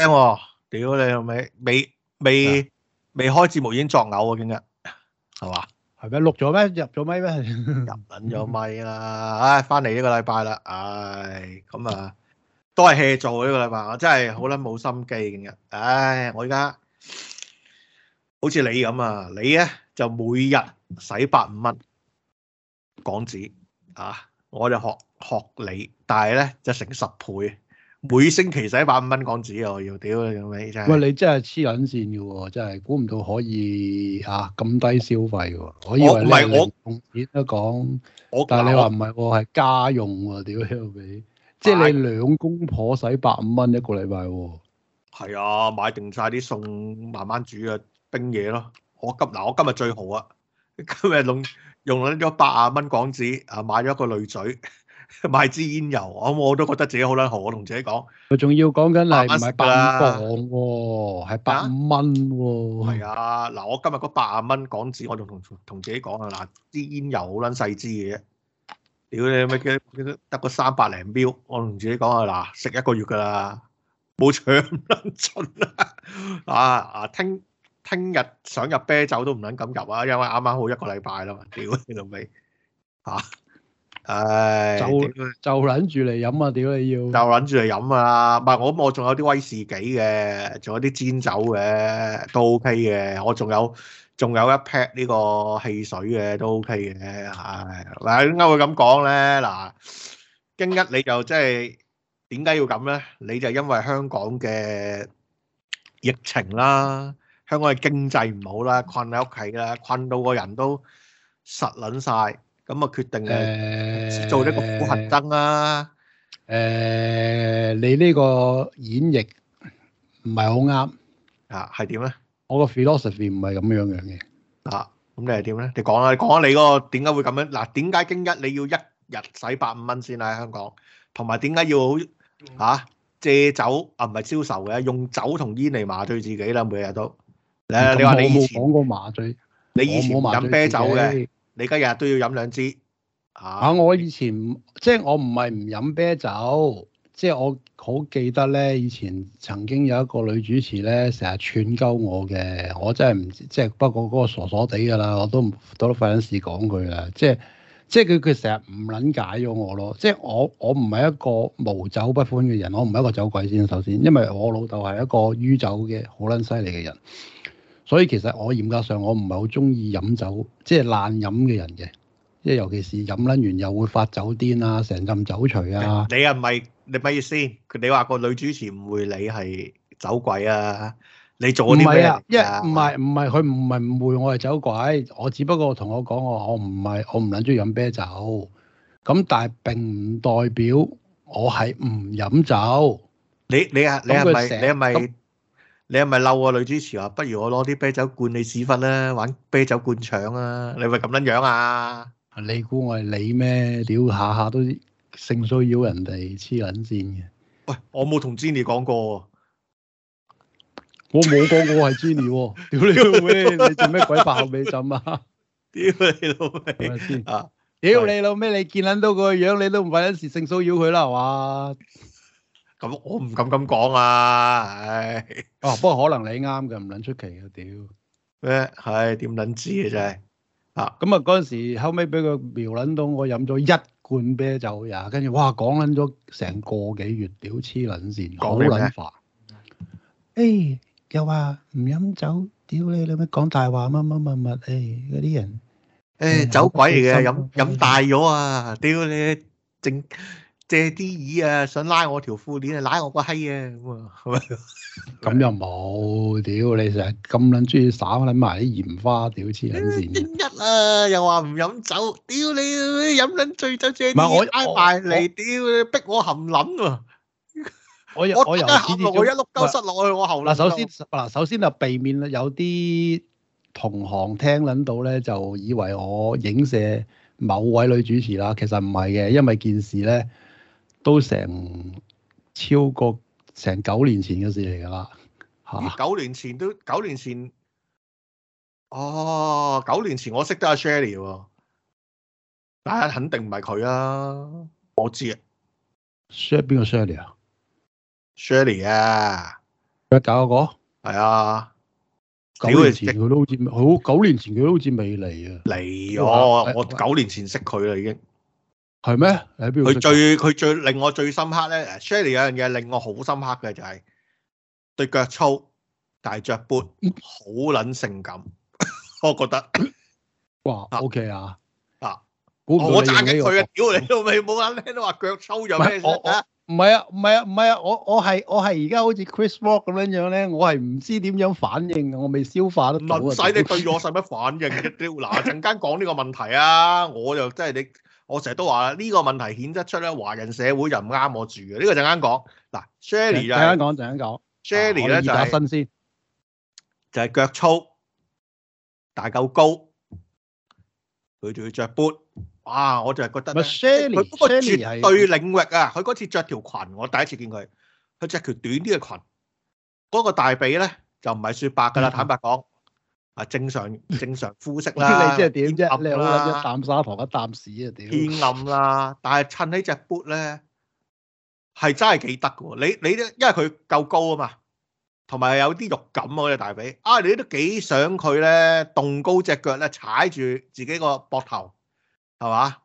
屌你老味，未未未開節目已經作嘔、 哎哎、啊！今日係嘛？係咩錄咗咩入咗咪咩？入緊咗咪啦！唉，翻嚟呢個禮拜啦，唉，咁啊都係 hea 做呢個禮拜，我真係好撚冇心機今日。唉、哎，我而家好似你咁啊，你咧就每日使百五蚊港紙啊，我就學學你，但係咧就成十倍。每星期使百五蚊港紙啊！要屌你老味真，喂，你真係黐撚線嘅喎，真係估唔到可以嚇咁、啊、低消費嘅喎。我唔係我，先都講，但係你話唔係喎，係家用喎，屌你老味，即係你兩公婆使百五蚊一個禮拜喎。係啊，買定晒啲餸，慢慢煮啊，冰嘢咯。我今嗱我今日最好啊，今日用用咗百廿蚊港紙啊，買咗一個濾嘴，買支煙油，我我都覺得自己好捻豪，我同自己講，佢仲要講緊嚟唔係百五磅喎，係百五蚊喎。係啊，嗱我今日嗰百廿蚊港紙，我仲同同自己講啊，嗱支煙油好捻細支嘅啫，屌你咩嘅，得個三百零標。我同自己講啊，嗱食一個月㗎啦，冇搶捻盡啦，啊啊聽聽日想入啤酒都唔捻敢入啊，因為啱啱好一個禮拜啦嘛，屌你老味，吓。誒，就就諗住嚟飲啊！屌你要就諗住嚟飲啊！唔係我我仲有啲威士忌嘅，仲有啲煎酒嘅，都 OK 嘅。我仲有仲有一 pack 呢個汽水嘅，都 OK 嘅。係嗱，點解會咁講咧？嗱，今日你就即係點解要咁咧？你就因為香港嘅疫情啦，香港嘅經濟唔好啦，困喺屋企啦，困到個人都實捻晒。咁啊，決定啊，做呢個苦行僧啦。誒，你呢個演繹唔係好啱啊？係點咧？我個 philosophy 唔係咁樣樣嘅。啊，咁你係點咧？你講啦，講下你嗰個點解會咁樣？嗱，點解經一你要一日使百五蚊先喺香港？同埋點解要嚇借酒啊？唔係消愁嘅，用酒同煙嚟麻醉自己啦，每日都。誒，你話你以前冇講過麻醉？你以前飲啤酒嘅。你今日都要飲兩支嚇、啊？我以前即係我唔係唔飲啤酒，即係我好記得咧。以前曾經有一個女主持咧，成日串鳩我嘅，我真係唔即係，不過嗰個傻傻地噶啦，我都唔多費事講佢啦。即係即係佢佢成日唔撚解咗我咯。即係我即我唔係一個無酒不歡嘅人，我唔係一個酒鬼先。首先，因為我老豆係一個酗酒嘅好撚犀利嘅人。所以其實我嚴格上我唔係好中意飲酒，即係爛飲嘅人嘅，即係尤其是飲撚完又會發酒癲啊，成陣酒除啊。你係、啊、咪？你乜意思，你話個女主持誤會你係酒鬼啊？你做啲咩？唔係啊，唔係唔係佢唔係誤會我係酒鬼，我只不過同我講我我唔係我唔撚中意飲啤酒，咁但係並唔代表我係唔飲酒。你你啊你係、啊、咪你係、啊、咪？你係咪嬲啊？女主持啊？不如我攞啲啤酒灌你屎忽啦，玩啤酒灌腸啊！你咪咁樣樣啊？你估我係你咩？屌下下都性騷擾人哋黐撚線嘅。喂，我冇同 Jenny 講過，我冇講過我係 Jenny 喎。屌 你、啊 哎、你老尾，你做咩鬼爆尾枕啊？屌你老味先，屌你老尾，你見捻到個樣，你都唔怪有陣時性騷擾佢啦，係嘛？咁我唔敢咁講啊，唉，哦，不過可能你啱嘅，唔捻出奇啊，屌，咩係點捻知嘅真係，啊，咁啊嗰陣時後尾俾個苗捻到我飲咗一罐啤酒呀，跟住哇講捻咗成個幾月，屌黐捻線，好捻煩，誒，又話唔飲酒，屌你，你咪講大話乜乜物物，誒嗰啲人，誒酒鬼嚟嘅，飲飲大咗啊，屌你正。借啲椅啊，想拉我條褲鏈啊，拉我個閪啊咁啊，咁又冇，屌你成日咁撚中意耍撚埋啲鹽花，屌黐撚線嘅。一啊，又話唔飲酒，屌你飲撚醉酒借啲拉埋嚟，屌你逼我含撚啊！我我我一碌膠塞落去我喉嚨度。嗱，首先嗱，首先啊，避免有啲同行聽撚到咧，就以為我影射某位女主持啦，其實唔係嘅，因為件事咧。都成超過成九年前嘅事嚟噶啦，吓九年前都九年前哦，九年前我識得阿 Sherry 喎，但係肯定唔係佢啊，我知啊，Sherry 邊個 Sherry 啊？Sherry 啊，一九嗰個係啊，九年前佢都好似好，九年前佢都好似未嚟啊，嚟啊，我九年前識佢啦已經。係咩？喺邊？佢最佢最令我最深刻咧 Shirley 有樣嘢令我好深刻嘅就係對腳粗，大着砵好捻性感， 我覺得哇，OK 啊，啊，這個、我揸緊佢啊！屌、哦、你到未？冇眼靚都話腳粗有咩事啊？唔係啊，唔係啊，唔係啊，我我係我係而家好似 Chris Rock 咁樣樣咧，我係唔、啊啊啊、知點樣反應，我未消化都唔使你對我使 乜反應嗱陣間講呢個問題啊，我又真係你。我成日都話啦，呢、這個問題顯得出咧，華人社會就唔啱我住嘅。呢個就啱、是、講。嗱，Shirley 就啱、是、講、啊，就講。Shirley 咧就新鮮，就係腳粗，大夠高，佢仲要着 boot。哇、啊，我就係覺得咧，Shirley 嗰個絕對領域啊！佢嗰次着條裙，我第一次見佢，佢着條短啲嘅裙，嗰、那個大髀咧就唔係雪白噶啦、嗯，坦白講。啊，正常正常膚色啦，知你即係點啫？你係好撚一啖砂糖一啖屎啊！調偏暗啦，但係襯起隻 boot 咧係真係幾得嘅喎。你你都因為佢夠高啊嘛，同埋有啲肉感啊！你、嗰個、大髀啊，你都幾想佢咧，棟高隻腳咧，踩住自己個膊頭，係嘛？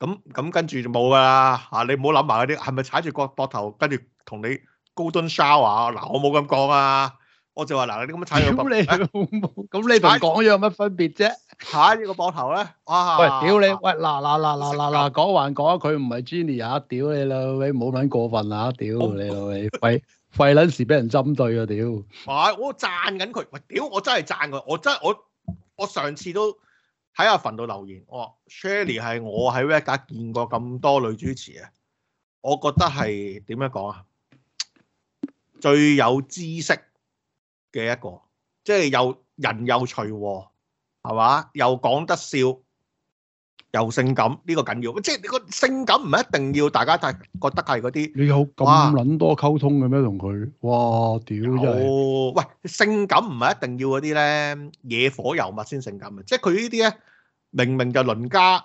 咁咁跟住就冇㗎啦嚇！你唔好諗埋嗰啲係咪踩住個膊頭，跟住同你高登 shower 啊？嗱、啊，我冇咁講啊！我就話，嗱，你咁樣踩佢，咁你咁你同講咗有乜分別啫？吓，你、啊，這個膊頭咧？哇、啊！喂，屌你！啊、喂，嗱嗱嗱嗱嗱嗱，講還講，佢唔係 Jenny 啊，啊說說 genieur，屌！屌你老味，冇捻過分啊！屌你老味，廢廢卵事俾人針對啊！屌！係我讚緊佢，喂，屌、屌、屌、屌、啊、我真係讚佢，我真我真我，我上次都喺阿墳度留言，哦、Shirley 我 s h i r l e y 係我喺 Wed 格見過咁多女主持啊，我覺得係點樣講啊？最有知識。嘅一個，即係又人又隨和喎，係嘛？又講得笑，又性感，呢個緊要。即係你個性感唔係一定要大家都係覺得係嗰啲。你有咁撚多溝通嘅咩？同佢哇屌真係！喂，性感唔係一定要嗰啲咧，惹火尤物先性感啊！即係佢呢啲咧，明明就鄰家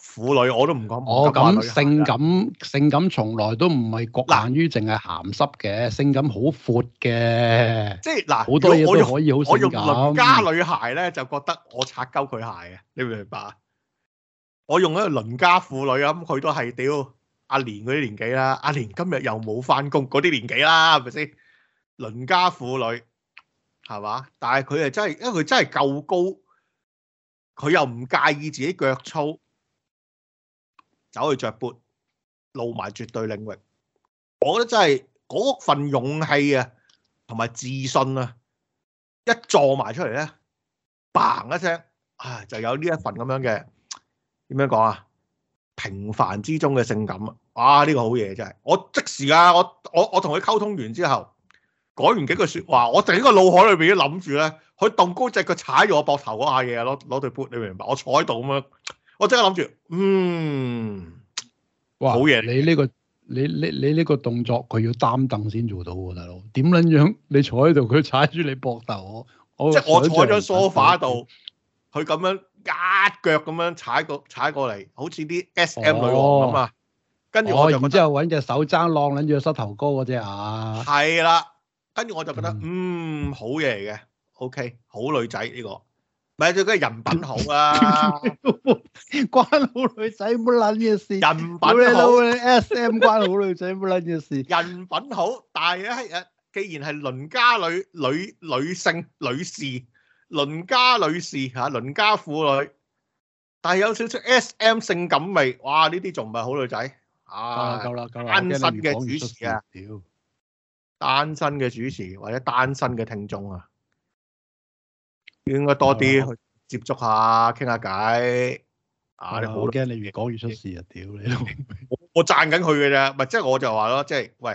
婦女我都唔講唔得啊！我、哦、咁性感，性感從來都唔係侷限於淨係鹹濕嘅，性感好闊嘅。即係嗱，好多嘢都可以好性感。鄰家女孩咧就覺得我擦鳩佢鞋嘅，你唔明白？我用一個鄰家婦女咁，佢都係屌阿蓮嗰啲年紀啦。阿蓮今日又冇翻工，嗰啲年紀啦，係咪先？鄰家婦女係嘛？但係佢誒真係，因為佢真係夠高，佢又唔介意自己腳粗。走去着 boot 露埋絕對領域，我覺得真係嗰份勇氣啊，同埋自信啊，一撞埋出嚟咧，嘭一聲啊，就有呢一份咁樣嘅點樣講啊？平凡之中嘅性感啊！哇、這個，呢個好嘢真係！我即時啊，我我我同佢溝通完之後，講完幾句說話，我整個腦海裏邊都諗住咧，佢戙高隻腳踩住我膊頭嗰下嘢，攞攞對 boot，你明唔明白？我坐喺度咁樣。我即刻諗住，嗯，哇，好嘢！你呢個，你呢，你呢個動作，佢要擔凳先做到喎，大佬。點撚樣？你坐喺度，佢踩住你膊頭，我即係我坐喺梳化度，佢咁樣一腳咁樣踩過，踩過嚟，好似啲 SM 女王咁啊！跟住我又之後揾隻手踭浪撚住膝頭哥嗰隻啊！係啦，跟住我就覺得，嗯，好嘢嚟嘅，OK，好女仔呢個。咪最緊係人品好啊！關好女仔乜撚嘢事，人品好。你老味 SM 關好女仔乜撚嘢事，人品好。但係咧，誒，既然係鄰家女、女女性女士、鄰家女士吓、鄰家婦女，但係有少少 SM 性感味，哇！呢啲仲唔係好女仔啊？夠啦，夠啦，夠啦。單身嘅主持啊，單身嘅主持或者單身嘅聽眾啊。應該多啲去接觸下，傾下偈。啊！你好我好驚你越講越出事啊！屌你我 我讚緊佢嘅啫，咪，即係我就話咯，即係喂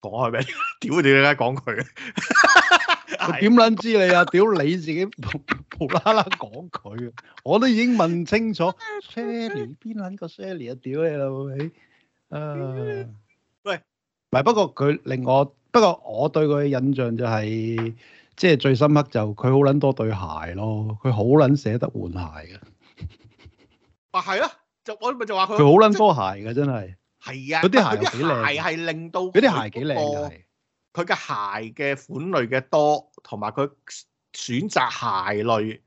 講佢咩？屌 你而家講佢？點 撚 知你啊？屌 你自己無無啦啦講佢啊！我都已經問清楚 ，Shelly 邊撚個 Shelly 啊？屌你老味！啊！喂，唔係不過佢令我不過我對佢嘅印象就係、是。即係最深刻就佢好撚多對鞋咯，佢好撚捨得換鞋嘅。話係咯，啊、我就我咪就話佢佢好撚多鞋嘅，真係係啊。嗰啲鞋幾靚，係係令到嗰啲鞋幾靚嘅。佢嘅鞋嘅款類嘅多，同埋佢選擇鞋類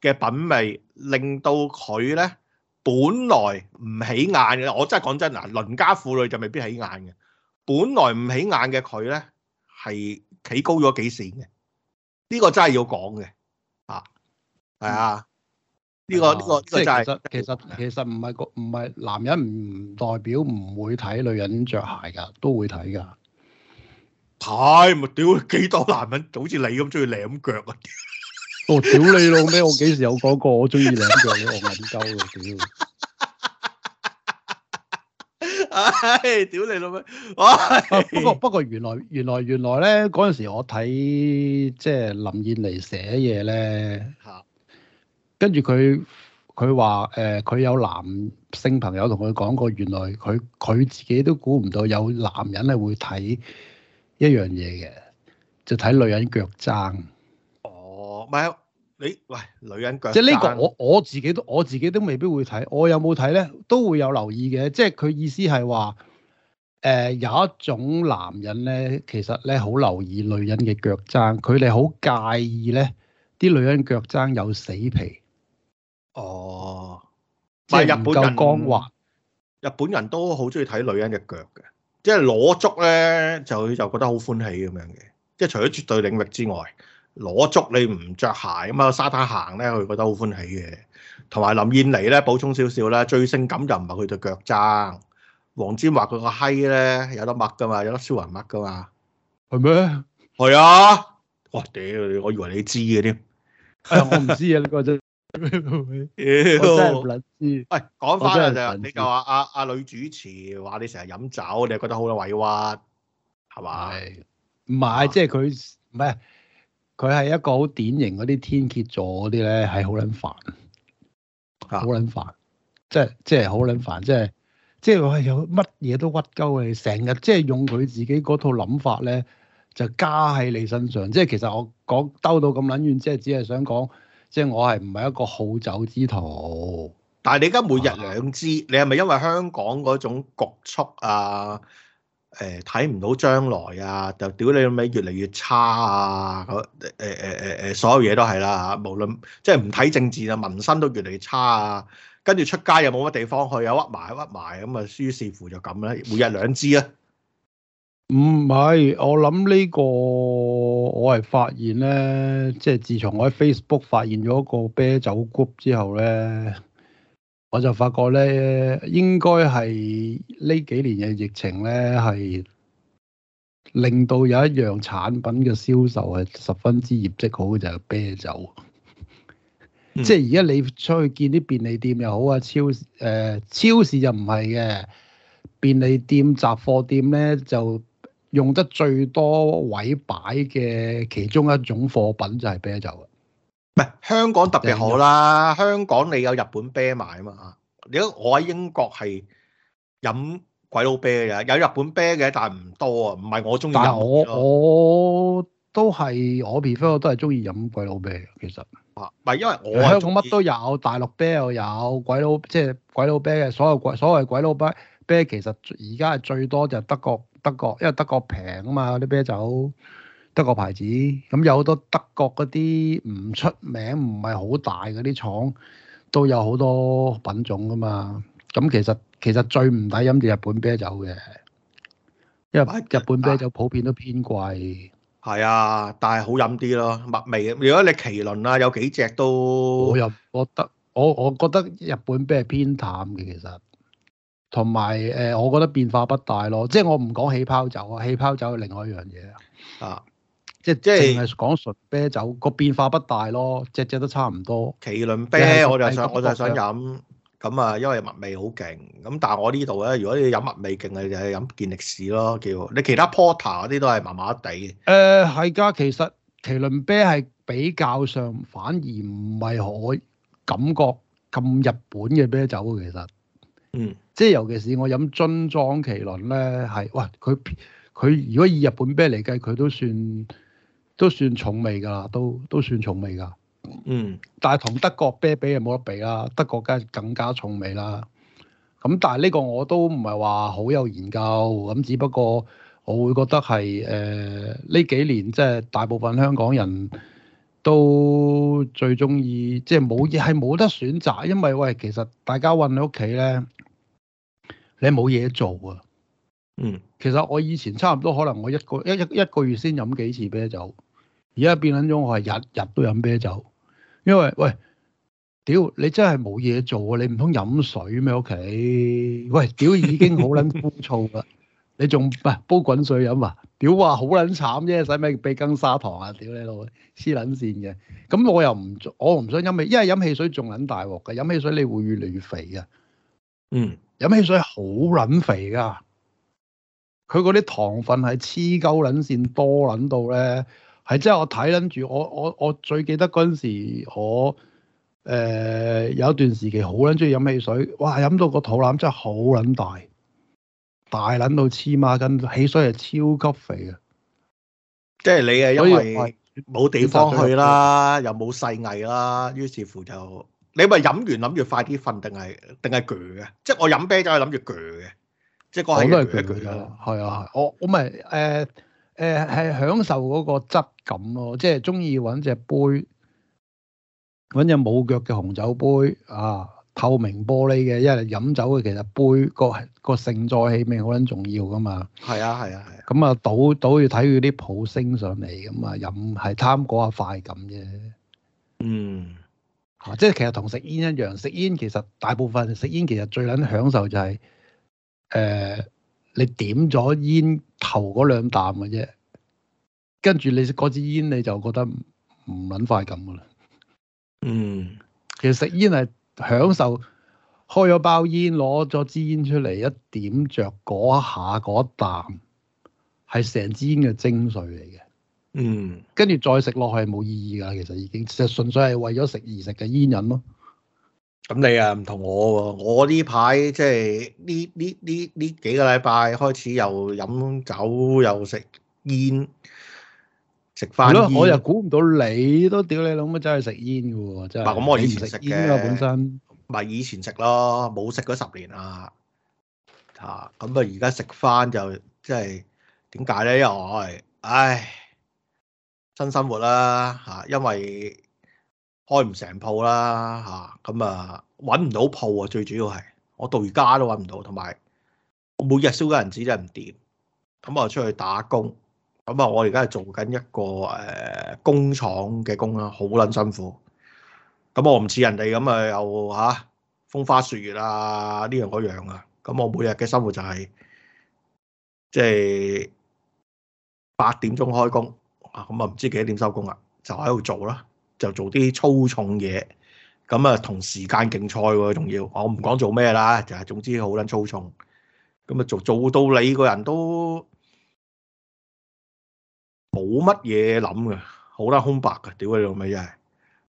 嘅品味，令到佢咧本來唔起眼嘅。我真係講真嗱，鄰家婦女就未必起眼嘅。本來唔起眼嘅佢咧係企高咗幾線嘅。呢、呢個真係要講嘅，係啊，係、嗯、啊，呢、呢個呢、嗯呢個係、呢個呢個呢個呢個、其實真係其實唔係個唔係男人唔代表唔會睇女人着鞋噶，都會睇噶。太咪屌，幾多，多男人好似你咁中意舐腳啊？我 屌、哦、你老咩？我幾時有講過我中意舐腳嘅？我眼鳩嘅，屌！屌你老味！哇，不過不過原來原來原來咧嗰陣時我睇即係林燕妮寫嘢咧，吓，跟住佢佢話誒，佢、呃、有男性朋友同佢講過，原來佢佢自己都估唔到有男人係會睇一樣嘢嘅，就睇女人腳踭。哦，咪。你喂，女人腳即係呢個我，我我自己都我自己都未必會睇。我有冇睇呢？都會有留意嘅。即係佢意思係話，誒、呃、有一種男人呢，其實呢好留意女人嘅腳踭，佢哋好介意呢啲女人腳踭有死皮。哦，即係唔夠光滑。日本人，日本人都好中意睇女人嘅腳嘅，即係攞足呢，就就覺得好歡喜咁樣嘅。即係除咗絕對領域之外。攞足你唔着鞋咁啊，那個、沙灘行咧，佢覺得好歡喜嘅。同埋林燕妮咧，補充少少啦，最性感就唔係佢對腳踭。黃沾話佢個閪咧有得抹噶嘛，有得消雲抹噶嘛。係咩？係啊！哇屌！我以為你知嘅添、啊。 我唔知， 我知，我知，我知你啊你個真。屌、啊！真係唔知。喂，講翻啊你，就話阿阿女主持話你成日飲酒，你又覺得好多委屈，係嘛？唔係，即係佢唔係。 佢係一個好典型嗰啲天蠍座嗰啲咧，係好撚煩，好撚煩，啊，煩，即係即係好撚煩，即係即係我係有乜嘢都屈鳩你，成日即係用佢自己嗰套諗法咧，就加喺你身上。即係其實我講兜到咁撚遠，即係只係想講，即係我係唔係一個好酒之徒？但係你而家每日兩支，啊，你係咪因為香港嗰種局促啊？誒睇唔到將來啊！就屌你老味越嚟越差啊！咁誒誒誒所有嘢都係啦嚇，無論即係唔睇政治啊，民生都越嚟越差啊！跟住出街又冇乜地方去，又屈埋屈埋咁啊，於是乎就咁啦，每日兩支啊！唔係，我諗呢個我係發現咧，即係自從我喺 Facebook 發現咗個啤酒 group 之後咧。我就發覺咧，應該係呢幾年嘅疫情咧，係令到有一樣產品嘅銷售係十分之業績好嘅，就係、是、啤酒。嗯、即係而家你出去見啲便利店又好啊，超誒、呃、超市就唔係嘅，便利店、雜貨店咧就用得最多位擺嘅其中一種貨品就係啤酒。唔係香港特別好啦，香港你有日本啤賣啊嘛嚇！你我喺英國係飲鬼佬啤嘅，有日本啤嘅，但係唔多啊，唔係我中意。但係我我都係我 prefer 都係中意飲鬼佬啤嘅，其實。啊，唔係因為我香港乜都有，大陸啤又有鬼佬，即係鬼佬啤嘅所有鬼所謂鬼佬啤啤，其實而家係最多就係德國德國，因為德國平啊嘛啲啤酒。德國牌子咁有好多德國嗰啲唔出名、唔係好大嗰啲廠都有好多品種噶嘛。咁其實其實最唔抵飲住日本啤酒嘅，因為日本啤酒普遍都偏貴。係啊，啊，啊，但係好飲啲咯，麥味。如果你麒麟啊，有幾隻都我又覺得我我覺得日本啤係偏淡嘅，其實同埋誒，我覺得變化不大咯。即係我唔講起泡酒啊，起泡酒係另外一樣嘢啊！即即係講純啤酒個變化不大咯，只只都差唔多。麒麟啤我就想我就想飲，咁啊，因為麥味好勁。咁但係我呢度咧，如果你飲麥味勁嘅就係飲健力士咯，叫你其他 porter 嗰啲都係麻麻地。誒係㗎，其實麒麟啤係比較上反而唔係我感覺咁日本嘅啤酒其實，嗯，即係尤其是我飲樽裝麒麟咧，係哇佢佢如果以日本啤嚟計，佢都算。都算重味㗎喇，都都算重味㗎。嗯。但係同德國啤比又冇得比啦，德國梗係更加重味啦。咁但係呢個我都唔係話好有研究，咁只不過我會覺得係誒呢幾年即係、就是、大部分香港人都最中意，即係冇嘢係冇得選擇，因為喂其實大家韞喺屋企咧，你冇嘢做啊。嗯。其實我以前差唔多可能我一個一一一個月先飲幾次啤酒。而家變緊咗，我係日日都飲啤酒，因為喂，屌你真係冇嘢做啊！你唔通飲水咩？屋企喂，屌已經好捻枯燥啦， 你仲唔煲滾水飲啊？屌話好捻慘啫，使咩俾羹砂糖啊？屌你老，黐捻線嘅。咁我又唔，我唔想飲汽，因為飲汽水仲捻大鑊嘅，飲汽水你會越嚟越肥嘅。嗯，飲汽水好捻肥噶，佢嗰啲糖分係黐鳩捻線多捻到咧。係真係我睇撚住我我我最記得嗰陣時，我誒、呃、有一段時期好撚中意飲汽水，哇！飲到個肚腩真係好撚大，大撚到黐孖筋，汽水係超級肥啊！即係你係因為冇地方去啦，就是、又冇世藝啦，於是乎就你咪飲完諗住快啲瞓，定係定係攰嘅，即係我飲啤酒就係諗住攰嘅，即係個係鋸鋸啦，係啊，啊！我我咪誒。呃誒、呃、係享受嗰個質感咯，即係中意揾隻杯，揾隻冇腳嘅紅酒杯啊，透明玻璃嘅，因為飲酒嘅其實杯個個盛載氣味好撚重要噶嘛。係啊，係啊，係。咁啊，倒倒要睇佢啲泡升上嚟，咁啊飲係貪嗰下快感啫。嗯，啊，即係其實同食煙一樣，食煙其實大部分食煙其實最撚享受就係、是、誒、呃、你點咗煙。頭嗰兩啖嘅啫，跟住你食嗰支煙，你就覺得唔捻快感噶啦。嗯，其實食煙係享受開咗包煙，攞咗支煙出嚟，一點着嗰下嗰啖，係成支煙嘅精髓嚟嘅。嗯，跟住再食落去係冇意義噶，其實已經，其實純粹係為咗食而食嘅煙癮咯。咁你啊唔同我喎，我呢排即係呢呢呢呢幾個禮拜開始又飲酒又食煙，食翻。係咯，我又估唔到你都屌你老母真係食煙嘅喎，真係。咁我以前食煙啊本身。咪以前食咯，冇食嗰十年啊，嚇咁啊！而家食翻就即係點解咧？因為我唉，新生活啦嚇、啊，因為。開唔成鋪啦嚇，咁啊揾唔，啊、到鋪啊，最主要係我到而家都揾唔到，同埋我每日燒緊銀紙真係唔掂。咁啊出去打工，咁啊我而家係做緊一個誒，呃、工廠嘅工啦，好撚辛苦。咁我唔似人哋咁啊，又嚇風花雪月啊呢樣嗰樣啊。咁我每日嘅生活就係即係八點鐘開工，啊咁啊唔知幾多點收工啊，就喺度做啦。就做啲粗重嘢，咁啊同時間競賽喎，仲要我唔講做咩啦，就係總之好撚粗重。咁啊做做到你個人都冇乜嘢諗嘅，好撚空白嘅，屌你老味真係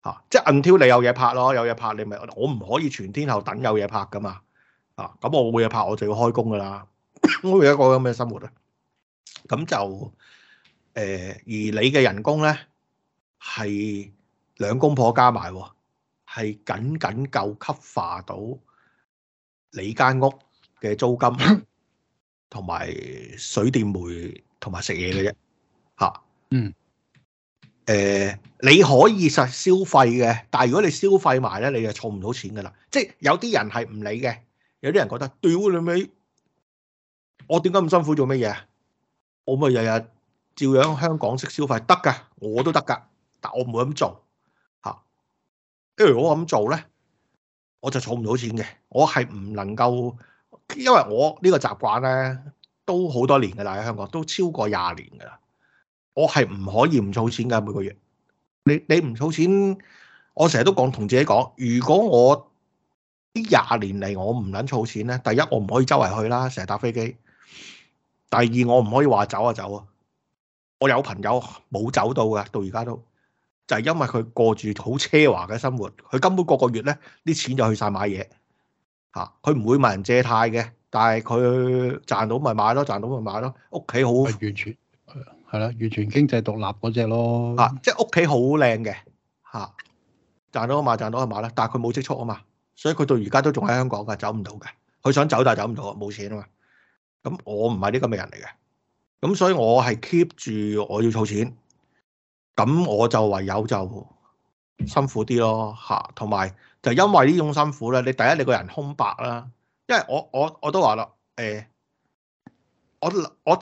嚇！即係暗挑你有嘢拍咯，有嘢拍你咪我唔可以全天候等有嘢拍噶嘛，啊咁我冇嘢拍我就要開工噶啦，我，我會有一個咁嘅生活啦。咁就誒、呃、而你嘅人工咧係？是兩公婆加埋，係僅僅夠吸化到你間屋嘅租金同埋水電煤同埋食嘢嘅啫。吓，嗯，呃，你可以實消費嘅，但係如果你消費埋咧，你就儲唔到錢噶啦。即係有啲人係唔理嘅，有啲人覺得屌你咪，我點解咁辛苦做乜嘢？我咪日日照樣香港式消費得噶，我都得噶，但我唔會咁做。如果我咁做咧，我就儲唔到錢嘅。我係唔能夠，因為我呢個習慣咧都好多年嘅啦，喺香港都超過廿年嘅啦。我係唔可以唔儲錢嘅，每個月。你你唔儲錢，我成日都講同自己講，如果我啲廿年嚟我唔撚儲錢咧，第一我唔可以周圍去啦，成日搭飛機；第二我唔可以話走啊走啊，我有朋友冇走到嘅，到而家都。就係、是、因為佢過住好奢華嘅生活，佢根本個個月咧啲錢就去晒買嘢嚇，佢唔會問人借貸嘅。但係佢賺到咪買咯，賺到咪買咯。屋企好完全係啦，完全經濟獨立嗰隻咯嚇，即係屋企好靚嘅嚇，賺到吖嘛，賺到咪買啦。但係佢冇積蓄啊嘛，所以佢到而家都仲喺香港㗎，走唔到嘅。佢想走但係走唔到，冇錢啊嘛。咁我唔係呢個咁嘅人嚟嘅，咁所以我係 keep 住我要儲錢。咁我就唯有就辛苦啲咯嚇，同埋就因為呢種辛苦咧，你第一你個人空白啦，因為我我我都話啦，誒、欸，我我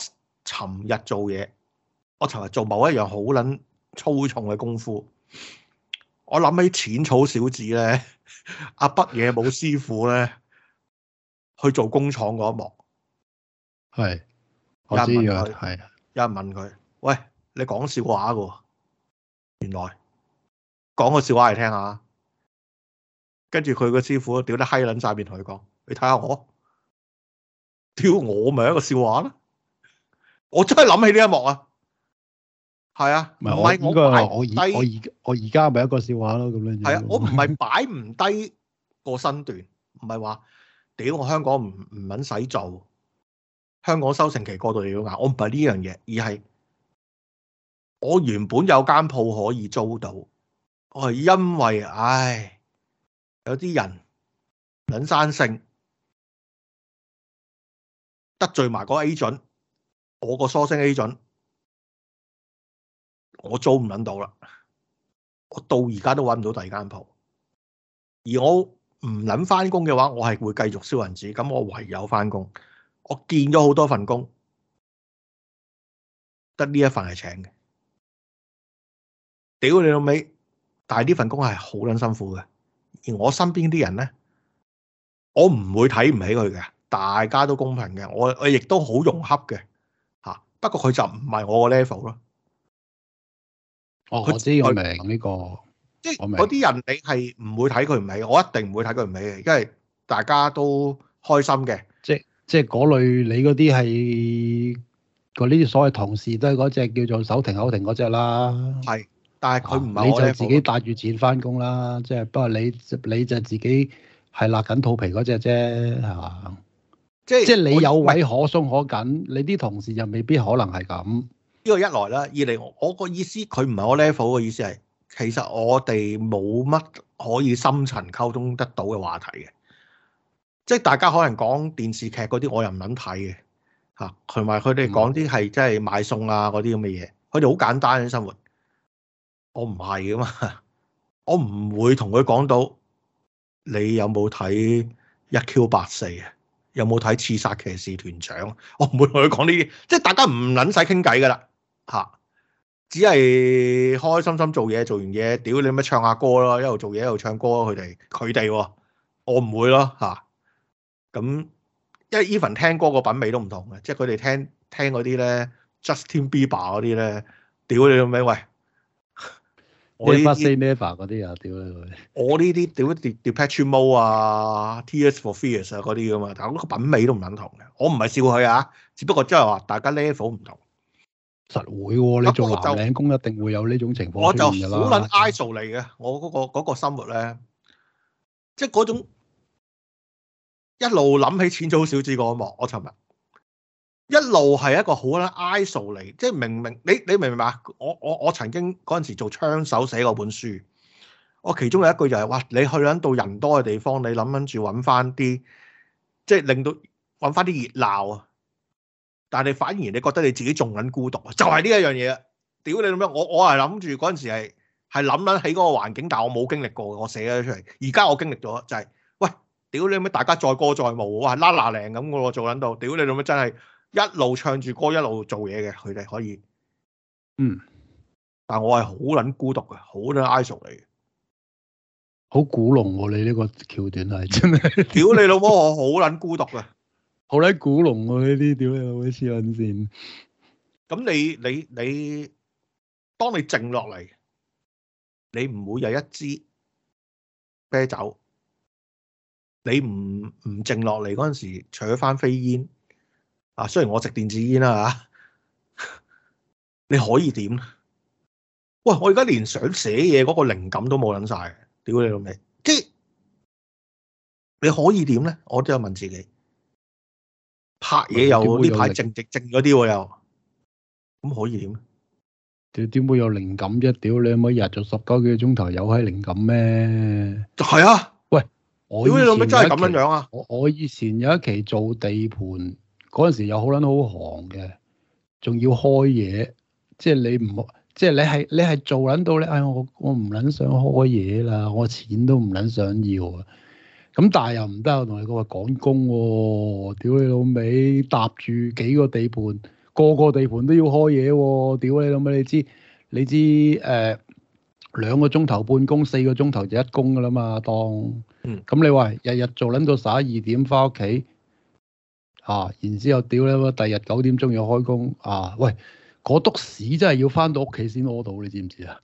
尋日做嘢，我尋日做某一樣好撚粗重嘅功夫，我諗起淺草小子咧，阿、啊、北野武師傅咧去做工廠嗰一幕，係，有人問佢係，有人問佢，喂，你講笑話嘅喎？原來講個笑話嚟聽下，跟住佢個師傅屌得閪撚晒面，同佢講：你睇下我，屌我咪一個笑話咯！我真係諗起呢一幕啊，係啊，唔係我擺我而我而我而家咪一個笑話咯，咁樣係啊，我唔係擺唔低個身段，唔係話屌我香港唔唔撚使做，香港收成期過度要硬，我唔係呢樣嘢，而係。我原本有間鋪可以租到，我係因為唉，有啲人撚生性得罪埋個 agent，我個疏星 agent，我租唔撚到啦。我到而家都揾唔到第二間鋪，而我唔撚翻工嘅話，我係會繼續燒銀紙。咁我唯有翻工，我見咗好多份工，得呢一份係請嘅。屌你老味，但係呢份工係好撚辛苦嘅，而我身邊啲人咧，我唔會睇唔起佢嘅，大家都公平嘅，我我亦都好融洽嘅，吓。不過佢就唔係我個 level 咯。哦，我知我明呢個，即係嗰啲人，你係唔會睇佢唔起，我一定唔會睇佢唔起嘅，因為大家都開心嘅。即係即係嗰類你係，你嗰啲係呢啲所謂同事都係嗰隻叫做手停口停嗰隻啦。係。但係佢唔係我、啊、你就自己帶住錢返工啦，即、啊、係，不過你你就自己係勒緊肚皮嗰隻啫，係嘛？即係即係你有位可鬆可緊，你啲同事就未必可能係咁。呢、呢個一來啦，二嚟我個意思佢唔係我 level 嘅意思係，其實我哋冇乜可以深層溝通得到嘅話題嘅。即係大家可能講電視劇嗰啲，我又唔諗睇嘅嚇，同埋佢哋講啲係即係買餸啊嗰啲咁嘅嘢，佢哋好簡單嘅生活。我唔係噶嘛，我唔會同佢講到你有冇睇一 Q 八四啊，有冇睇刺殺騎士團長？我唔會同佢講呢啲，即係大家唔撚使傾偈噶啦嚇，只係開開心心做嘢，做完嘢，屌你咪唱下歌咯，一路做嘢一路唱歌咯。佢哋佢哋，我唔會咯嚇。咁因為 Even 聽歌個品味都唔同嘅，即係佢哋聽聽嗰啲咧 Justin Bieber 嗰啲咧，屌你做咩喂？我呢啲四咩霸嗰啲又屌啦佢，我呢啲屌跌跌 Depeche Mode 啊，Tears for Fears 啊嗰啲㗎嘛，但係我嗰個品味都唔撚同嘅，我唔係笑佢啊，只不過即係話大家 level 唔同，實會喎，你做藍領工一定會有呢種情況出現㗎啦、嗯。我就好撚 isol 嚟嘅，我嗰、嗰個嗰、嗰個生活咧，即係嗰種一路諗起淺草小子嗰幕，我尋日。一路係一個好啦，isol 嚟，即係明明你你明唔明白？我我我曾經嗰陣時做槍手寫過本書，我其中有一句就係、是、話，你去緊到人多嘅地方，你諗諗住揾翻啲，即係令到揾翻啲熱鬧啊！但係你反而你覺得你自己仲緊孤獨啊？就係呢一樣嘢屌你做咩？我我係諗住嗰陣時係係諗緊喺嗰個環境，但係我冇經歷過，我寫咗出嚟。而家我經歷咗就係、是，喂，屌你做咩？大家再歌再舞，哇，拉拉靚咁我做緊到屌你做咩？真係～一路唱住歌一路做嘢嘅佢哋可以，嗯，但我係好捻孤獨嘅，好捻 i s o 嚟嘅，好古龍喎、啊、你呢個橋段係真係，屌 你老母我好捻孤獨啊，好捻古龍喎呢啲，屌你老母黐捻線。咁你你你，當你靜落嚟，你唔會有一支啤酒，你唔唔靜落嚟嗰陣時，除咗翻飛煙。啊，雖然我食電子煙啦嚇，你可以點咧？喂，我而家連想寫嘢嗰個靈感都冇撚曬，屌你老味！即係你可以點咧？我都有問自己拍嘢又呢排靜靜靜咗啲又，咁、啊、可以點？屌，點會有靈感啫、啊？屌你老味，日做十九幾個鐘頭有喺靈感咩、啊？係啊，喂，屌你老味，真係咁樣樣啊！我我以前有一期做地盤。嗰陣時又好撚好寒嘅，仲要開嘢，即係你唔，好，即係你係你係做撚到咧，唉、哎，我我唔撚想開嘢啦，我錢都唔撚想要啊，咁但係又唔得，我同你講話趕工喎、哦，屌你老味，搭住幾個地盤，個個地盤都要開嘢喎、哦，屌你老味，你知你知誒、呃、兩個鐘頭半工，四個鐘頭就一工㗎喇嘛，當，咁你話日日做撚到十一二點返屋企。啊！然之後屌你我第日九點鐘要開工啊！喂，嗰督屎真係要翻到屋企先屙到，你知唔知啊？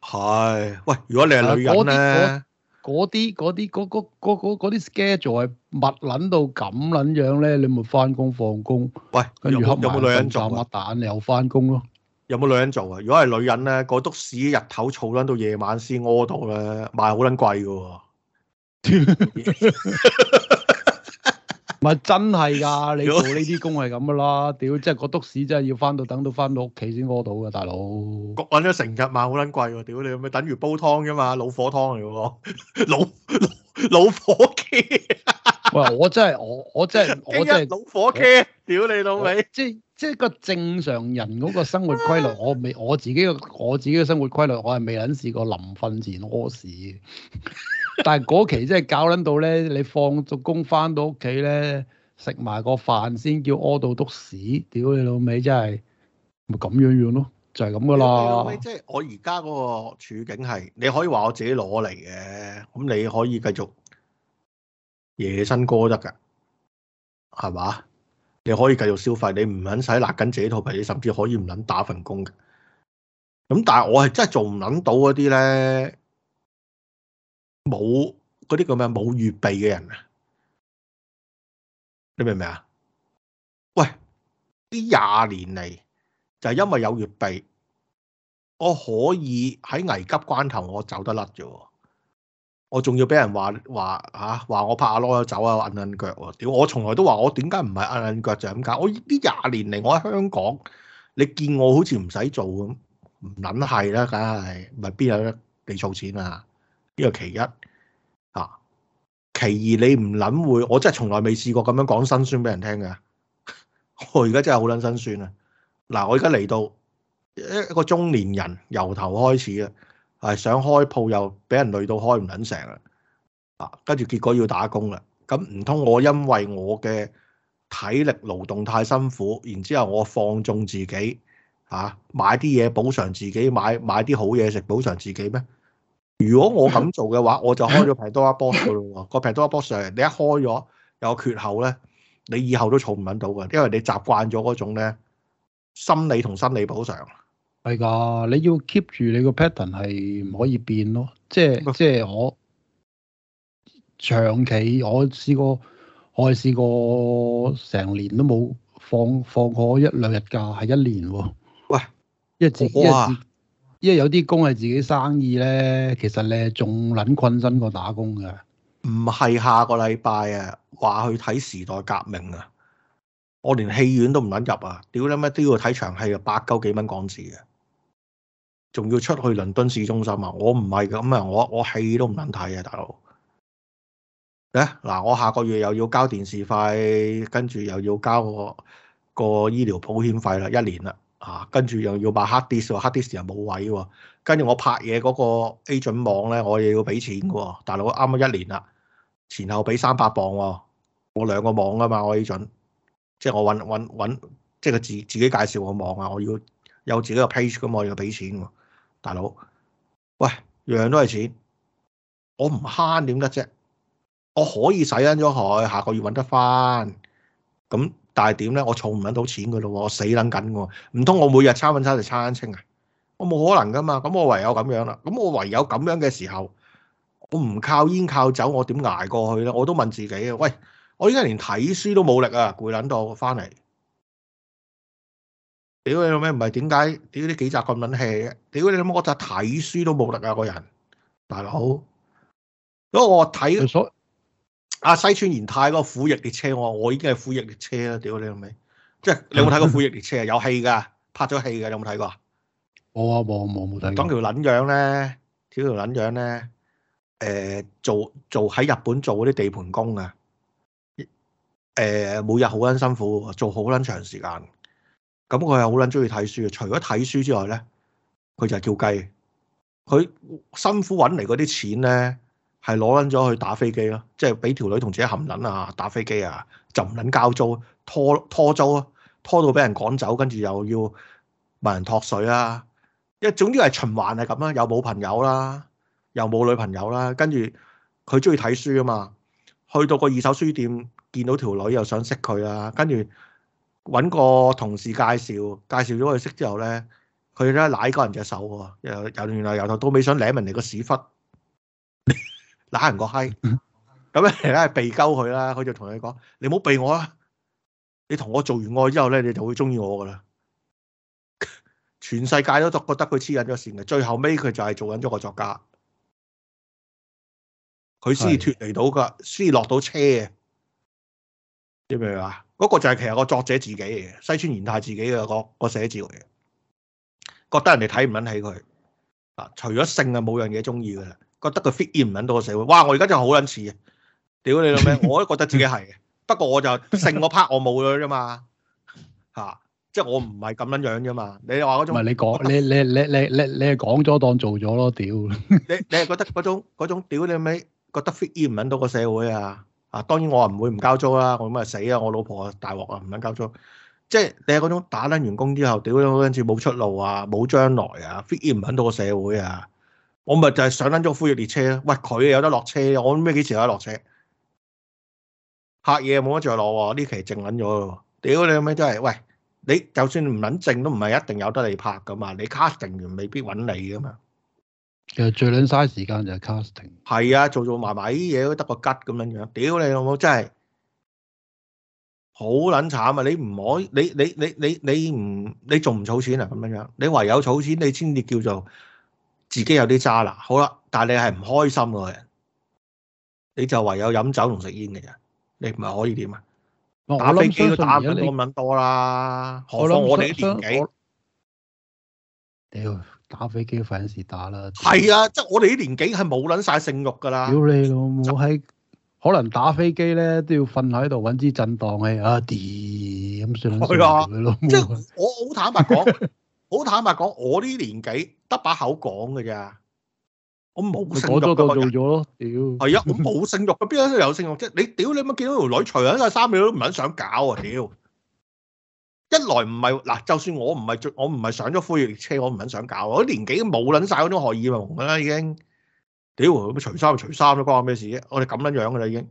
係喂，如果你係女人咧，嗰啲嗰啲嗰啲 schedule 係密撚到咁撚樣咧，你咪翻工放工？喂，有有冇女，女人做啊？蛋你又翻工咯？有冇女人做啊？如果係女人咧，嗰督屎日頭儲撚到夜晚先屙到咧，賣好撚貴嘅喎。 唔係真係㗎、啊，你做呢啲工係咁噶啦，屌！ 即係個篤屎，真係要返到等，等到返到屋企先屙到㗎，大佬。揾咗成日晚好撚貴喎，屌你！咪等於煲湯啫嘛，老火湯嚟嘅喎，老老，老火雞。哇！ 我真係我我真係我真係老火雞，屌你老味！即即係個正常人嗰個生， 生活規律，我未我自己嘅我自己嘅生活規律，我係未撚試過臨瞓前屙屎。但係嗰期真係搞撚到咧、就是，你放咗工翻到屋企咧，食埋個飯先叫屙到篤屎，屌你老味真係咪咁樣樣咯？就係咁噶啦。即係我而家嗰個處境係，你可以話我自己攞嚟嘅，咁你可以繼續野生歌得噶，係嘛？你可以繼續消費，你唔撚使辣緊自己套皮，你甚至可以唔撚打份工嘅。咁但係我係真係做唔撚到嗰啲咧。冇嗰啲咁樣冇預備嘅人啊，你明唔明啊？喂，呢廿年嚟就係、是、因為有預備，我可以喺危急關頭我走得甩啫。我仲要俾人話話話我拍下籮走啊，揞揞腳喎。屌我從來都話我點解唔係揞揞腳就咁解。我呢廿年嚟我喺香港，你見我好似唔使做咁，唔捻係啦，梗係咪邊有得地造錢啊？呢個其一啊，其二你唔諗會，我真係從來未試過咁樣講辛酸俾人聽嘅。我而家真係好捻辛酸啊！嗱，我而家嚟到一個中年人，由頭開始啊，係想開鋪又俾人累到開唔捻成啊，啊，跟住結果要打工啦。咁唔通我因為我嘅體力勞動太辛苦，然之後我放縱自己啊，買啲嘢補償自己，買買啲好嘢食補償自己咩？ 如果我咁做嘅話，我就開咗 Pandora Box 嘅咯。 個 Pandora Box 你一開咗有缺口咧，你以後都儲唔穩到嘅，因為你習慣咗嗰種咧心理同心理補償。係噶，你要 keep 住你個 pattern 係唔可以變咯。即係即係我長期我試過，我試過成年都冇放放過一兩日假，係一年。喂，一直。一因為有啲工係自己生意咧，其實咧仲捻困身過打工噶。唔係下個禮拜啊，話去睇《時代革命》啊，我連戲院都唔捻入啊！屌你乜都要睇場戲啊，百九幾蚊港紙嘅，仲要出去倫敦市中心啊！我唔係咁啊，我我戲都唔捻睇啊，大佬。咧嗱，我下個月又要交電視費，跟住又要交個個醫療保險費啦，一年啦。啊，跟住又要買 hard disk 喎，hard disk 又冇位喎，啊，跟住我拍嘢嗰個 A 準網咧，我又要俾錢嘅喎，啊，大佬啱啱一年啦，前後俾三百磅喎，我兩個網啊嘛，我 A 準，即係我揾揾揾，即係佢自自己介紹個網啊，我要有自己個 page 嘅嘛，我要俾錢喎，啊，大佬，喂，樣樣都係錢，我唔慳點得啫，我可以使緊咗佢，下個月揾得翻，咁。但係點咧？我儲唔撚到錢噶咯，我死撚緊噶，唔通我每日餐搵餐食餐餐清啊？我冇可能噶嘛，咁我唯有咁樣啦。咁我唯有咁樣嘅時候，我唔靠煙靠酒，我點捱過去咧？我都問自己啊，喂，我依家連睇書都冇力啊，攰撚到翻嚟。屌你老味，唔係？點解屌啲幾集咁撚氣嘅？屌你老母，我就睇書都冇力啊！個人大佬，因為我睇咗。阿、啊、西村賢太嗰個苦役列車，我我已經係苦役列車啦！屌你老味，即、就、係、是、你有冇睇過苦役列車啊？有戲噶，拍咗戲嘅，有冇睇過？冇啊，冇冇冇睇。咁條撚樣咧，條撚樣咧，誒、呃、做做喺日本做嗰啲地盤工啊！誒、呃、每日好撚辛苦，做好撚長時間。咁佢係好撚中意睇書嘅，除咗睇書之外咧，佢就係叫雞。佢辛苦揾嚟嗰啲錢咧，係攞緊咗去打飛機咯，即係俾條女同自己含撚啊，打飛機啊，就唔撚交租，拖拖租啊，拖到俾人趕走，跟住又要問人托水啦、啊。因為總之係循環係咁啦，又冇朋友啦，又冇女朋友啦，跟住佢中意睇書啊嘛，去到個二手書店見到條女又想識佢啦，跟住揾個同事介紹，介紹咗佢識之後咧，佢咧舐嗰人隻手喎、啊，又原來由頭到尾想舐人哋個屎忽。打人個嗨，咁咧而家係避鳩佢啦。佢就同你講：你唔好避我啦，你同我做完愛之後咧，你就會中意我噶啦。全世界都覺得佢黐緊咗線嘅，最後尾佢就係做緊咗個作家，佢先至脫離到嘅，先至落到車嘅。知唔知啊？嗰、那個就係其實個作者自己，西村賢太自己嘅個個寫照嚟嘅，覺得人哋睇唔撚起佢啊，除咗性啊冇樣嘢中意噶啦。覺得個 fit in 唔揾到個社會，哇！我而家就好撚似嘅，屌你老味，我都覺得自己係嘅。不過我就成個 part 我冇咗啫嘛，嚇、啊！即係我唔係咁撚樣啫嘛。你話嗰種唔係你講，你你你你你你係講咗當做咗咯，屌 ！你你係覺得嗰種屌你老味，覺得 fit in 唔揾到個社會啊啊！當然我啊唔會唔交租啦、啊，我咁啊死啊，我老婆啊大鑊啊，唔揾交租，即係你係嗰種打撚完工之後屌你老味，好似冇出路啊，冇將來啊，fit in 唔揾到個社會啊！我咪就係上緊咗苦役列車咯，喂佢有得落車，我咩幾時有得落車？拍嘢冇得再攞喎，呢期淨撚咗咯。屌你老味真係，喂你就算唔撚靜都唔係一定有得你拍噶嘛，你 casting 完未必揾你噶嘛。其實最撚嘥時間就係 casting。係啊，做做埋埋啲嘢都得個吉咁樣樣。屌你老母真係好撚慘啊！你唔可以你你你你你唔你仲唔儲錢啊？咁樣樣，你唯有儲錢你先至叫做。自己有啲渣啦，好啦，但係你係唔開心嘅人，你就唯有飲酒同食煙嘅人，你唔係可以點啊、哦？打飛機都打咁多啦。我諗我哋啲年紀，屌打飛機費事打啦。係啊，即、就、係、是、我哋啲年紀係冇捻曬性慾噶啦。屌你老母，我喺可能打飛機咧都要瞓喺度揾支震盪器啊！點咁算係啊，啊即係我好 坦白講。 好坦白講，我呢年紀得把口講㗎咋，我冇性慾。我做咗咯，屌！係啊，我冇性慾，邊有性慾？即係你屌你乜見到條女除緊個衫，三秒都唔肯想搞啊！屌，一來唔係嗱，就算我唔係最，我唔係上咗苦役列車，我唔肯想搞。我年紀冇撚曬嗰種荷爾蒙啦，已經屌乜除衫就除衫，都關我咩事啫？我哋咁撚樣嘅啦，已經。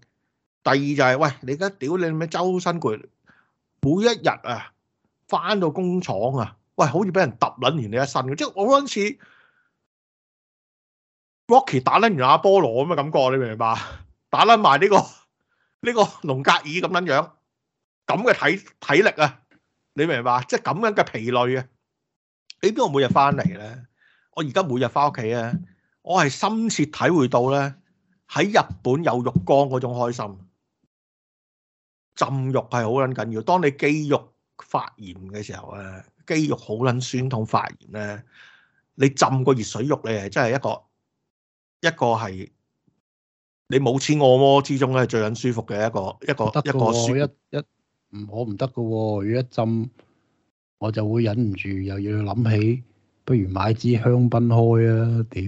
第二就係喂，你而家屌你乜周身攰，每一日啊，返到工廠啊！喂，好似俾人揼捻完你一身嘅，即係我嗰陣時 Rocky 打捻完阿波羅咁嘅感覺，你明唔明白？打捻埋呢個呢個龍格爾咁樣樣，咁嘅體體力啊，你明唔明白？即係咁樣嘅疲累啊！你邊度我每日翻嚟咧，我而家每日翻屋企咧，我係深切體會到咧，喺日本有浴缸嗰種開心，浸浴係好緊緊要。當你肌肉發炎嘅時候咧，肌肉好撚酸痛發炎咧，你浸個熱水浴咧，你真係一個一個係你冇錢按摩之中咧，最撚舒服嘅一個一個一個。水、啊，一、啊、一唔、我唔得㗎喎，如果一浸，我就會忍唔住又要諗起，不如買支香檳開啊！屌，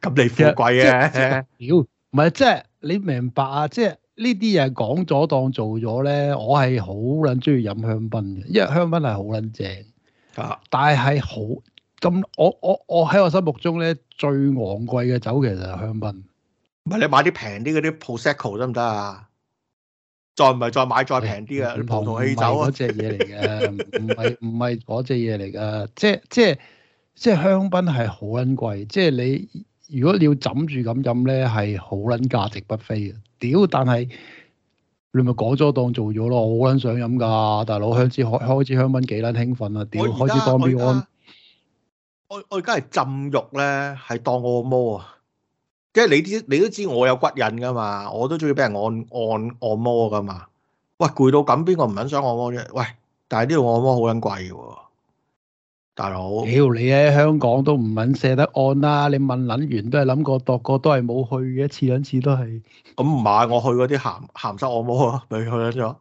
咁、哦、你富貴啊？ 即係即係、屌，唔係即係你明白啊？即係。呢啲嘢講咗當做咗咧，我係好撚中意飲香檳嘅，因為香檳係好撚正啊！但係好咁，我我我喺我心目中咧，最昂貴嘅酒其實係香檳。唔係你買啲平啲嗰啲 Prosecco 得唔得啊？再唔係再買再平啲嘅葡萄汽酒啊！唔係嗰隻嘢嚟嘅，唔係唔係嗰隻嘢嚟嘅，即即即香檳係好撚貴，即係你。如果你要枕住咁飲咧，係好撚價值不菲嘅。屌！但係你咪講咗當做咗咯，好撚想飲㗎，大佬，香脂開開支香檳幾撚興奮啊！屌，開始當 B 安。我我而家係浸浴咧，係當按摩啊。即係你啲你都知我有骨癮㗎嘛，我都中意俾人按按按、按摩㗎嘛。喂，攰到咁，邊個唔撚想按摩啫？喂，但係呢度按摩好撚貴喎，啊。大佬，屌你喺香港都唔肯捨得按啦、啊！你問撚完都係諗過度過，都係冇去嘅一次兩次都係。咁唔買，我去嗰啲鹹鹹濕按摩咯，咪去得咗。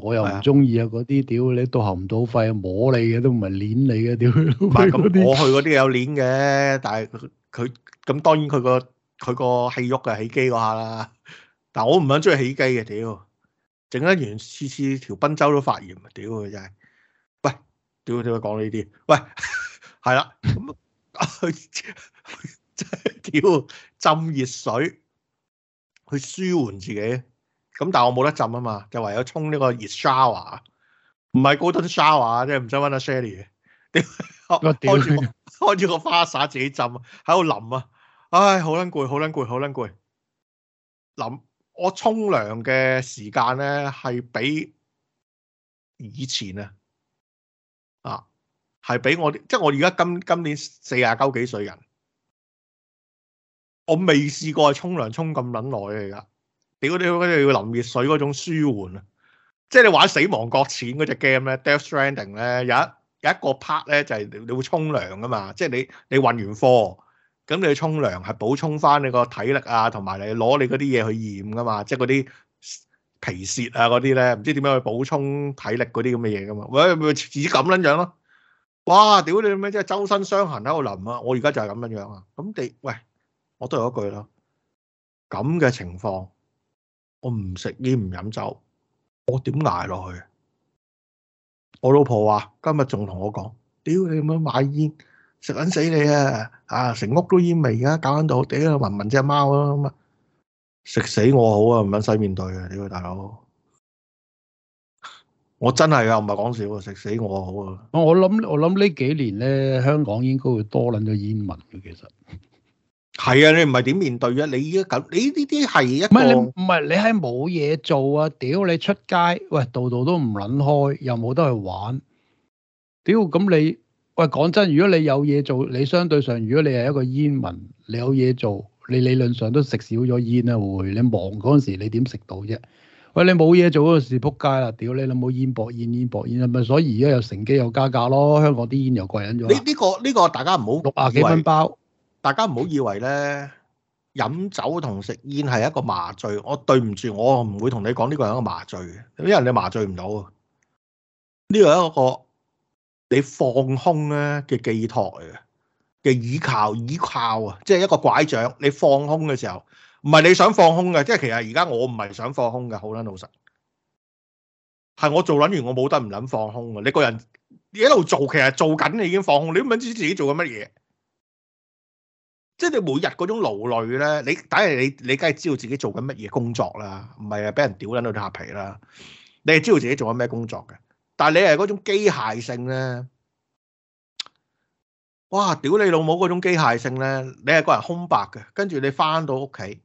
我又唔中意啊！嗰啲屌你到喉唔到肺、啊，摸你嘅都唔係攣你嘅屌。咁我去嗰啲有攣嘅，但係佢佢咁當然佢個佢個氣郁啊，起機嗰下啦。但我唔肯中意起機嘅屌，整得完次次條賓州都發炎啊屌佢真係。屌屌，講呢啲，喂，係啦，咁、嗯、去，真係屌，浸熱水，去舒緩自己。咁但係我冇得浸啊嘛，就唯有沖呢個熱 shower，唔係 golden shower，即係唔使搵阿 Sherry。你開住開住個花灑自己浸，喺度淋啊，唉、哎，好撚攰，好撚攰，好撚攰。淋我沖涼嘅時間咧，係比以前啊。係俾我啲，即係我而家今今年四廿九幾歲人，我未試過沖涼沖咁撚耐嘅，而家。屌你，要淋熱水嗰種舒緩啊！即係你玩死亡擱淺嗰隻 game 咧，Death Stranding 咧，有一有一個 part 咧就係你會沖涼噶嘛。即係你你運完貨，咁你去沖涼係補充翻你個體力啊，同埋你攞你嗰啲嘢去驗噶嘛。即係嗰啲皮屑啊嗰啲咧，唔知點樣去補充體力嗰啲咁嘅嘢噶嘛？喂、哎，自己咁撚樣咯～哇！屌你咩即係，周身傷痕喺度淋啊！我而家就係咁樣樣啊！咁地喂，我都有一句啦。咁嘅情況，我唔食煙唔飲酒，我點捱落去？我老婆話今日仲同我講，屌你咁樣買煙，食緊死你啊！啊，成屋都煙味，而家搞緊度，屌，聞聞隻貓啊嘛，食死我好啊，唔使面對啊，屌佢大佬。我真係啊，唔係講笑啊！食死我好啊！我諗我諗呢幾年咧，香港應該會多捻咗煙民嘅。其實係啊，你唔係點面對啊？你依家咁，你呢啲係一個唔係你係冇嘢做啊？屌你出街，喂，度度都唔捻開，又冇得去玩。屌咁你喂，講真，如果你有嘢做，你相對上，如果你係一個煙民，你有嘢做，你理論上都食少咗煙啊。會，會你忙嗰陣時，你點食到啫？喂，你冇嘢做嗰陣時撲街啦！屌你，你冇煙博煙，煙博煙，咪所以而家又乘機又加價咯！香港啲煙又貴人咗。你呢個呢個大家唔好六啊幾蚊包，大家唔好以為咧，飲酒同食煙係一個麻醉。我對唔住，我唔會同你講呢個係一個麻醉。因為你麻醉唔到，啊。呢個係一個你放空咧嘅寄託嘅，嘅倚靠倚靠啊，即係一個拐杖。你放空嘅時候。唔係你想放空嘅，即係其實而家我唔係想放空嘅，好啦，老實，係我做撚完我冇得唔撚放空嘅。你個人你一路做，其實做緊你已經放空，你都唔知自己做緊乜嘢。即係你每日嗰種勞累咧，你梗係你你梗係知道自己做緊乜嘢工作啦，唔係啊，俾人屌撚到下皮啦。你係知道自己做緊咩工作嘅，但係你係嗰種機械性咧，哇！屌你老母嗰種機械性咧，你係個人空白嘅，跟住你返到屋企。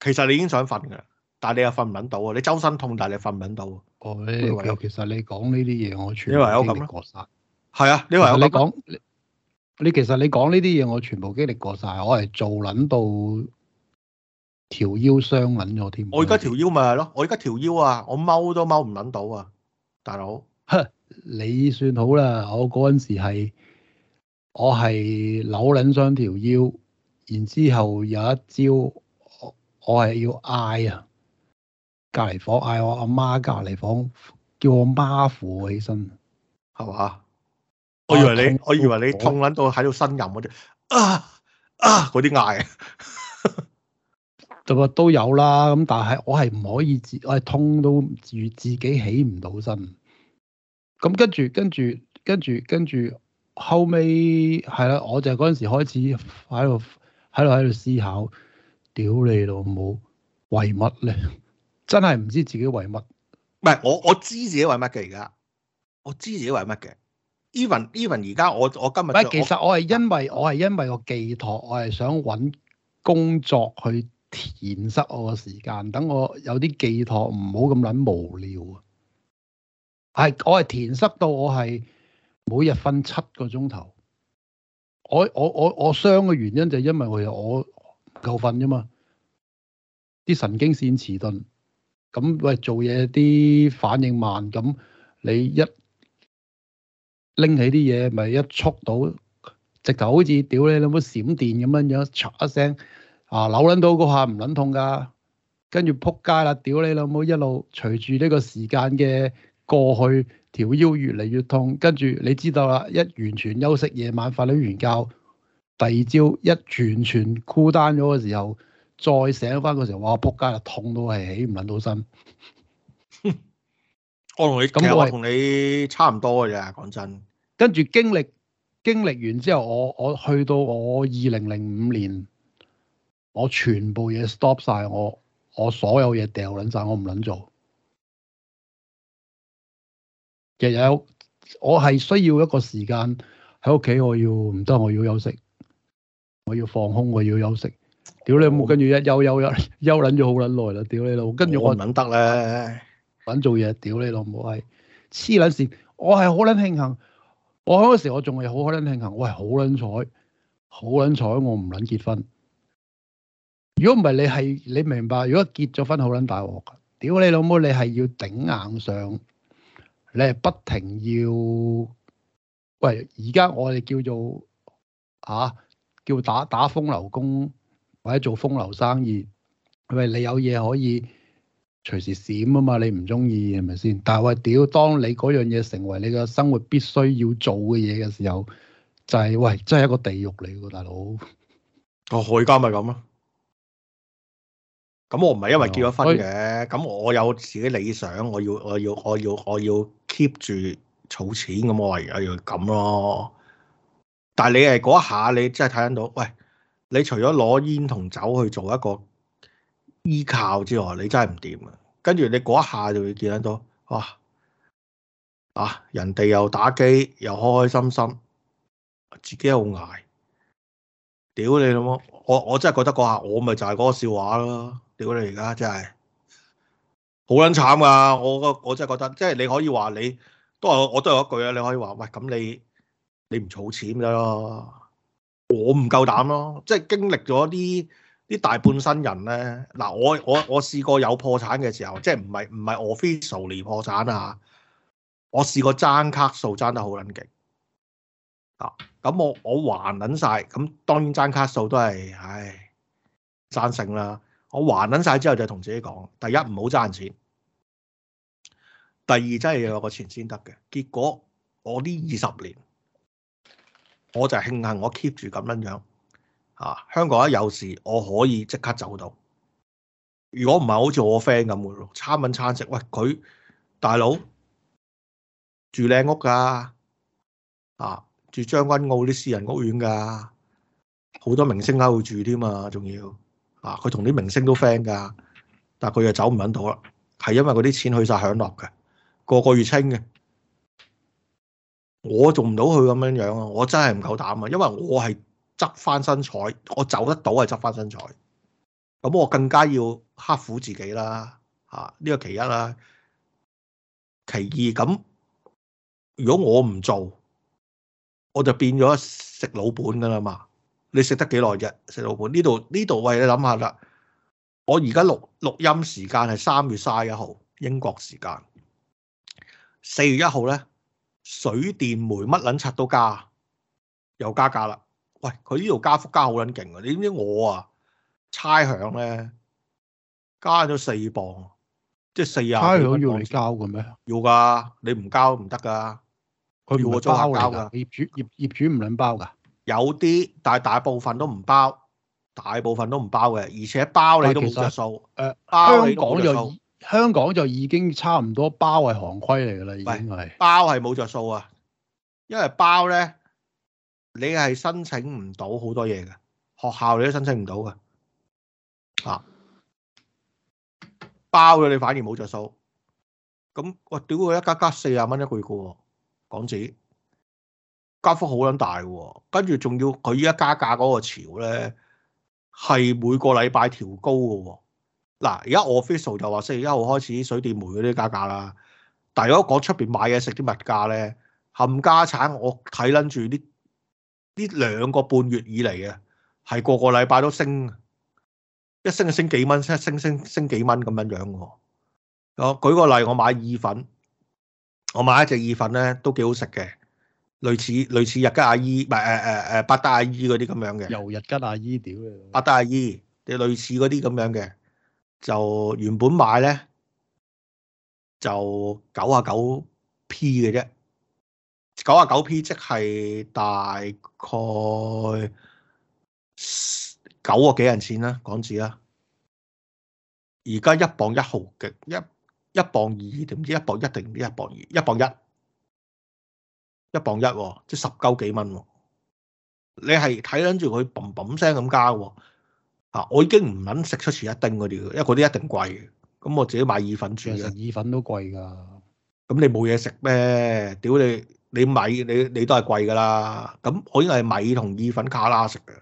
其實你已經想瞓㗎，但係你又瞓唔捻到啊！你周身痛，但係你瞓唔捻到啊！我因為其實你講呢啲嘢，我全部經歷過晒。係啊，你話我你講你其實你講呢啲嘢，我全部經歷過晒。我係做捻到條腰傷捻咗添。我而家條腰咪係咯，我而家條腰啊，我踎都踎唔捻到啊，大佬。你算好啦，我嗰陣時係我係扭捻傷條腰，然之後有一招。我係要嗌啊，隔籬房嗌我阿媽，隔籬房叫我媽扶我起身，係嘛、啊？我以為你，啊、我以為你痛捻到喺度呻吟嗰啲，啊啊嗰啲嗌，咁啊 都，都有啦。咁但係我係唔可以自，我係痛到自己自己起唔到身。咁跟住跟住跟住跟住後尾係啦，我就嗰陣時開始喺度喺度喺度思考。屌你老母，為乜咧？真係唔知自己為乜。唔係我，我知自己為乜嘅而家，我知自己為乜嘅 even, even。Even，Even 而家我我今日，唔係其實我係因為，我係因為個寄託，我係想搵工作去填塞我個時間，等我有啲寄託，唔好咁捻無聊啊。係我係填塞到我係每日瞓七個鐘頭。我我我我傷嘅原因就係因為我我。夠瞓啫嘛，啲神經線遲鈍，咁、嗯、喂做嘢啲反應慢，咁、嗯、你一拎起啲嘢，咪一觸到，直頭好似屌你老母閃電咁樣樣，嚓一聲啊扭捻到嗰下唔捻痛噶，跟住撲街啦，屌你老母一路隨住呢個時間嘅過去，條腰越嚟越痛，跟住你知道啦，一完全休息，夜晚瞓咗完覺。第二朝一完全，全孤單咗嘅時候，再醒翻嘅時候，哇！撲街啊，痛到係起唔撚到身。 我同你咁，我同你差唔多嘅咋？講真。跟住經歷經歷完之後，我我去到我二零零五年，我全部嘢 stop 晒，我我所有嘢掉撚晒。我唔撚做。日日我係需要一個時間喺屋企，我要唔得，我要休息。我要放空，我要休息。屌你老母，跟住一休休一休捻咗好捻耐啦！屌你老，跟住我捻得咧，揾做嘢。屌你老母，係黐捻線。我係好捻慶幸，我嗰時我仲係好捻慶幸。我係好捻彩，好捻彩，我唔捻結婚。如果唔係你係你明白，如果結咗婚好捻大鑊噶。屌你老母，你係要頂硬上，你係不停要喂。而家我哋叫做吓。啊叫打打風流工或者做風流生意，係咪你有嘢可以隨時閃啊嘛？你唔中意係咪先？但係喂，屌，當你嗰樣嘢成為你個生活必須要做嘅嘢嘅時候，就係、是、喂，真係一個地獄嚟嘅，大佬。啊、我而家咪咁咯。咁我唔係因為結咗婚嘅，咁我有自己理想，我要我要我要，我要，我，要我要 keep 住儲錢，咁我而家要咁咯。但係你係嗰一下，你真係睇得到，喂！你除咗攞煙同酒去做一個依靠之外，你真係唔掂啊。跟住你嗰一下就會見得到，哇！啊，人哋又打機又開開心心，自己又捱，屌你老母！我我真係覺得嗰下我咪就係嗰個笑話咯！屌你而家真係好撚慘啊。我我真係覺得，即係你可以話你都我我都有一句啊，你可以話喂咁你。你唔儲錢㗎咯，我唔夠膽咯，即係經歷咗啲啲大半生人咧，嗱我我我試過有破產嘅時候，即係唔係唔係 officially 破產啊，我試過爭卡數爭得好撚勁啊，咁我我還捻晒，咁當然爭卡數都係唉，戰勝啦，我還捻晒之後就同自己講，第一唔好爭錢，第二真係要有個錢先得嘅，結果我呢二十年。我就係慶幸我 keep 住咁樣樣，啊香港一有事我可以即刻走到。如果唔係好似我 friend 咁嘅餐搵餐食，喂佢大佬住靚屋㗎，啊住將軍澳啲私人屋苑㗎，好多明星喺度住添嘛，仲要啊佢同啲明星都 friend 㗎，但係佢又走唔揾到啦，係因為嗰啲錢去晒享樂嘅，個個月清嘅。我做唔到佢咁樣樣啊！我真係唔夠膽啊，因為我係執翻身材，我走得到係執翻身材。咁我更加要刻苦自己啦，吓、這、呢個其一啦。其二咁，如果我唔做，我就變咗食老本噶啦嘛。你食得幾耐啫？食老本呢度呢度喂，你諗下啦。我而家錄錄音時間係三月卅一號英國時間，四月一號咧。水電煤乜捻柒都加，又加價啦！喂，佢呢度加幅加好捻勁啊！你知唔知我啊？差餉咧加咗四磅，即係四啊幾磅。差餉要你交嘅咩？要噶，你唔交唔得噶。佢要我包交噶。業主業業主唔捻包噶？有啲，但係大部分都唔包，大部分都唔包嘅。而且包你都冇著數。誒，包你、呃、港咗。香港就已經差唔多包係行規嚟噶啦，已經係包係冇着數啊，因為包咧你係申請唔到好多嘢嘅，學校你都申請唔到嘅，吓包咗你反而冇着數。咁我屌佢一家加四啊蚊一個月嘅喎、哦，港紙加幅好撚大嘅喎、哦，跟住仲要佢依家加價嗰個潮咧係每個禮拜調高嘅、哦。嗱，而家我 official 就話四月一號開始水電煤嗰啲價格啦。但係如果講出邊買嘢食啲物價咧，冚家產，我睇撚住呢呢兩個半月以嚟啊，係個個禮拜都升，一升就升幾蚊，一升升升，升，升幾蚊咁樣樣。我舉個例，我買意粉，我買一隻意粉咧都幾好食嘅，類似類似日吉阿姨唔係，誒誒誒八德阿姨嗰啲咁樣嘅。由日吉阿姨屌八德阿姨啲類似嗰啲咁樣嘅。就原本買咧，就九啊九 P 嘅啫，九啊九 P 即係大概九個幾銀錢啦，港紙啦。而家一磅一毫嘅，一一磅二定唔知一磅一定唔知一磅二、哦，一磅一，一磅一即十九幾蚊、哦。你係睇緊住佢嘭嘭聲咁加的、哦。啊！我已經唔肯食出前一丁嗰啲，因為嗰啲一定貴嘅。咁我自己買意粉煮啊，意粉都貴噶。咁你冇嘢食咩？屌你，你米你你都係貴噶啦。咁我應該係米同意粉卡啦食嘅。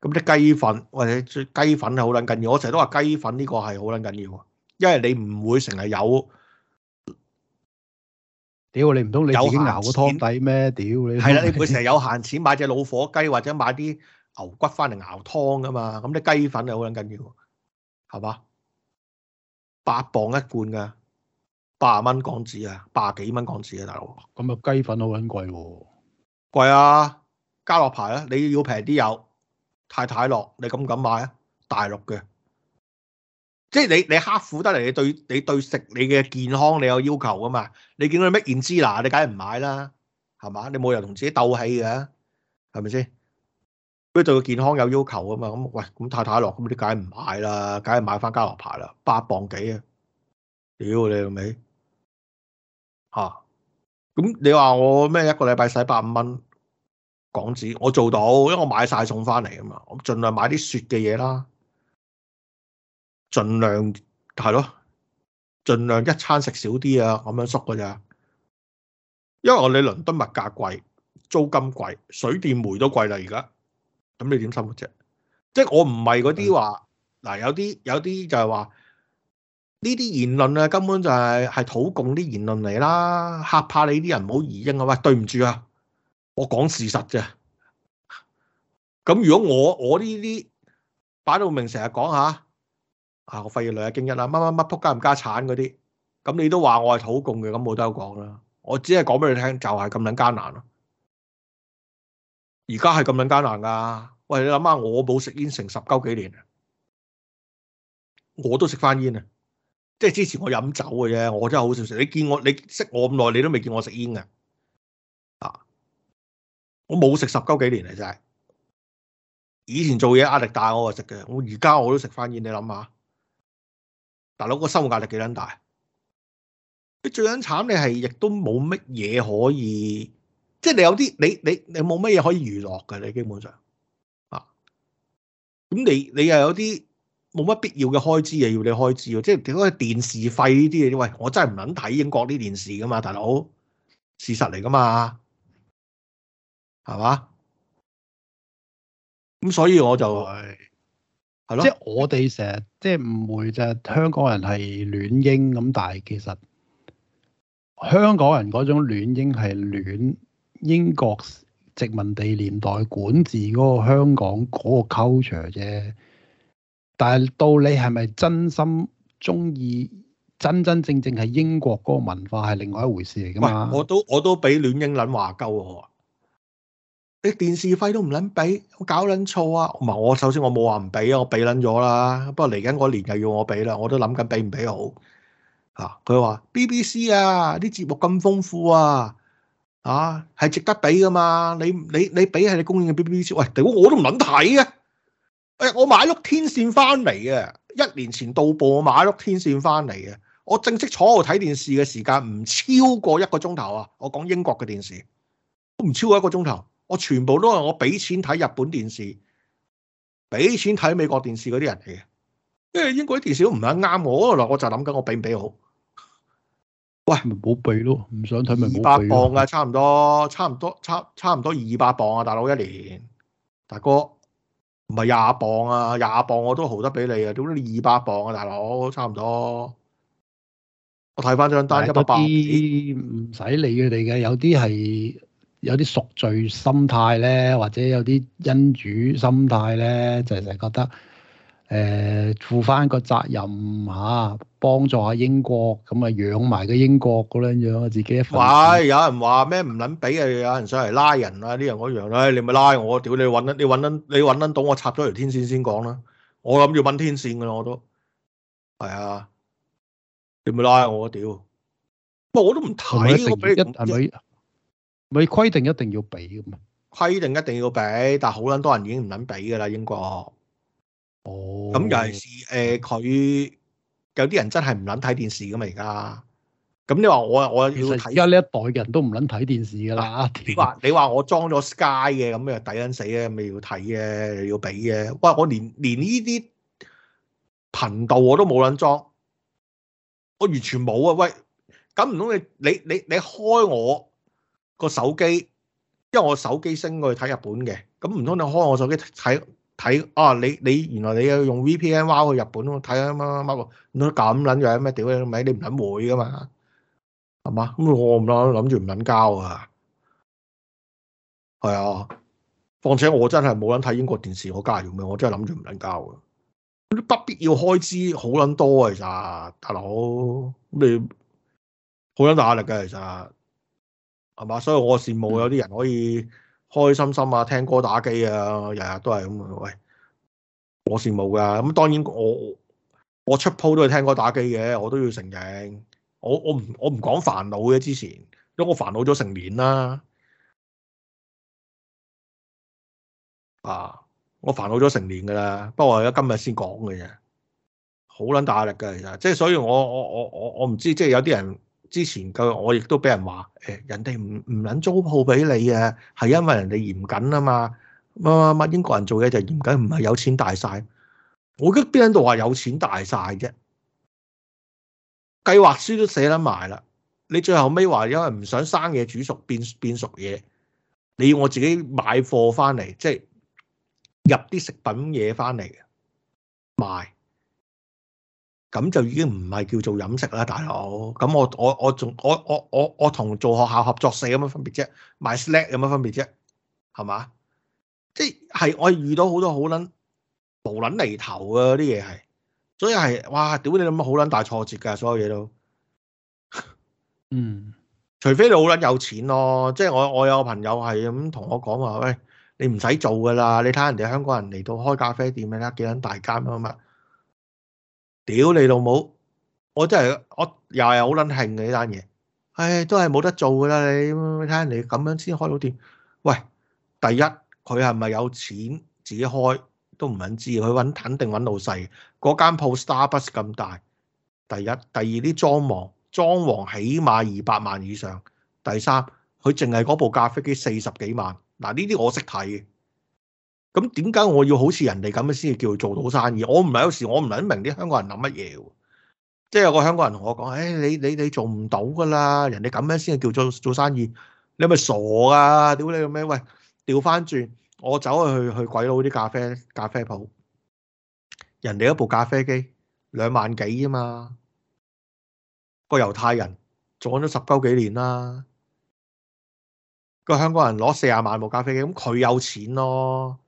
咁啲雞粉或者最雞粉係好撚緊要。我成日都話雞粉呢個係好撚緊要啊，因為你唔會成日有。屌你唔通你已經熬好湯底咩？屌你係啦，你唔會成日有閒錢買隻老火雞或者買啲牛骨翻嚟熬湯噶嘛，咁啲雞粉就好撚緊要，係嘛？八磅一罐噶，八十蚊港紙啊，八十幾蚊港紙啊，大佬。咁啊，雞粉好撚貴喎。貴啊，家樂牌啊，你要平啲有太太樂，你敢唔敢買啊？大陸嘅，即係你你刻苦得嚟，你對你對食你嘅健康你有要求噶嘛？你見到咩燕之娜，你梗係唔買啦，係嘛？你冇人同自己鬥氣嘅，係咪先？佢對個健康有要求啊嘛，咁喂，咁太太樂，咁你梗係唔買啦，梗係買翻家樂牌啦，八磅幾啊？屌你老味吓？咁你話我咩一個禮拜使百五蚊港紙，我做到，因為我買晒餸翻嚟啊嘛，我盡量買啲雪嘅嘢啦，盡量係咯，盡量一餐食少啲啊，咁樣縮㗎咋？因為我哋倫敦物價貴，租金貴，水電煤都貴啦，而家。咁你點生活啫？即係我唔係嗰啲話，嗱有啲有啲就係話呢啲言論啊，根本就係係土共啲言論嚟啦，嚇怕你啲人唔好移英啊！喂，對唔住啊，我講事實啫。咁如果我我呢啲擺到明，成日講下，啊，我廢業兩日驚一啦，乜乜乜撲街唔加產嗰啲，咁你都話我係土共嘅，咁冇得講啦。我只係講俾你聽，就係咁撚艱難咯。而家係咁樣艱難噶，喂，你諗下我冇食煙成十鳩幾年，我都食翻煙啊！即係之前我飲酒嘅啫，我真係好少食。你見我，你識我咁耐，你都未見我食煙嘅啊！我冇食十鳩幾年啊，真係。以前做嘢壓力大我就食嘅，我係食嘅。我而家我都食翻煙，你諗下，大佬個生活壓力幾撚大？最你最撚慘，你係亦都冇乜嘢可以。即係你有啲你你你冇乜嘢可以娛樂嘅，你基本上啊，咁你你又有啲冇乜必要嘅開支又要你開支，即係點解電視費呢啲嘢，喂，我真係唔撚睇英國啲電視噶嘛，大佬事實嚟噶嘛，係嘛？咁所以我就係係咯，即係我哋成日即係誤會就係香港人係戀英咁，但係其實香港人嗰種戀英係戀。英國殖民地年代管治嗰個香港嗰個 culture 啫，但係到你係咪真心中意真真正正係英國嗰個文化係另外一回事嚟噶嘛？我都我都俾戀英撚話鳩我，你電視費都唔撚俾，我搞撚錯啊？唔係我首先我冇話唔俾啊，我俾撚咗啦。不過嚟緊嗰年又要我俾啦，我都諗緊俾唔俾好啊？佢話 BBC 啊，啲節目咁豐富啊！啊，係值得俾噶嘛？你你你俾係你供應嘅 BBC？喂，屌，我都唔撚睇啊！誒，我買碌天線翻嚟嘅，一年前到步，我買碌天線翻嚟嘅。我正式坐喺度睇電視嘅時間唔超過一個鐘頭啊！我講英國嘅電視都唔超過一個鐘頭，我全部都係我俾錢睇日本電視，俾錢睇美國電視嗰啲人嚟嘅，因為英國啲電視都唔係啱我度嗱，我就諗緊我俾唔俾好。喂，咪冇備咯，唔想睇咪冇備咯。二百磅啊，差唔多，差唔多，差差唔多二百磅啊，大佬一年。大哥，唔係廿磅啊，廿磅我都豪得俾你啊，點都二百磅啊，大佬，差唔多。我睇返張單，一百磅。唔使理佢哋嘅，有啲係有啲贖罪心態咧，或者有啲因主心態咧，就就覺得。誒，負翻個責任吓、啊，幫助下英國，咁啊養埋個英國嗰兩樣，自己一份。有人話咩唔捻俾啊？有人上嚟拉人啊？呢樣嗰樣，唉、哎，你咪拉我，屌你搵，你搵，你搵到我插咗條天線先講啦。我諗要搵天線噶，我都係啊，你咪拉我屌！不過我都唔睇，是是一係咪規定一定要俾嘅咩？規定一定要俾，但係好捻多人已經唔捻俾噶啦，英國。哦，咁尤其是誒，佢、呃、有啲人真係唔撚睇電視㗎嘛。而家，咁你話我我要睇，而家呢一代嘅人都唔撚睇電視噶啦。你話你話我裝咗 Sky 嘅，咁又抵撚死啊！咪要睇嘅，要俾嘅。喂，我連連呢啲頻道我都冇撚裝，我完全冇啊！喂，咁唔通你你你你開我個手機，因為我手機升過去睇日本嘅，咁唔通你開我手機睇？睇啊！你你原來你要用 VPN 挖去日本咯？睇下乜乜乜喎咁撚樣咩？屌你咪你唔撚會噶嘛？係嘛？咁我唔撚諗住唔撚交啊！係啊！況且我真係冇撚睇英國電視，我家係用咩？我真係諗住唔撚交嘅。啲不必要開支好撚多啊。其實大佬咁你好撚大壓力嘅，其實係嘛？所以我羨慕有啲人可以。開心心啊，聽歌打機啊，日日都係咁啊！喂，我羨慕噶，咁當然我我出鋪都係聽歌打機嘅，我都要承認，我我唔我唔講煩惱嘅，之前因為我煩惱咗成年啦，啊，我煩惱咗成年噶啦，不過我而家今日先講嘅啫，好撚大壓力㗎，其實即係所以我我我我我唔知，即係有啲人。之前嘅我亦都俾人話，誒、欸、人哋唔唔撚租鋪俾你啊，係因為人哋嚴謹啊嘛。乜、啊、乜英國人做嘢就嚴謹，唔係有錢大晒。我邊邊喺度話有錢大晒啫？計劃書都寫得埋啦。你最後尾話因為唔想生嘢煮熟變變熟嘢，你要我自己買貨翻嚟，即係入啲食品嘢翻嚟賣。買咁就已經唔係叫做飲食啦，大佬。咁我我我仲我我我我同做學校合作社有乜分別啫？賣 snack 有乜分別啫？係嘛？即係我遇到好多好撚無撚釐頭嘅啲嘢係，所以係哇屌你咁好撚大挫折㗎，所有嘢都，嗯，除非你好撚有錢咯。即係我我有個朋友係咁同我講話，喂，你唔使做㗎啦，你睇下人哋香港人嚟到開咖啡店嘅啦，幾撚大間啊嘛～屌你老母！我真係我又係好捻興嘅呢單嘢，唉、哎、都係冇得做噶啦你，睇下你咁樣先開到店。喂，第一佢係咪有錢自己開都唔撚知，佢揾肯定揾老細。嗰間鋪 Starbucks 咁大，第一、第二啲裝潢裝潢起碼二百萬以上，第三佢淨係嗰部咖啡機四十幾萬。嗱呢啲我識睇嘅。咁點解我要好似人哋咁樣先至叫做到生意？我唔係有時我唔諗明啲香港人諗乜嘢喎？即係有個香港人同我講：誒、哎、你你你做唔到噶啦，人哋咁樣先至叫做做生意，你係咪傻啊？屌你個咩？喂，調翻轉，我走去去去鬼佬啲咖啡咖啡鋪，人哋一部咖啡機兩萬幾啫嘛，個猶太人做咗十九幾年啦，個香港人攞四廿萬部咖啡機，咁佢有錢咯。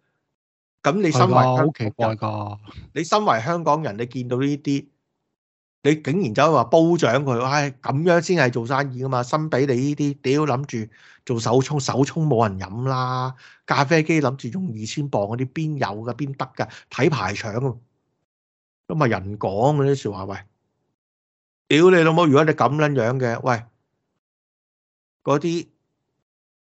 咁你身為好奇怪㗎！你身為香港人，你見到呢啲，你竟然走話褒獎佢，唉，咁樣先係做生意㗎嘛？心畀你呢啲，屌諗住做手沖，手沖冇人飲啦！咖啡機諗住用二千磅嗰啲，邊有㗎？邊得㗎？睇排場，咁咪人講嗰啲説話喂，屌你老母！如果你咁樣樣嘅，喂，嗰啲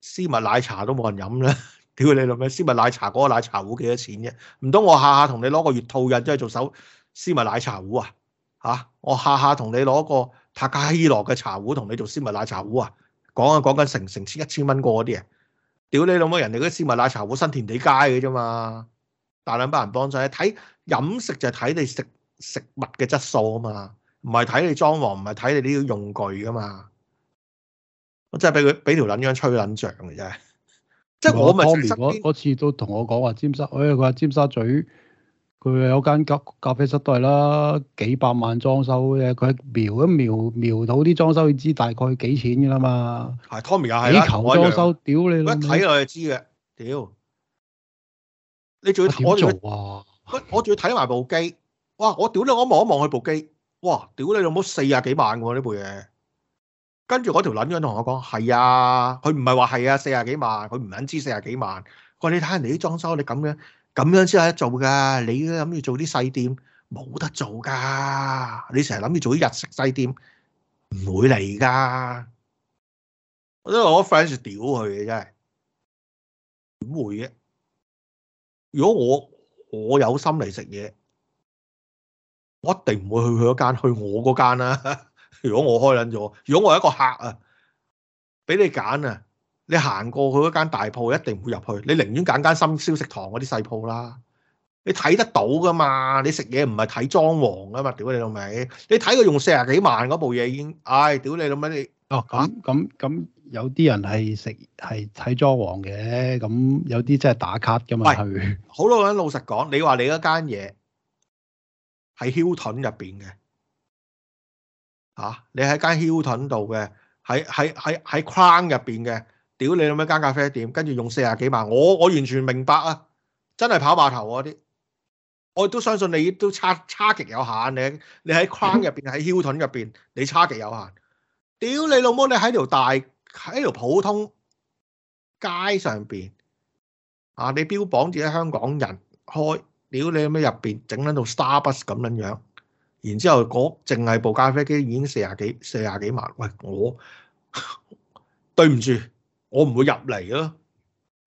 絲襪奶茶都冇人飲啦～屌你老味，絲襪奶茶嗰個奶茶壺幾多錢啫？唔通我下下同你攞個月兔印即係做手絲襪奶茶壺啊？吓、啊？我下下同你攞個塔加希羅嘅茶壺同你做絲襪奶茶壺啊？講啊講緊成成千一千蚊個嗰啲啊！屌你老母！人哋嗰啲絲襪奶茶壺新填地街嘅啫嘛，大兩班人幫手，睇飲食就睇你食食物嘅質素啊嘛，唔係睇你裝潢，唔係睇你呢啲用具噶嘛。我真係俾佢俾條撚樣吹撚脹嘅啫。呵呵。即係我咪 Tommy 嗰次都同我講，話尖沙，哎佢話尖沙咀佢，哎、有間咖咖啡室都係啦，幾百萬裝修嘅，佢瞄一瞄，瞄到啲裝修，你知大概幾錢㗎啦嘛。係，Tommy 又係啦，欸求，我一樣，屌你一睇我就知嘅，屌！你仲要我點做啊？我仲要睇埋部機，哇！我屌你，我望一望佢部機，哇！屌你老母，有四廿幾萬喎呢，啊、部嘢。跟住嗰條撚樣同我講：係啊，佢唔係話係啊，四十幾萬，佢唔肯知四十幾萬。佢話你睇人哋啲裝修，你咁樣咁樣先有得做噶。你諗住做啲細店，冇得做噶。你成日諗住做啲日式細店，唔會嚟噶。因為我啲我 friends 屌佢嘅真係點會嘅？如果我我有心嚟食嘢，我一定唔會去佢嗰間，去我嗰間啊。如果我開撚咗，如果我係一個客啊，俾你揀啊，你行過去嗰間大鋪一定唔會入去，你寧願揀間深宵食堂嗰啲細鋪啦。你睇得到噶嘛？你食嘢唔係睇裝潢噶嘛？屌你老味，你睇佢用四十幾萬嗰部嘢已經，唉，屌你老味，你哦咁咁咁有啲人係食係睇裝潢嘅，咁有啲真係打卡噶嘛？好多人老實講，你話你嗰間嘢係 Hilton 入邊嘅。吓、啊！你喺間 Hilton 度嘅，喺喺喺喺框入邊嘅，屌你老母間咖啡店，跟住用四廿幾萬，我我完全明白啊！真係跑馬頭嗰、啊、啲，我亦都相信你都差差極有限。你你喺框入邊，喺 Hilton 入邊，你差極有限。屌你老母，你喺條大喺條普通街上邊，啊！你標榜住啲香港人開，屌你咁樣入邊整到到 Starbucks 咁樣樣。然之後，嗰淨係部咖啡機已經四廿幾四廿幾萬。喂，我 對唔住，我唔會入嚟咯。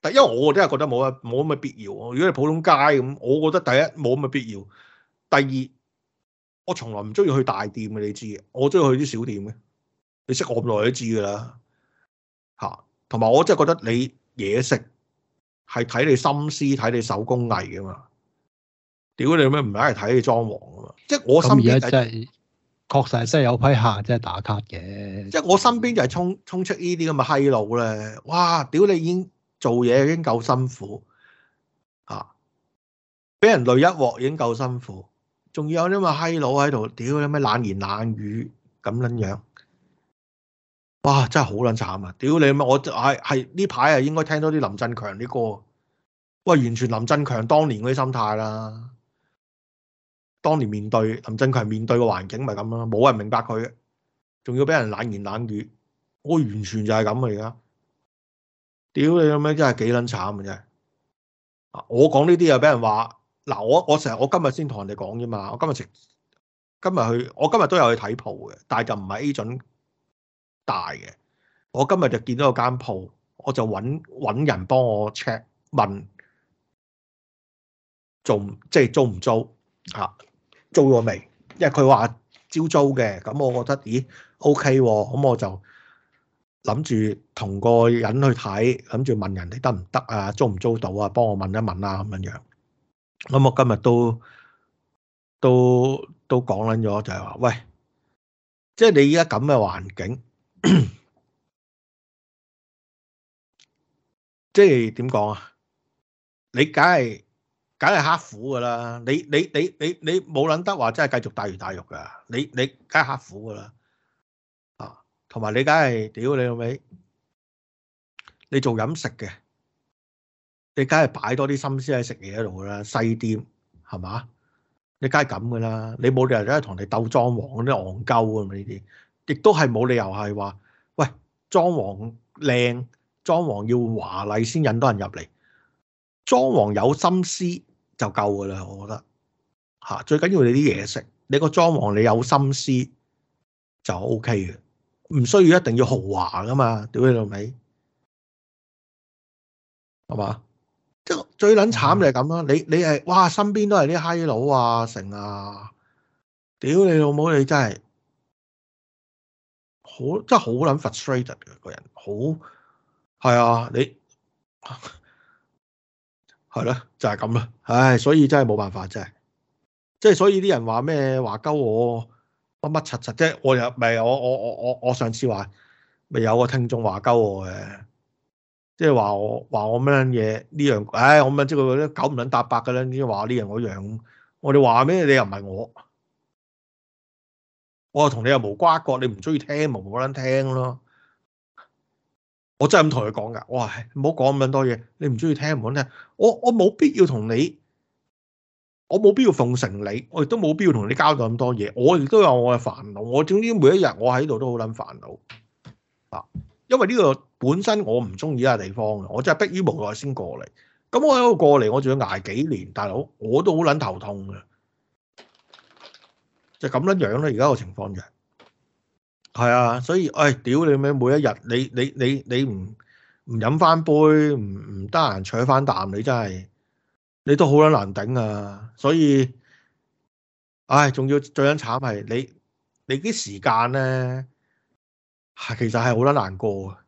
第一，我真係覺得冇啊，冇咁嘅必要。如果你普通街咁，我覺得第一冇咁嘅必要。第二，我從來唔中意去大店嘅，你知嘅。我中意去啲小店嘅，你識我咁耐都知㗎啦。嚇、啊！同埋我真係覺得你嘢食係睇你心思，睇你手工藝㗎嘛。屌你咩唔係喺度睇裝潢啊嘛！即係我身邊、就係、而家就係、真係確實係真係有批客真係打卡嘅，即係我身邊就係沖沖出呢啲咁嘅閪佬咧。哇！屌你已經做嘢已經夠辛苦啊，俾人累一鑊已經夠辛苦，仲要有啲咁嘅閪佬喺度，屌你咩冷言冷語咁樣樣，哇！真係好捻慘啊！屌你咩我係係呢排係應該聽多啲林振強啲歌，喂，完全林振強當年嗰啲心態啦。當年面對林鄭佢面對嘅環境咪咁咯，冇人明白佢，仲要俾人冷言冷語，我完全就係咁嘅。而家屌你咁樣真係幾卵慘嘅啫。啊！我講呢啲又俾人話，嗱我我成日我今日先同人哋講啫嘛，我今日今日去，我今日都有去睇鋪嘅，但係就唔係 A 准大嘅，我今日就見到有間鋪，我就搵搵人幫我 check 問做即係、就係、租唔租、啊租咗未？因為佢話招租嘅，咁我覺得咦，OK 喎，啊，咁我就諗住同個人去睇，諗住問人哋得唔得啊？租唔租到啊？幫我問一問啊。咁樣樣。咁我今日都都都講緊咗，就係話，喂，即係你依家咁嘅環境，即係點講啊？你梗係。梗係刻苦噶啦！你你你你你冇諗得話真係繼續大魚大肉噶，你你梗係刻苦噶啦啊！同埋你梗係屌你老味！你做飲食嘅，你梗係擺多啲心思喺食嘢嗰度啦，細啲，係嘛？你梗係咁噶啦！你冇理由走去同你哋鬥裝潢嗰啲戇鳩嘛，呢啲，亦都係冇理由係話喂裝潢靚，裝潢要華麗先引到人入嚟，裝潢有心思。就夠噶啦，我覺得吓、啊、最緊要你啲嘢食，你個裝潢你有心思就 O K 嘅，唔需要一定要豪華噶嘛，屌你老味，係 嘛樂？即係最捻慘的就係咁啦，你你係哇身邊都係啲嗨佬啊成啊，屌你老母你真係好真係好捻 frustrated 嘅個人，好係啊你。 係咯，就係咁咯，唉，所以真係冇辦法，真係，即係所以啲人話咩話鳩我乜乜柒柒啫，我又咪我我我我我上次話咪有個聽眾話鳩我嘅，即係話我話我乜嘢呢樣，唉，我咁樣即係啲狗唔撚搭白噶啦，啲話呢樣我樣，我哋話咩你又唔係我，我同你又無瓜葛，你唔中意聽，唔好撚聽咯。我真係咁同佢講噶，哇，唔好講咁捻多嘢，你唔中意聽唔好聽，我我冇必要同你，我冇必要奉承你，我亦都冇必要同你交代咁多嘢，我亦都有我嘅煩惱，我總之每一日我喺度都好捻煩惱啊，因為呢個本身我唔中意呢個地方嘅，我真係迫於無奈先過嚟，咁我喺度過嚟，我仲要挨幾年，大佬我都好捻頭痛嘅，就咁樣樣咧，而家個情況就。係啊，所以，哎，屌你咩？你每一日你你你你唔唔飲翻杯，唔唔得閒取翻啖，你真係你都好撚難頂啊！所以，哎、唉，仲要最緊慘係你你啲時間咧，係其實係好撚難過啊！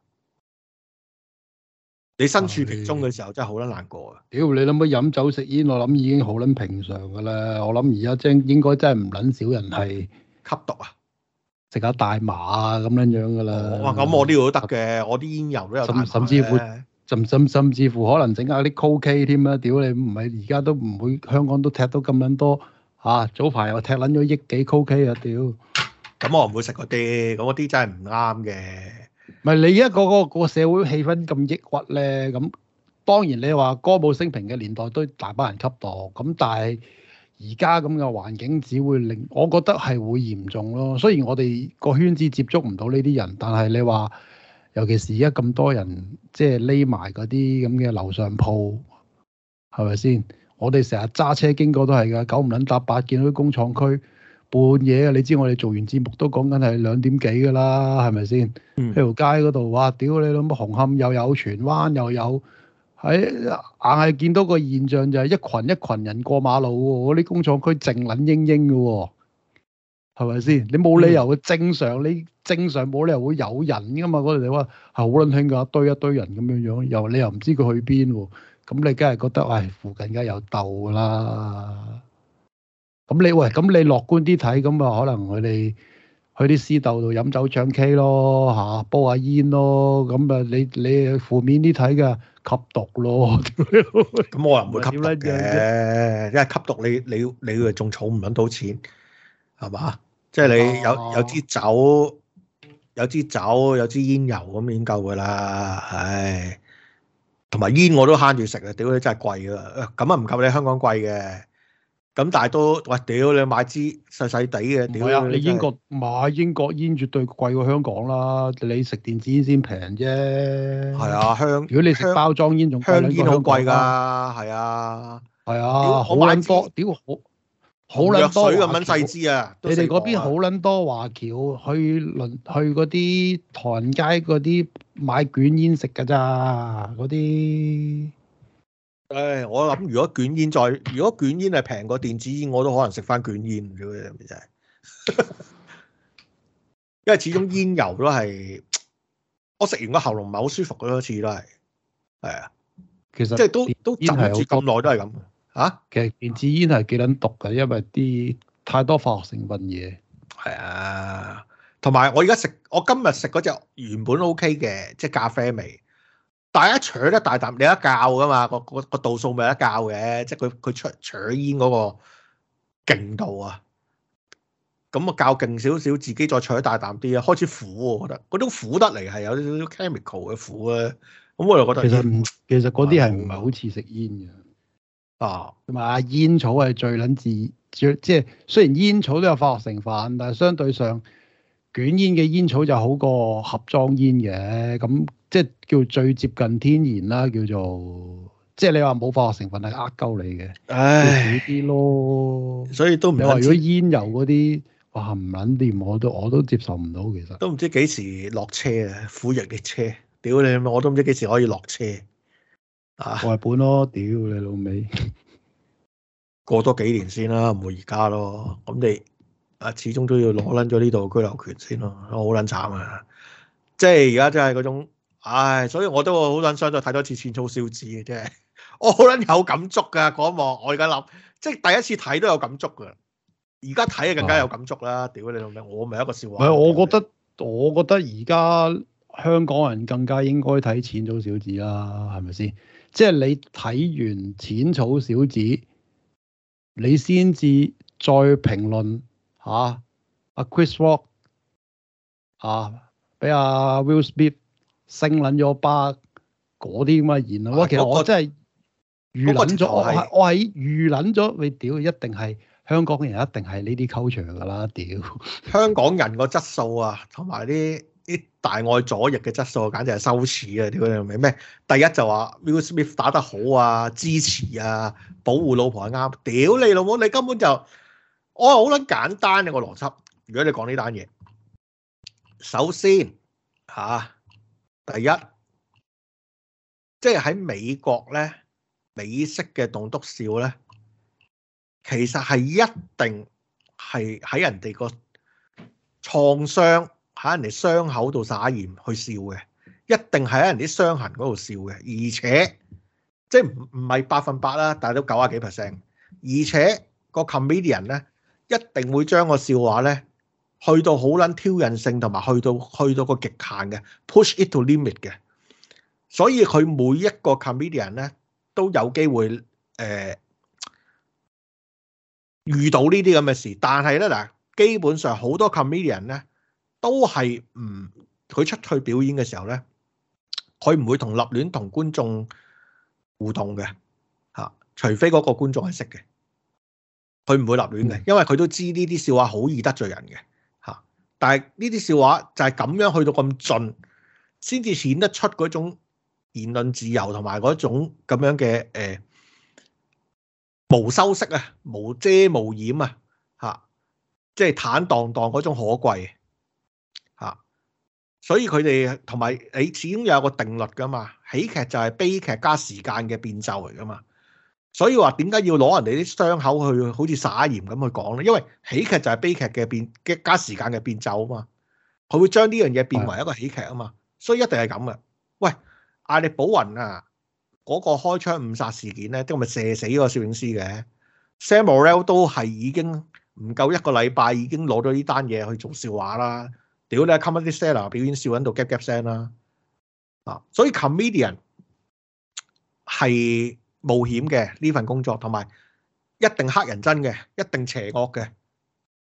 你身處其中嘅時候真係好撚難過啊！屌你諗乜飲酒食煙，我諗已經好撚平常噶啦，我諗而家真應該真係唔撚少人係吸毒啊！食下大麻、哦、啊咁樣樣噶啦，哇、嗯！咁我呢度都得嘅，我啲煙油都有甚甚至乎，甚甚甚至乎可能整下啲 KOK 添啊！屌你唔係而家都唔會香港都踢到咁撚多嚇、啊，早排又踢撚咗億幾 KOK 啊！屌、嗯，咁、嗯嗯、我唔會食嗰啲，咁嗰啲真係唔啱嘅。唔係你而家嗰個、嗰個社會氣氛咁抑鬱咧，咁當然你話歌舞升平嘅年代都大把人吸毒，咁但係。而家咁嘅環境只會令我覺得係會嚴重咯。雖然我哋個圈子接觸唔到呢啲人，但係你話，尤其是而家咁多人即係匿埋嗰啲咁嘅樓上鋪，係咪先？我哋成日揸車經過都係㗎，九唔撚搭八見到啲工廠區，半夜啊！你知我哋做完節目都講緊係兩點幾㗎啦，係咪先？嗯，條街嗰度，哇！屌你老母，紅磡又有荃灣又有。喺硬係見到個現象就係一群一群人過馬路喎。哦。嗰啲工廠區靜撚英英嘅喎，係咪先？你冇理由正常，你正常冇理由會有人噶嘛。嗰陣你話係好撚興噶，一堆一堆人咁樣樣，又你又唔知佢去邊喎。咁你梗係覺得喂，哎、附近梗係有竇㗎啦。咁你喂咁你樂觀啲睇，咁啊可能佢哋去啲私竇度飲酒唱 K 咯，嚇、啊，煲一下煙咯。咁啊你你負面啲睇嘅。吸毒咯，咁 我又唔會吸毒嘅，因為吸毒你你你仲儲唔揾到錢，係嘛？即係你有有支酒，有支酒，有支煙油咁已經夠噶啦，唉！同埋煙我都慳住食啊，屌你真係貴啊，咁啊唔及你香港貴嘅。咁但係都，喂屌你買支細細啲嘅，屌啊！你英國買英國煙絕對貴過香港啦，你食電子煙先平啫。係啊，香如果你食包裝煙仲香，香煙好貴㗎，係啊，係啊，好撚多，屌好，好撚多。水咁撚細支啊！你哋嗰邊好撚多華僑，華僑，多華僑去輪去嗰啲唐人街嗰啲買捲煙食㗎咋，嗰啲。誒，我諗如果捲煙再，如果捲煙係平過電子煙，我都可能食翻捲煙嘅，咪係，因為始終煙油都係，我食完個喉嚨唔係好舒服，好多次都係，係啊，其實即係都都浸住咁耐都係咁啊。其實電子煙係幾撚毒噶，因為啲太多化學成分嘢。係啊，同埋我而家食，我今日食嗰隻原本 O K 嘅，即係咖啡味。大家搶得大啖，你一教㗎嘛？個個度數咪有得教嘅，即係佢佢出搶煙嗰個勁度啊，咁啊較勁少少，自己再搶大啖啲啊，開始苦喎，我覺得嗰種苦得嚟係有啲 chemical 嘅苦啊。咁我又覺得其實其實嗰啲係唔係好似食煙嘅？啊，同、啊、埋煙草係最撚自然，即係雖然煙草都有化學成分，但係相對上。捲煙嘅煙草就好過盒裝煙嘅，咁即係叫最接近天然啦，叫做即係你話冇化學成分係呃鳩你嘅，唉，少啲咯。所以都唔係。你話如果煙油嗰啲哇唔撚掂，我都我都接受唔到其實。都唔知幾時落車啊？苦役嘅車，屌你，我都唔知幾時可以落車啊？外本咯，屌你老味。 過多幾年先啦，唔會而家咯，咁你。啊，始終都要攞撚咗呢度居留權先咯，我好撚慘啊！即係而家真係嗰種，唉，所以我都好撚想再睇多次淺草小子嘅啫。我好撚有感觸噶嗰一幕，我而家諗，即係第一次睇都有感觸噶，而家睇啊更加有感觸啦！屌你老味，我咪一個笑話。唔係，我覺得我覺得而家香港人更加應該睇淺草小子啦，係咪先？即係你睇完淺草小子，是是你先至再評論。嚇、啊！阿 Chris Rock 嚇、啊，俾阿、啊、Will Smith 升撚咗巴嗰啲咁嘅嘢咯。其實我真係預撚咗，我係我係預撚咗。你屌，一定係香港人，一定係呢啲 culture 噶啦。屌，香港人個質素啊，同埋啲啲大愛左翼嘅質素簡直係羞恥啊！你嗰係咪咩？第一就話 Will Smith 打得好啊，支持啊，保護老婆啱。屌你老母，你根本就～我係好撚簡單嘅個邏輯。如果你講呢單嘢，首先嚇、啊、第一，即係喺美國咧，美式嘅棟篤笑咧，其實係一定係喺人哋個創傷喺人哋傷口度撒鹽去笑嘅，一定係喺人哋傷痕嗰度笑嘅，而且即係唔唔係百分百啦，但係都九啊幾 percent，而且個 comedian 咧。一定會將個笑話呢去到好撚挑釁性，同埋去到去到個極限嘅，push it to limit 嘅。所以佢每一個 comedian 呢都有機會、呃、遇到這些這呢啲咁嘅事。但係呢，嗱，基本上好多 comedian 呢都係唔佢出去表演嘅時候呢，佢唔會同立亂同觀眾互動嘅吓，除非嗰個觀眾係識嘅。佢唔會立亂嘅，因為佢都知呢啲笑話好易得罪人嘅，吓。但係呢啲笑話就係咁樣去到咁盡，先至顯得出嗰種言論自由同埋嗰種咁樣嘅誒、呃、無修飾啊、無遮無掩啊，吓，即係坦蕩蕩嗰種可貴，吓、啊。所以佢哋同埋你始終有一個定律噶嘛，喜劇就係悲劇加時間嘅變奏嚟噶嘛。所以話點解要攞人哋啲傷口去好似撒鹽咁去講咧？因為喜劇就係悲劇嘅變嘅加時間嘅變奏啊嘛，佢會將呢樣嘢變為一個喜劇啊嘛，所以一定係咁嘅。喂，阿力保雲啊，嗰個開槍誤殺事件咧，都係咪射死嗰個攝影師嘅。Samuel 都係已經唔夠一個禮拜，已經攞咗呢單嘢去做笑話啦。屌你 comedian 表演笑喺度 gap gap 聲啦，啊，所以 comedian 係。冒險嘅呢份工作，同埋一定黑人憎嘅，一定邪惡嘅。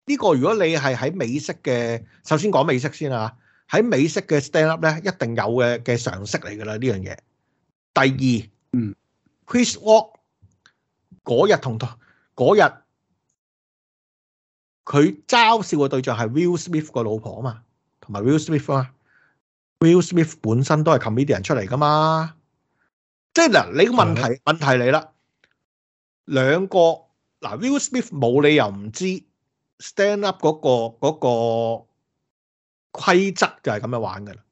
呢個如果你係喺美式嘅，首先講美式先啊。喺美式嘅 stand up 咧，一定有嘅嘅常識嚟㗎啦，呢樣嘢。第二，嗯，Chris Rock 嗰日同同嗰日佢嘲笑嘅對象係 Will Smith 個老婆啊嘛，同埋 Will Smith 啊，Will Smith 本身都係 comedian 出嚟㗎嘛。即係嗱，你個問題問題你啦。兩個嗱，Will Smith 冇理由唔知 stand up 嗰個嗰個規則就係咁樣玩嘅啦，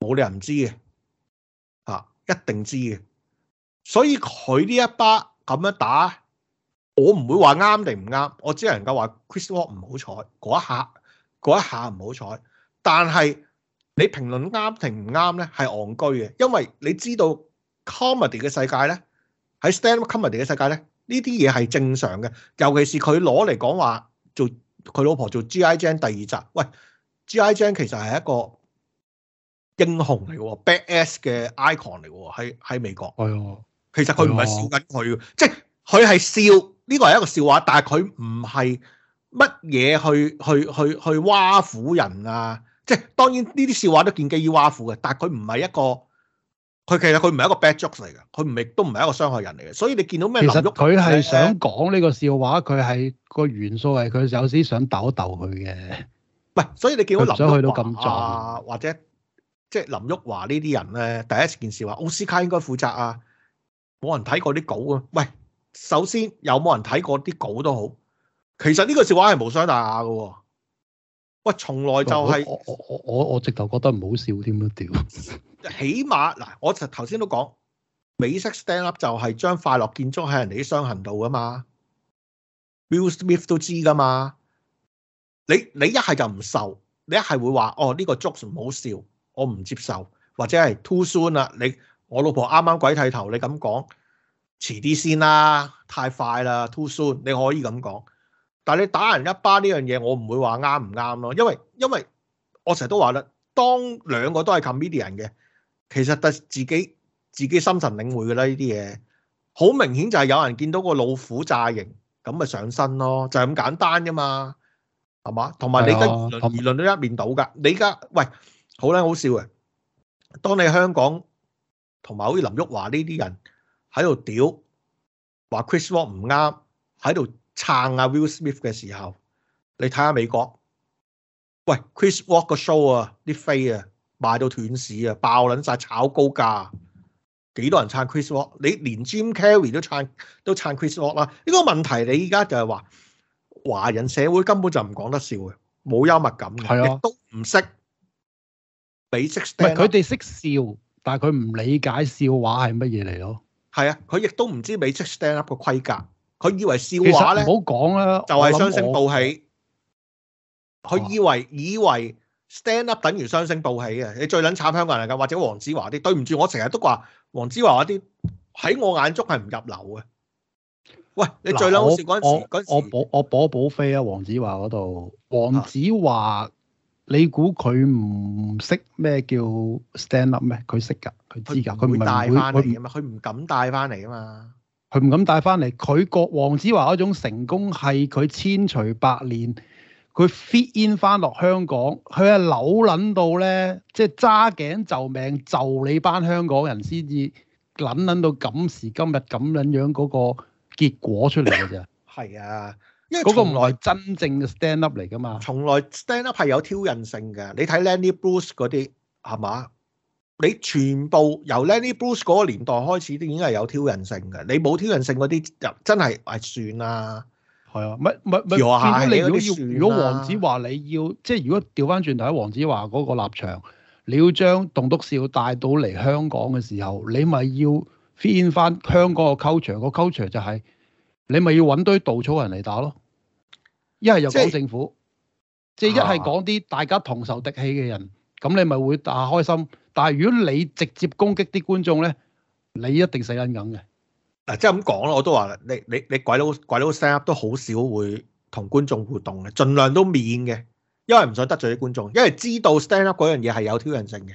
冇理由唔知嘅、啊、一定知嘅。所以佢呢一巴咁樣打，我唔會話啱定唔啱，我只能夠話 Chris Rock 唔好彩嗰一下嗰一下唔好彩，但係你評論啱定唔啱咧係戇居嘅，因為你知道。Comedy 嘅世界咧，喺 stand-up comedy 嘅世界咧，呢啲嘢係正常嘅。尤其是佢攞嚟講話做佢老婆做 G.I. Jane 第二集，喂，G.I. Jane 其實係一個英雄嚟嘅，bad ass 嘅 icon 嚟嘅喎，喺喺美國。係，其實佢唔係笑緊佢，即係佢係笑呢個係一個笑話，但係佢唔係乜嘢去去去去挖苦人啊！即係當然呢啲笑話都建基於挖苦嘅，但係佢唔係一個。佢其實佢唔係一個 bad joke 嚟嘅，佢唔亦都唔係一個傷害人嚟嘅，所以你見到咩其實，佢係想講呢個笑話，佢係個元素係佢有啲想逗一逗佢嘅。喂，所以你見到林旭華或者即係、就是、林旭華呢啲人咧，第一件事話奧斯卡應該負責啊，冇人睇過啲稿啊。喂，首先有冇人睇過啲稿都好，其實呢個笑話係無傷大雅嘅，啊。喂，從來就係我我我我直頭覺得唔好笑添啦，屌！起碼嗱，我就頭先都講美式 stand up 就係將快樂建築喺人哋啲傷痕度噶嘛，Will Smith 都知噶嘛。你你一係就唔受，你一係會話哦呢個 jokes 唔好笑，我唔接受，或者係 too soon 啦。你我老婆啱啱鬼剃頭，你咁講，遲啲先啦，太快啦，too soon，你可以咁講。但你打人一巴呢樣嘢，我唔會話啱唔啱咯，因為因為我成日都話啦，當兩個都係 comedian 嘅，其實就自己自己心神領會噶啦呢啲嘢，好明顯就係有人見到個老虎炸型咁咪上身咯，就係咁簡單啫嘛，係嘛？同埋你跟輿論都一面倒噶，你而家喂好捻好笑嘅，當你在香港同埋好似林旭華呢啲人喺度屌，話 Chris Rock 唔啱喺度。在撐阿 Will Smith 嘅時候，你睇下美國，喂 Chris Rock 個 show 啊，啲飛啊賣到斷市啊，爆撚晒炒高價，幾多人撐 Chris Rock？你連 Jim Carrey 都撐，都撐 Chris Rock 啦。呢、呢個問題你依家就係話華人社會根本就唔講得笑嘅，冇幽默感嘅，亦、啊、都唔識美式 stand 佢哋識笑，但係佢唔理解笑話係乜嘢嚟咯。係啊，佢亦都唔知美式 stand up 嘅規格。佢以為笑話咧，唔好講啦，就係雙星報喜。佢以為、啊、以為 stand up 等於雙星報喜啊。你最撚慘香港人嚟噶，或者黃子華啲。對唔住，我成日都話黃子華啲喺我眼中係唔入流嘅。喂，你最撚好笑嗰陣時，我我陣時我我補補飛啊！黃子華嗰度，黃子華、啊，你估佢唔識咩叫 stand up 咩？佢識噶，佢知噶，佢唔帶翻嚟嘅嘛，佢唔敢帶翻嚟啊嘛。佢唔敢帶翻嚟，佢個黃子華嗰種成功係佢千錘百煉，佢 fit in 翻落香港，佢係扭捻到咧，即係揸頸就命，就你班香港人先至捻捻到今時今日咁樣樣嗰個結果出嚟嘅啫。係啊，因為嗰個唔來真正嘅 stand up 嚟㗎嘛。從來 stand up 係有挑釁性㗎，你睇 Lenny Bruce 嗰啲係嘛？你全部由 Lenny Bruce 嗰個年代開始，已經係有挑釁性嘅。你冇挑釁性嗰啲，又真係係、哎、算啦。係啊，唔係唔係，見到你如果要，如果黃子華你要，即係如果調翻轉頭喺黃子華嗰個立場，你要將棟篤笑帶到嚟香港嘅時候，你咪要 fit 翻香港嘅 culture。個 culture 就係、是、你咪要揾堆稻草人嚟打咯。一係講政府，即係一係講啲大家同仇敵氣嘅人，咁、啊、你咪會打開心。但係如果你直接攻擊啲觀眾咧，你一定死撚梗嘅。嗱，即係咁講咯，我都話啦，你你你鬼佬鬼佬 stand up 都好少會同觀眾互動嘅，盡量都免嘅，因為唔想得罪啲觀眾，因為知道 stand up 嗰樣嘢係有挑釁性嘅。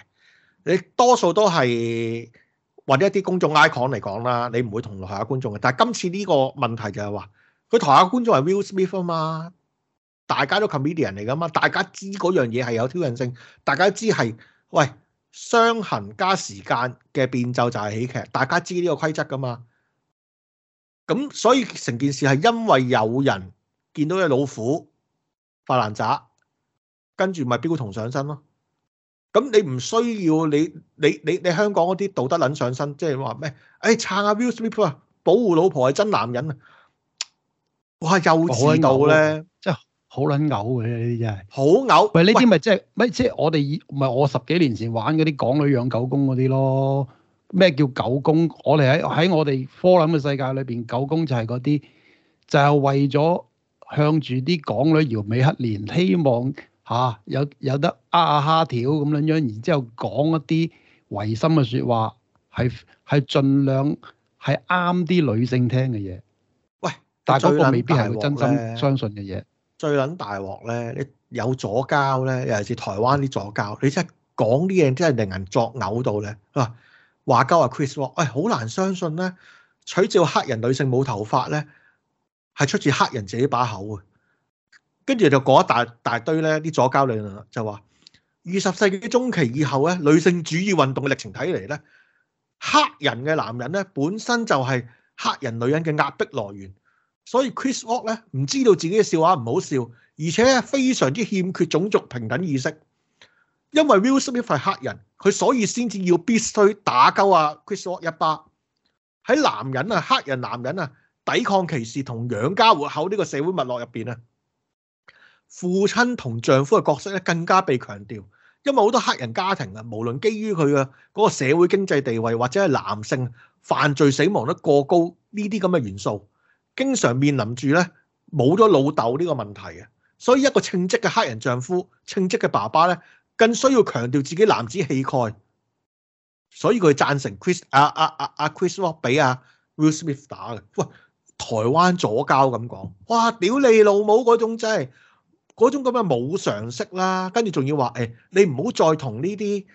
你多數都係或者一啲公眾 icon 嚟講啦，你唔會同台下觀眾嘅。但係今次呢個問題就係話，佢台下觀眾係 Will Smith 啊嘛，大家都 comedian 嚟㗎嘛，大家知嗰樣嘢係有挑釁性，大家都知係喂。傷痕加時間嘅變奏就係喜劇，大家知呢個規則噶嘛？咁所以成件事係因為有人見到隻老虎發爛渣，跟住咪彪同上身咯。咁你唔需要你你你你，你香港嗰啲道德捻上身，即係話咩？哎撐阿 Will Smith 啊，保護老婆係真男人啊！哇，幼稚到咧～我好撚嘔嘅呢啲真係，好嘔！喂，呢啲咪即係咪即係我哋唔係我十幾年前玩嗰啲港女養狗公嗰啲咯？咩叫狗公？我哋喺喺我哋科林嘅世界裏邊，狗公就係嗰啲就係為咗向住啲港女搖尾乞憐，希望嚇有有得呃下蝦條咁樣樣，然之後講一啲違心嘅説話，係係盡量係啱啲女性聽嘅嘢。喂，但係嗰個未必係佢真心相信嘅嘢。最撚大鑊咧，你有左膠咧，尤其是台灣啲左膠，你真係講啲嘢真係令人作嘔到咧。佢、啊、話話交話 Chris 話，喂、哎、好難相信咧，取笑黑人女性冇頭髮咧，係出自黑人自己把口啊！跟住就講咗大大堆咧啲左膠理論啦，就話二十世紀中期以後咧，女性主義運動嘅歷程睇嚟咧，黑人嘅男人咧本身就係黑人女人嘅壓迫來源。所以 Chris Rock 咧唔知道自己嘅笑話唔好笑，而且咧非常之欠缺種族平等意識。因為 Will Smith 係黑人，佢所以先至要必須打交啊 Chris Rock 一巴。喺男人啊黑人男人啊抵抗歧視同養家活口呢個社會脈絡入邊啊，父親同丈夫嘅角色咧更加被強調。因為好多黑人家庭啊，無論基於佢嘅嗰個社會經濟地位或者係男性犯罪死亡率過高呢啲咁嘅元素。經常面臨住咧冇咗老豆呢個問題嘅，所以一個稱職嘅黑人丈夫、稱職嘅爸爸咧，更需要強調自己男子氣概。所以佢贊成 Chris 啊啊啊、啊 Chris Rock 俾阿 Will Smith 打嘅，喂，台灣左膠咁講，哇！屌你老母嗰種真係嗰種咁嘅冇常識啦，跟住仲要話、哎、你唔好再同呢啲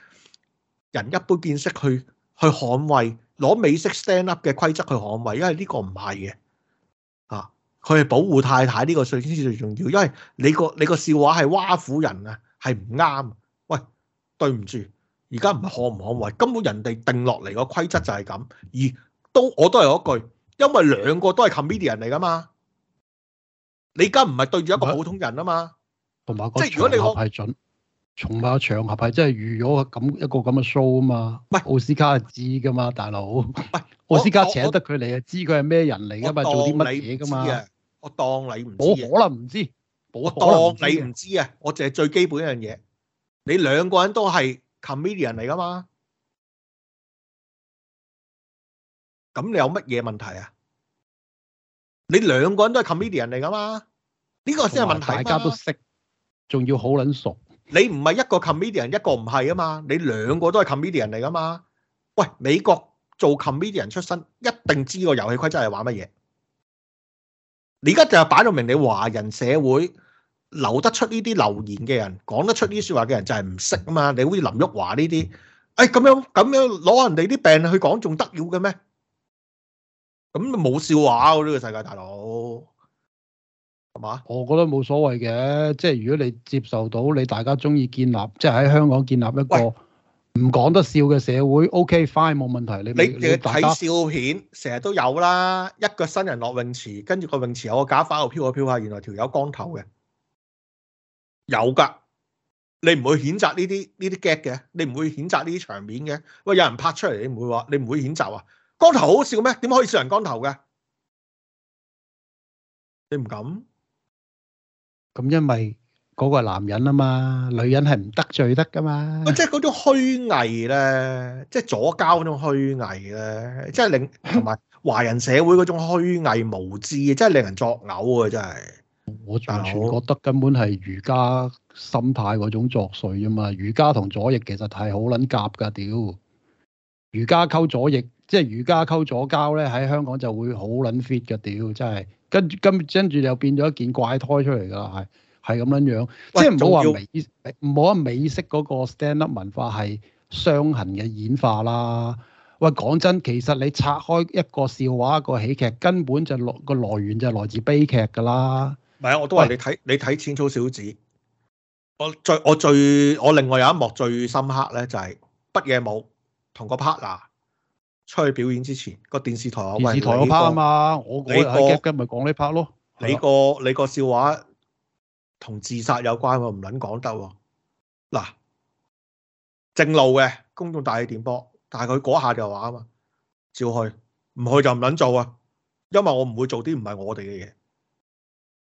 人一般見識去去捍衞攞美式 stand up 嘅規則去捍衞，因為呢個唔係嘅。啊！佢係保護太太呢個最先最重要，因為你個你個笑話係挖苦人啊，係唔啱。喂，對唔住，而家唔可唔可為根本人哋定落嚟個規則就係咁，而都我都係嗰句，因為兩個都係 comedy 人嚟噶嘛，你而家唔係對住一個普通人啊嘛，同、啊、埋即係如果你我係、啊、準。重嘛場合係真係預咗咁一個咁嘅 show 啊嘛，喂，係奧斯卡係知㗎嘛，大佬。喂，係 奧斯卡請得佢嚟係知佢係咩人嚟，㗎嘛，做啲乜嘢㗎嘛。我當你唔知我可能唔知。我當你唔知啊。我淨係最基本一樣嘢。你兩個人都係 comedian 嚟㗎嘛？咁你有乜嘢問題啊？你兩個人都係 comedian 嚟㗎嘛？呢、這個先係問題。大家都識，仲要好撚熟。你唔係一個 comedian，一個唔係啊嘛？你兩個都係 comedian 嚟噶嘛？喂，美國做 comedian 出身，一定知個遊戲規則係玩乜嘢。你而家就擺到明，你華人社會留得出呢啲留言嘅人，講得出呢啲説話嘅人，就係唔識啊嘛？你好似林旭華呢啲，哎，咁樣咁樣攞人哋啲病去講，仲得了嘅咩？咁冇笑話呢個世界，大佬。係嘛？我覺得冇所謂嘅，即係如果你接受到你大家中意建立，即係喺香港建立一個唔講得笑嘅社會，OK fine 冇問題。你你睇笑片成日都有啦，一個新人落泳池，跟住個泳池有個假髮喺度飄下飄下，原來條友光頭嘅，有㗎。你唔會譴責呢啲呢啲 gag 嘅，你唔會譴責呢啲場面嘅。喂，有人拍出嚟，你唔會話，你唔會譴責啊？光頭好笑咩？點可以笑人光頭嘅？你唔敢？咁因為嗰個男人啊嘛，女人係唔得罪得噶嘛。即係嗰種虛偽咧，即係左膠嗰種虛偽咧，即係令同埋華人社會嗰種虛偽無知，真係令人作嘔啊！真係。我完全覺得根本係儒家心態嗰種作祟啫嘛。儒家同左翼其實係好撚夾噶屌。儒家溝左翼，即係儒家溝左膠咧，喺香港就會好撚 fit 噶屌，真係。跟住，跟住，跟住又變咗一件怪胎出嚟噶啦，係係咁樣樣，即係唔好話美唔好話美式嗰個 stand up 文化係傷痕嘅演化啦。喂，講真，其實你拆開一個笑話、一個喜劇，根本就來、是、個來源就係來自悲劇噶啦。唔係啊，我都話你睇你睇《淺草小子》，我最我最我另外有一幕最深刻咧、就是，就係北野武同個 partner。出去表演之前，個電視台話，電視台嗰 part 啊嘛，我我喺吉吉咪講呢 part 咯。你，這個你個笑話同自殺有關喎，唔撚講得喎。嗱，正路嘅公眾大氣電波，但係佢嗰下就話啊嘛，照去，唔去就唔撚做啊，因為我唔會做啲唔係我哋嘅嘢。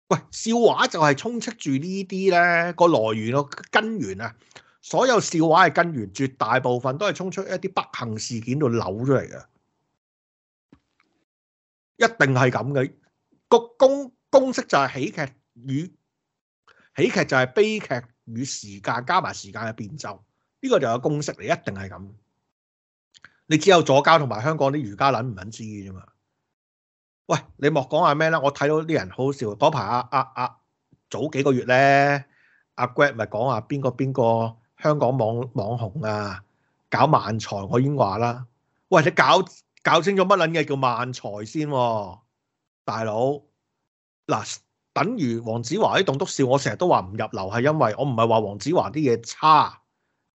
喂，笑話就係充斥住呢啲咧，個來源咯，根源啊。所有笑話嘅根源，絕大部分都係衝出一啲不幸事件度扭出嚟嘅，一定係咁嘅。個公公式就係喜劇與喜劇就係悲劇與時間加埋時間嘅變奏，呢、呢個就有公式你一定係咁。你只有左膠同埋香港啲儒家撚唔撚知啫嘛？喂，你莫講話咩啦？我睇到啲人好好笑，嗰排阿阿阿早幾個月咧，阿 Greg 咪講話邊個邊個。邊個香港網網紅啊，搞漫才，我已經話啦。喂，你搞搞清楚乜撚嘢叫漫才先，哦，大佬嗱，等於黃子華喺棟篤笑我。我成日都話唔入流，係因為我唔係話黃子華啲嘢差，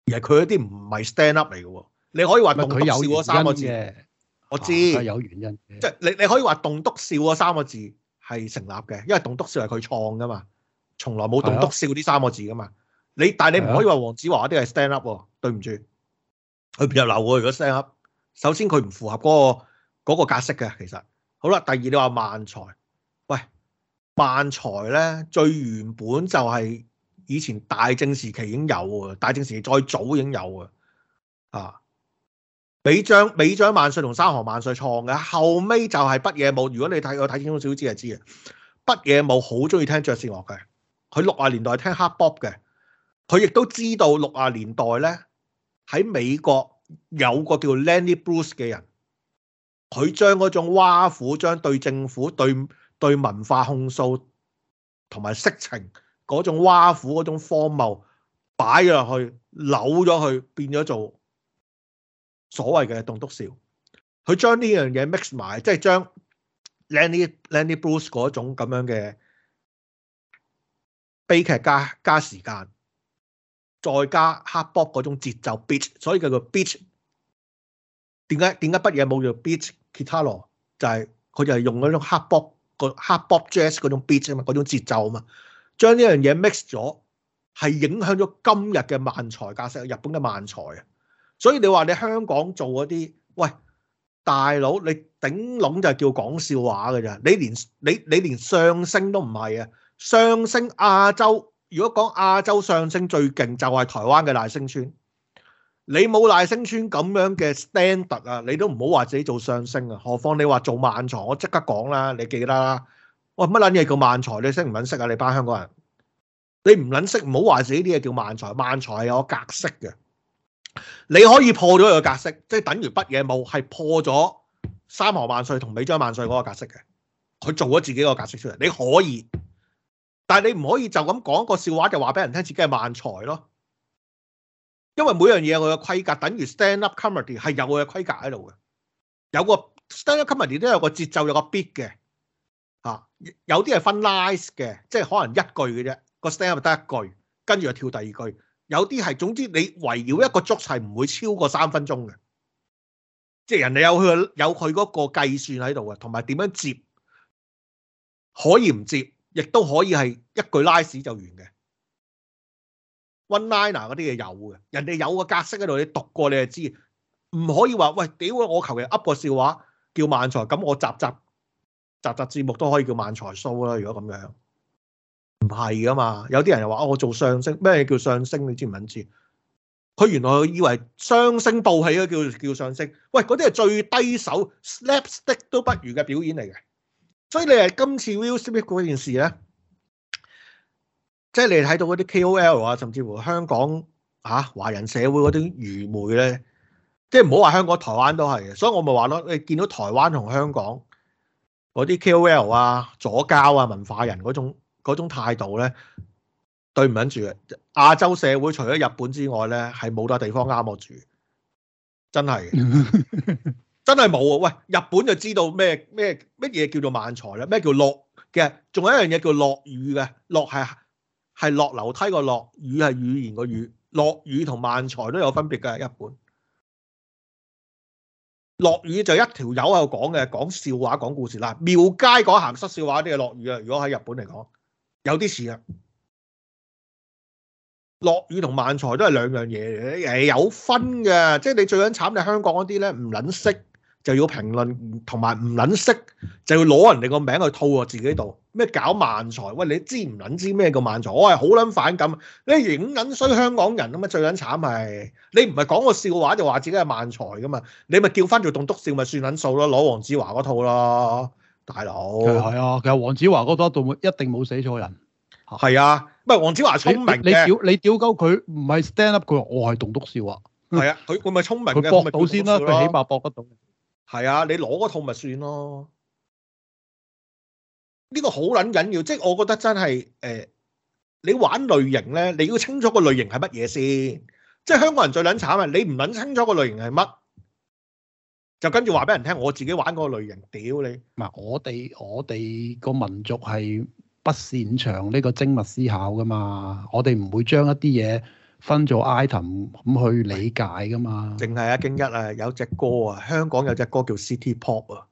而係佢啲唔係 stand up 嚟嘅。你可以話棟篤笑嗰三個字，我知有原因。即係、哦、你你可以話棟篤笑嗰三個字係成立嘅，因為棟篤笑係佢創㗎嘛，從來冇棟篤笑呢三個字㗎嘛。你但係你唔可以話黃子華啲係 stand up 喎，對唔住佢入流喎。如果 stand up，首先佢唔符合嗰、嗰個嗰個格式嘅。其實好啦，第二你話漫才，喂漫才咧最原本就係以前大正時期已經有喎，大正時期再早已經有嘅啊。美章美章萬歲同三河萬歲創嘅，後尾就係北野武。如果你睇我睇《天空小子》知係知嘅，北野武好中意聽爵士樂嘅，佢六十年代聽黑 Bob 嘅。佢亦都知道六啊年代咧，喺美國有個叫 Lenny Bruce 嘅人，佢將嗰種挖苦，將對政府、對對文化控訴同埋色情嗰種挖苦、嗰種荒謬擺咗入去、扭咗去，變咗做所謂嘅棟篤笑。佢將呢樣嘢 mix 埋，即係將 Lenny Lenny Bruce 嗰種咁樣嘅悲劇加加時間。再加黑 box 嗰種節奏 beat，所以叫做 beat。點解點解北野冇叫 beat？kitaro 就係、是、佢就係用嗰種黑 box，個黑 box jazz 嗰種 beat 啊嘛，嗰種節奏啊嘛，將呢樣嘢 mix 咗，係影響咗今日嘅漫才架，上日本嘅漫才啊！所以你話你香港做嗰啲，喂大佬，你頂籠就係叫講笑話嘅咋？你連你你連相聲都唔係啊，相聲亞洲。如果講亞洲相聲最勁就係台灣嘅賴聲川，你冇賴聲川咁樣嘅 standard 啊，你都唔好話自己做相聲啊，何況你話做萬財，我即刻講啦，你記得啦。喂，乜捻嘢叫萬財？你識唔捻識啊？你班香港人，你唔捻識，唔好話自己啲嘢叫萬財。萬財係有格式嘅，你可以破咗佢個格式，即係等於北野武，係破咗三河萬歲同美張萬歲嗰個格式嘅，佢做咗自己個格式出嚟，你可以。但係你唔可以就咁講個笑話就話俾人聽自己係萬才咯，因為每樣嘢有佢嘅規格，等於 stand up comedy 係有佢嘅規格喺度嘅，有個 stand up comedy 都有個節奏，有個 beat 嘅，吓有啲係分 lines 嘅，即係可能一句嘅啫，個 stand up 得一句，跟住又跳第二句有，有啲係總之你圍繞一個足係唔會超過三分鐘嘅，即係人哋有佢有佢嗰個計算喺度嘅，同埋點樣接可以唔接。亦都可以係一句拉屎就完嘅，one liner 嗰啲嘢有嘅，人哋有個格式喺度，你讀過你就知，唔可以話喂，屌我求其噏個笑話叫漫才，咁我集集集集節目都可以叫漫才 show 啦，如果咁樣唔係㗎嘛，有啲人又話我做相聲，咩叫相聲？你知唔知？佢原來以為雙星報喜啊，叫叫相聲，喂，嗰啲係最低手，slapstick 都不如嘅表演嚟嘅。所以你係今次 Will Smith 嗰件事咧，即係你睇到嗰啲 KOL 啊，甚至乎香港啊華人社會嗰啲愚昧咧，即係唔好話香港台灣都係嘅，所以我咪話咯，你見到台灣同香港嗰啲 KOL 啊、左膠啊、文化人嗰種嗰種態度咧，對唔緊住亞洲社會除咗日本之外咧，係冇笪地方啱我住，真係 真係冇啊。喂，日本就知道咩咩乜嘢叫做漫才啦？咩叫落嘅？仲有一樣嘢叫落語嘅。落係係落樓梯個落，語係語言個語。落語同漫才都有分別嘅。日本落語就一條友喺度講嘅，講笑話講故事啦。廟街講鹹濕笑話啲係落語啊！如果喺日本嚟講,講，有啲似啊。落語同漫才都係兩樣嘢嚟嘅，誒有分嘅。即係你最緊慘，你香港嗰啲咧唔撚識。就要評論同埋唔撚識，就要攞人哋個名去套自己度。咩搞漫才？喂，你知唔撚知咩叫漫才？我係好撚反感。你影撚衰香港人啊嘛？最撚慘係你唔係講個笑話就話自己係漫才噶嘛？你咪叫翻做棟篤笑咪算撚數咯，攞黃子華嗰套咯，大佬。係啊，其實黃子華嗰套一定冇死錯人。係啊，唔係黃子華聰明你屌你屌鳩佢唔係 stand up，佢我係棟篤笑啊。係啊，佢佢咪聰明。佢搏到先啦，佢起碼搏得到。係啊，你攞嗰套咪算咯。呢個好撚緊要，即係我覺得真係誒，你玩類型咧，你要清楚個類型係乜嘢先。即係香港人最撚慘啊，你唔撚清楚個類型係乜，就跟住話俾人聽，我自己玩嗰個類型，屌你！嗱，我哋我哋個民族係不擅長呢個精密思考噶嘛，我哋唔會將一啲嘢。分咗 item 咁去理解噶嘛？淨係阿勁一啊，有隻歌啊，香港有隻歌叫 City Pop 啊。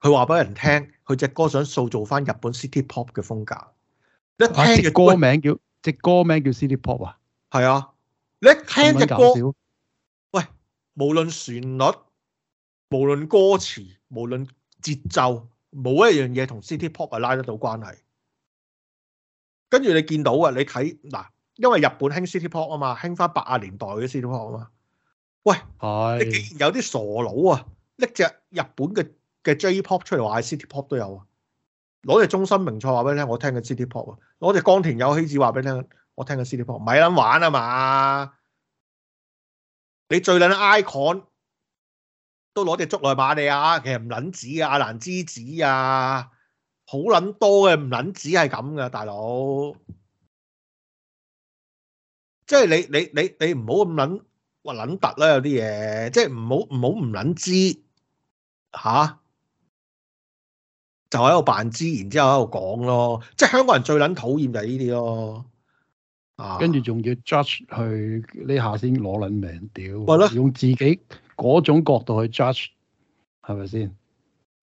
佢話俾人聽，佢隻歌想塑造返日本 City Pop 嘅風格。一聽隻、啊、歌名叫隻歌名叫 City Pop 啊，係啊。你一聽隻歌，喂，無論旋律，無論歌詞，無論節奏，冇一樣嘢同 City Pop 係拉得到關係。跟住你見到啊，你睇嗱。因為日本興 city pop 啊嘛，興翻八啊年代嘅 city pop 啊嘛。喂，你竟然有啲傻佬啊，拎隻日本嘅嘅 J pop 出嚟話 city pop 都有啊，攞隻中森明菜話俾你聽，我聽嘅 city pop 啊，攞隻岡田有希子話俾你聽，我聽嘅 city pop，咪撚玩啊嘛！你最撚 icon 都攞隻竹內瑪利亞，其實唔撚子啊，阿蘭之子啊，好撚多嘅，唔撚子係咁嘅，大佬。即係你你你你唔好咁撚核撚突啦，有啲嘢即係唔好唔好唔撚知吓、啊，就喺度扮知，然之後喺度講咯。即係香港人最撚討厭就係呢啲咯。啊，跟住仲要 judge 去呢下先攞撚名，屌！用自己嗰種角度去 judge 係咪先？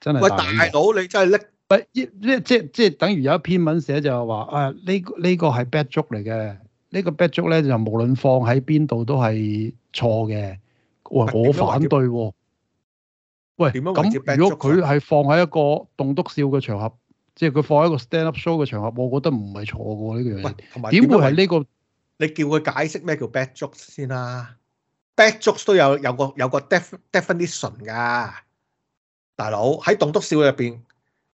真係大佬，你真係叻！不呢呢即即係等於有一篇文寫就係話啊呢個呢、這個係 bad joke 嚟嘅。呢、這個 bet 足咧就無論放喺邊度都係錯嘅，我反對。喂，咁如果佢係放喺一個棟篤笑嘅場合，即係佢放喺一個 stand up show 嘅場合，我覺得唔係錯嘅呢句。喂，同埋點會係呢、這個、哎？你叫佢解釋咩叫 bet 足先啦？bet 足都有有個有個 def definition 噶，大佬喺棟篤笑入邊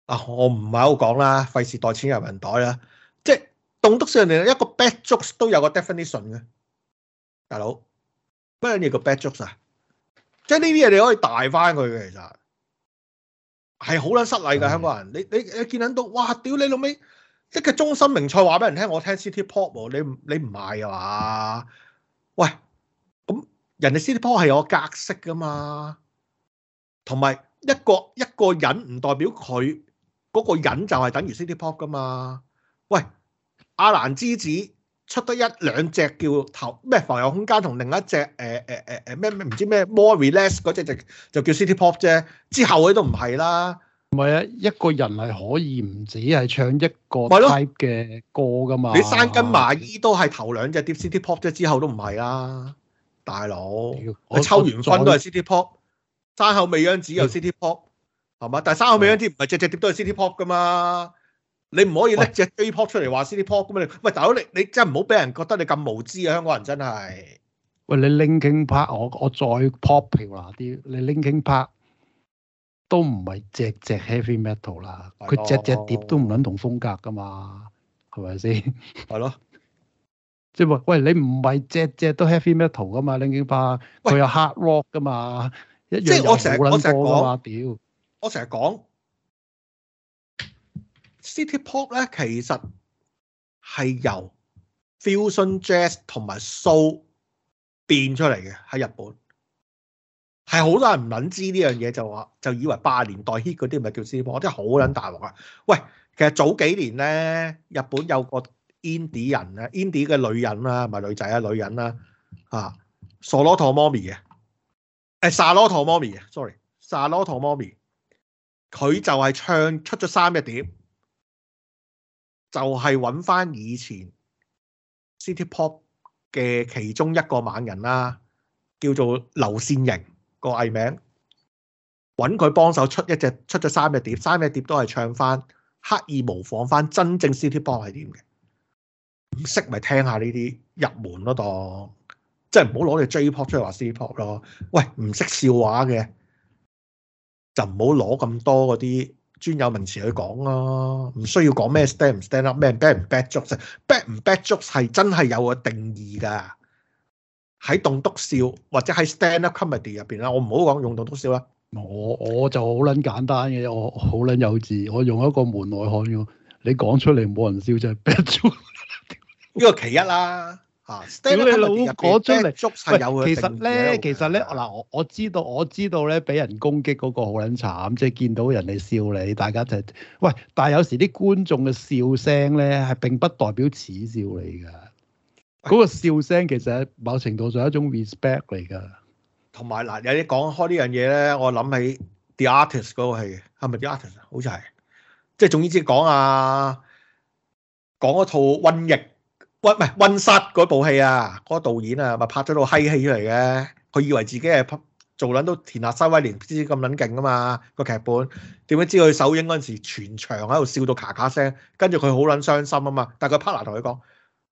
啊！我唔係好講啦，費事袋錢入人袋啦。棟篤上嚟一個 bad jokes 都有個 definition 嘅，大佬乜嘢叫 bad jokes 啊？即係呢啲嘢你可以大翻佢嘅，其實係好撚失禮嘅香港人。你你你見到哇，屌你老味一個中心名菜話俾人聽，我聽 city pop，你你唔係啊嘛？喂，咁人哋 city pop 係有格式噶嘛？同埋一個一個人唔代表佢嗰個人就係等於 city pop 噶嘛？喂！阿蘭之子出得一兩隻叫頭咩浮遊空間同另一隻，誒誒誒誒咩咩唔知咩 More Relax 嗰隻隻就叫 city pop 啫，之後佢都唔係啦。唔係啊，一個人係可以唔止係唱一個 type 嘅歌噶嘛。你山根麻衣都係頭兩隻碟 city pop 啫，之後都唔係啦，大佬。我抽完分都係 city pop，山口未央子又 city pop，係嘛？但係山口未央子唔係隻隻碟都係 city pop 噶嘛？你唔可以拎隻 A pop 出嚟話 City pop 噶嘛？你喂，大佬你你真唔好俾人覺得你咁無知啊！香港人真係喂，你 Linkin Park 我我再 pop 票啦啲，你 Linkin Park 都唔係隻隻 heavy metal 啦，佢隻隻碟都唔撚同風格噶嘛，係咪先？係咯，即係 喂你唔係隻隻都 heavy metal 噶嘛，Linkin Park 佢有 hard rock 噶嘛，一樣嘢，即係我成我成日講，我成日講。City Pop 咧，其實係由 Fusion Jazz 同埋 Soul 變出嚟嘅喺日本，係好多人唔撚知呢樣嘢，就話就以為八十年代 hit 嗰啲咪叫 City Pop，真係好撚大鑊啊！喂，其實早幾年咧，日本有個 Indie 人啊，Indie 嘅女人啦，唔係女仔啊，女人啦嚇，莎、啊、羅托 Mommy 嘅，誒、啊、莎羅托 Mommy 嘅，sorry，莎羅托 Mommy，佢就係唱出咗三隻碟。就係揾翻以前 City Pop 嘅其中一個猛人啦、啊，叫做流線型。個藝名，揾佢幫手出一隻出咗三隻碟，三隻碟都係唱翻刻意模仿翻真正 City Pop 係點嘅。唔識咪聽下呢啲入門咯，當即係唔好攞你 J Pop 出嚟話 City Pop 咯。喂，唔識笑話嘅就唔好攞咁多嗰啲。專有名詞去講啊，唔需要講咩 stand stand up 咩 bad 唔 bad jokes，bad 唔 bad jokes 係真係有個定義㗎。喺棟篤笑或者喺 stand up comedy 入邊啦，我唔好講用棟篤笑啦。我我就好撚簡單嘅，我好撚幼稚，我用一個門外漢嘅，你講出嚟冇人笑就係、是、bad jokes，呢個其一啦。屌、啊、你老！我出嚟捉曬有嘅。其實咧，其實咧，嗱，我我知道，我知道咧，俾人攻擊嗰個好撚慘，即係見到人哋笑你，大家就係喂。但係有時啲觀眾嘅笑聲咧，係並不代表恥笑你㗎。嗰、那個笑聲其實某程度上係一種 respect 嚟㗎。同埋嗱，有啲講開呢樣嘢咧，我諗起 The Artist 嗰個戲，係咪 The Artist？好似係，即係總之即講啊，講嗰套瘟疫。溫唔係溫嗰部戲啊，嗰、嗰個導演啊，咪拍咗套閪戲出嚟嘅。佢以為自己係做捻到田納西威廉斯咁捻勁噶嘛。個劇本點樣知佢首映嗰陣時全場喺度笑到咔咔聲，跟住佢好捻傷心啊嘛。但係佢 partner 同佢講：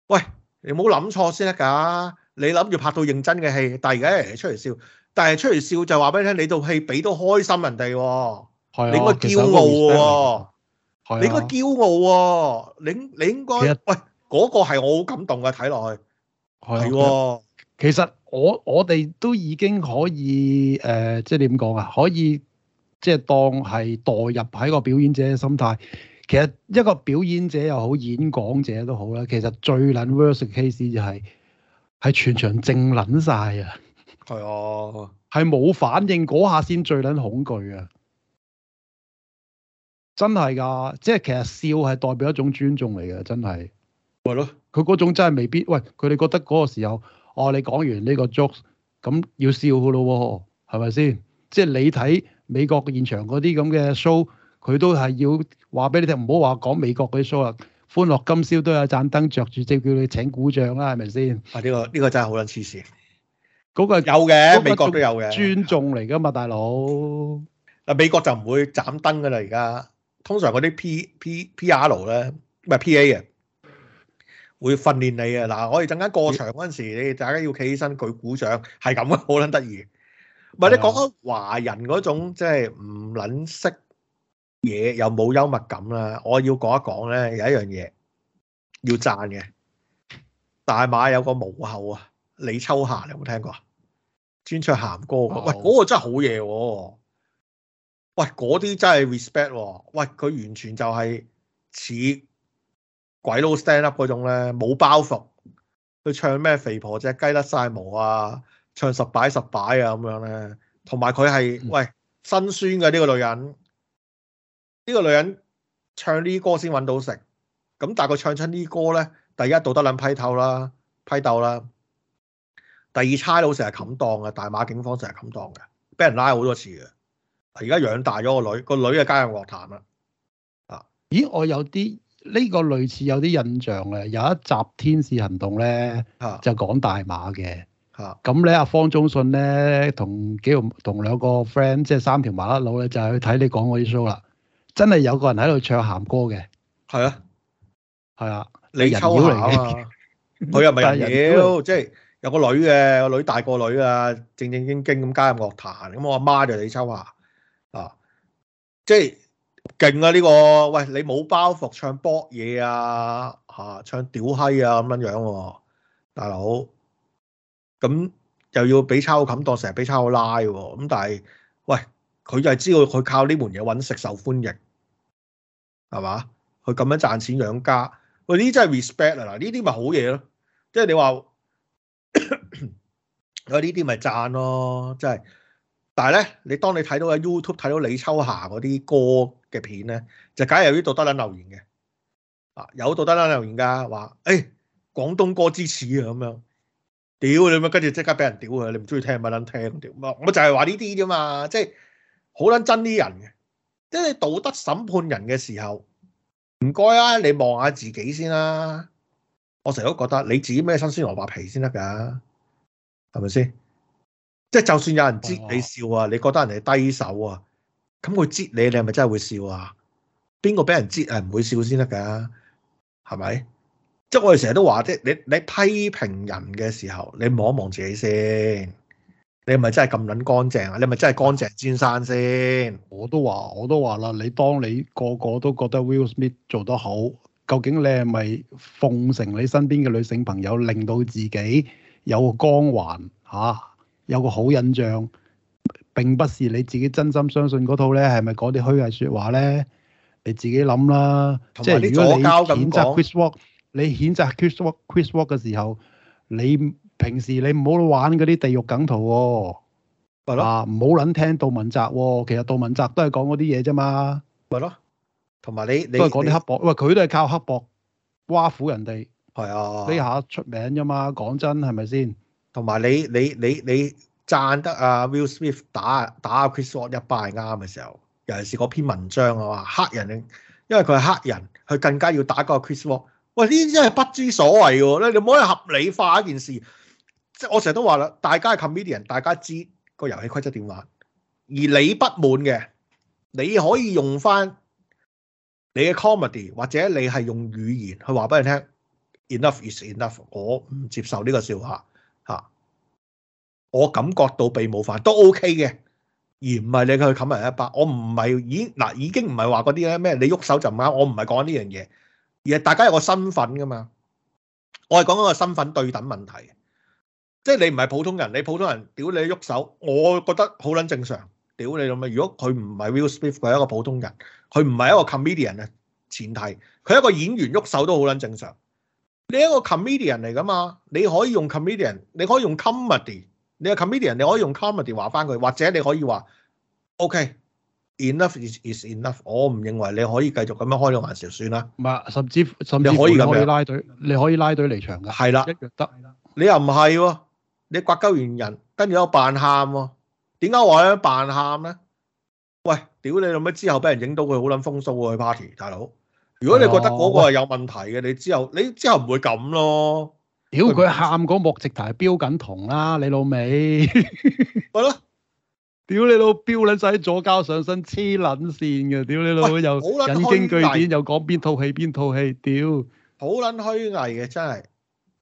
喂，你冇諗錯先得噶。你諗住拍到認真嘅戲，但係而家人哋出嚟笑，但係出嚟笑就話俾你聽，你套戲俾到開心人哋。係啊。你應該驕傲，啊傲，啊、傲啊！你應該驕傲啊！你你應該喂。嗰、個係我好感動嘅，睇落去係喎。其實我我哋都已經可以誒、呃，即係點講啊？可以即係當係代入喺個表演者嘅心態。其實一個表演者又好，演講者都好啦。其實最撚 worst case 就係、係全場靜撚晒啊！係啊，係冇反應嗰下先最撚恐懼啊！真係㗎，即係其實笑係代表一種尊重嚟嘅，真係。係咯，佢嗰種真係未必喂，佢哋覺得嗰個時候哦，你講完呢個 job 咁要笑噶咯、哦，係咪先？即係你睇美國嘅現場嗰啲咁嘅 show，佢都係要話俾你聽，唔好話講美國嗰啲 show 啦，歡樂今宵都有盞燈着住，即叫你請鼓掌啦，係咪先？啊，呢、這個呢、這個真係好捻黐線，嗰、那個有嘅、那個，美國都有嘅尊重嚟噶嘛，大佬，美國就唔會斬燈噶啦，而家通常嗰啲 P P P R 咧，唔係 P A 嘅。會訓練你啊！嗱，我哋陣間過場嗰陣時，你大家要企起身，舉鼓掌，係咁啊，好捻得意。唔係你講緊華人嗰種即係唔捻識嘢又冇幽默感啦。我要講一講咧，有一樣嘢要讚嘅。大馬有個幕後啊，李秋霞，你有冇聽過啊？專唱鹹歌，歌，哦喂嗰個哦，喂，嗰個真係好嘢。喂，嗰啲真係 respect。喂，佢完全就係似。鬼佬 stand up 嗰種咧，冇包袱，佢唱咩肥婆隻雞甩晒毛啊，唱十擺十擺啊咁樣咧。同埋佢係喂辛酸嘅呢個女人，呢個女人唱呢啲歌先揾到食。咁但係佢唱親啲歌咧，第一道德撚批鬥啦，批鬥啦。第二差佬成日冚檔嘅，大馬警方成日冚檔嘅，俾人拉好多次嘅。而家養大咗個女，個女又加入樂壇啦。啊，咦？我有啲。呢、這個類似有啲印象嘅，有一集《天使行動》咧，就講大馬嘅。嚇、啊！咁咧，阿方中信咧同幾條同兩個 friend，即係三條麻甩佬咧，就係去睇你講嗰啲 show 啦。真係有個人喺度唱鹹歌嘅。係啊！係啊！你人妖嚟嘅，佢又唔係人妖，即係、就是、有個女嘅，個女大個女啊，正正經經咁加入樂壇。咁我阿媽就嚟秋話啊，即、就、係、是。勁啊呢、這個，喂你冇包袱唱波嘢啊吓、啊，唱屌閪啊咁樣樣、啊，大佬，咁又要俾抄冚檔，成日俾抄拉，咁但係，喂佢就係知道佢靠呢門嘢搵食受歡迎，係嘛？佢咁樣賺錢養家，喂呢啲真係 respect 啊嗱，呢啲咪好嘢、就是、 咯，即係你話，喂呢啲咪讚咯，即係。但係咧，你當你睇到喺 YouTube 睇到李秋霞嗰啲歌嘅片咧，就梗係有啲道德捻留言嘅，啊有道德捻留言噶，話誒廣東歌之恥啊咁樣，屌你咪跟住即刻俾人屌啊！你唔中意聽咪捻聽屌，我我就係話呢啲啫嘛，即係好捻憎啲人嘅，即係道德審判人嘅時候，唔該啊，你望下自己先啦，我成日都覺得你自己咩新鮮蘿蔔皮先得噶，係咪先？即就算有人知你笑啊，你覺得人哋低手啊，咁佢知你，你係咪真係會笑啊？邊個俾人知係唔會笑先得噶？係咪？即係我哋成日都話，即係你你批評人嘅時候，你望一望自己先，你係咪真係咁撚乾淨啊？你係咪真係乾淨先生先？我都話，我都話啦，你當你個個都覺得 Will Smith 做得好，究竟你係咪奉承你身邊嘅女性朋友，令到自己有個光環吓？啊有個好印象，並不是你自己真心相信嗰套咧，係咪嗰啲虛偽説話咧？你自己諗啦，即係如果你譴責 Chris Rock，你譴責 Chris Rock Chris Rock 嘅時候，你平時你唔好玩嗰啲地獄梗圖喎、哦，係咯，唔好撚聽杜汶澤喎、哦，其實杜汶澤都係講嗰啲嘢啫嘛，係咯，同埋你你都係講啲黑薄，喂，佢都係靠黑薄，挖苦人哋，係啊，呢下出名啫嘛，講真係咪先？是同埋你你你你，你讚得啊 Will Smith 打打 Chris Rock 一巴啱嘅時候，尤其是嗰篇文章啊嘛，黑人，因為佢係黑人，佢更加要打嗰個 Chris Rock。喂，呢啲真係不知所謂喎！你唔可以合理化一件事。即係我成日都話啦，大家係 comedian，大家知個遊戲規則點玩。而你不滿嘅，你可以用翻你嘅 comedy，或者你係用語言去話俾人聽。Enough is enough，我唔接受呢個笑話。我感覺到被冒犯都 OK 嘅，而唔係你去冚埋一巴巴。我唔係已嗱，已經唔係話嗰啲咧咩，你喐手就唔啱。我唔係講呢樣嘢，而係大家有個身份噶嘛。我係講緊個身份對等問題，即係你唔係普通人，你普通人屌你喐手，我覺得好撚正常。屌你咁啊！如果佢唔係 Will Smith，佢係一個普通人，佢唔係一個 comedian 啊。前提佢係一個演員喐手都好撚正常。你一個 comedian 嚟噶嘛。你可以用 comedian，你可以用 comedy。你係 comedian，你可以用 comedy 話翻佢，或者你可以話：OK，enough is is enough。我唔認為你可以繼續咁樣開個玩笑算啦。唔係，甚至甚至可以你可以拉隊，你可以拉隊離場嘅。係啦，一樣得。你又唔係喎？你刮鳩完人，跟住又扮喊喎？點解話咧扮喊咧？喂，屌你做咩？之後俾人影到佢好撚風騷喎，啊！去 Party 大佬，如果你覺得嗰個係有問題嘅，哦，你之後你之後唔會咁咯。屌佢喊嗰幕直頭係標緊銅啦，你老味係咯？屌 是吧 你老標捻晒喺左膠上身，黐捻線嘅，屌你老又引經據典又講邊套戲邊套戲，屌好捻虛偽嘅真係，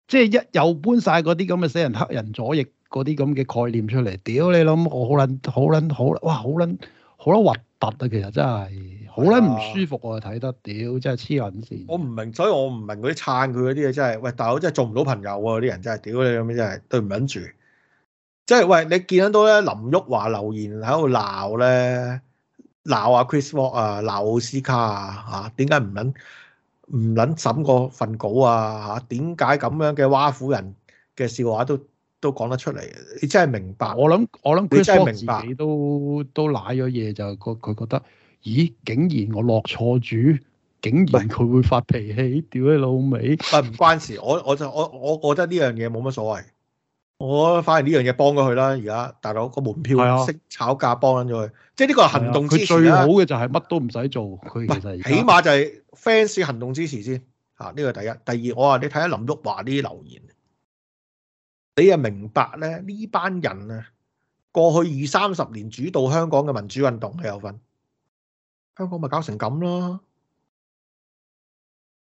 即係一又搬晒嗰啲咁嘅死人黑人左翼嗰啲咁嘅概念出嚟，屌你諗我好捻好捻好哇好捻好得核。實啊，其實真係好撚唔舒服啊！睇得屌真係黐撚線。我唔明，所以我唔明嗰啲撐佢嗰啲嘢真係。喂，大佬真係做唔到朋友啊！啲人真係屌你咁樣真係對唔撚住。即係、就是、喂，你見得到咧？林旭華留言喺度鬧咧，鬧啊 Chris Rock 啊，鬧奧斯卡啊嚇，點解唔撚唔撚審過份稿啊嚇？點解咁樣嘅挖苦人嘅笑話都？都講得出嚟，你真係明白。我諗我諗 Chris Rock 都都瀨咗嘢，就佢佢覺得，咦？竟然我落錯主，竟然佢會發脾氣，屌你老味。」但唔關事，我我就我我覺得呢樣嘢冇乜所謂。我反而呢樣嘢幫咗佢啦。而家大佬個門票識、啊、炒價幫緊咗佢，即係呢個行動、啊。佢、啊、最好嘅就係乜都唔使做。佢其實起碼就係 fans 行動支持先嚇，呢個第一。第二我話你睇下林旭華啲留言。你又明白咧？呢班人啊，過去二三十年主導香港嘅民主運動佢有份，香港咪搞成咁咯？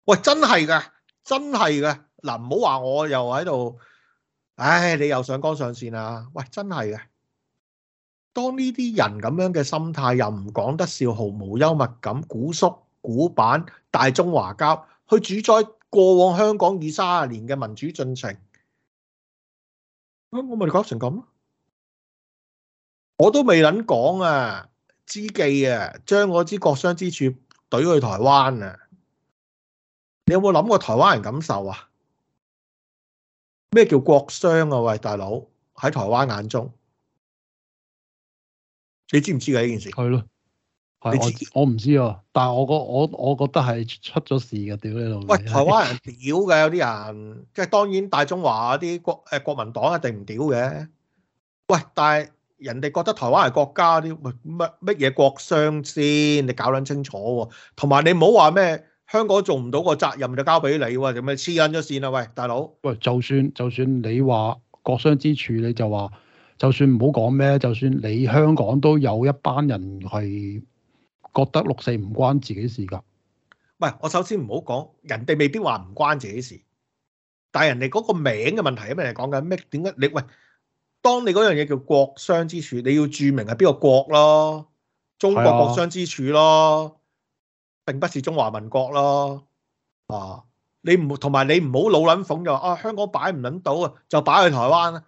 喂，真係嘅，真係嘅嗱，唔好話我又喺度，唉、哎，你又上綱上線啊喂，真係嘅，當呢啲人咁樣嘅心態又唔講得笑，毫無幽默感，古縮、古板、大中華膠去主宰過往香港二三十年嘅民主進程。我咪講成咁咯，我都未撚講啊，知計啊，將我支國殤之柱懟去台灣啊，你有冇諗過台灣人感受啊？咩叫國殤啊？喂，大佬喺台灣眼中，你知唔知啊？呢件事係咯。道我唔知啊，但係我個我我覺得係出咗事嘅，屌你老喂，是台灣人是屌嘅，有啲人即係當然大中華啲國誒國民黨一定唔屌嘅。喂，但係人哋覺得台灣係國家啲，乜乜嘢國殤先？你搞捻清楚喎，啊，同埋你唔好話咩香港做唔到個責任就交俾你喎，咁咪黐緊咗線啦！喂，大佬。喂，就算就算你話國殤之處，你就話就算唔好講咩，就算你香港都有一班人係。覺得六四唔關自己事㗎，喂，我首先唔好講，人哋未必話唔關自己事，但係人哋嗰個名嘅問題啊，你講緊咩？點解你喂？當你嗰樣嘢叫國殤之柱，你要註明係邊個國咯，中國國殤之柱咯，啊、並不是中華民國咯。啊，你唔同埋你唔好老撚奉就話啊，香港擺唔撚到啊，就擺去台灣。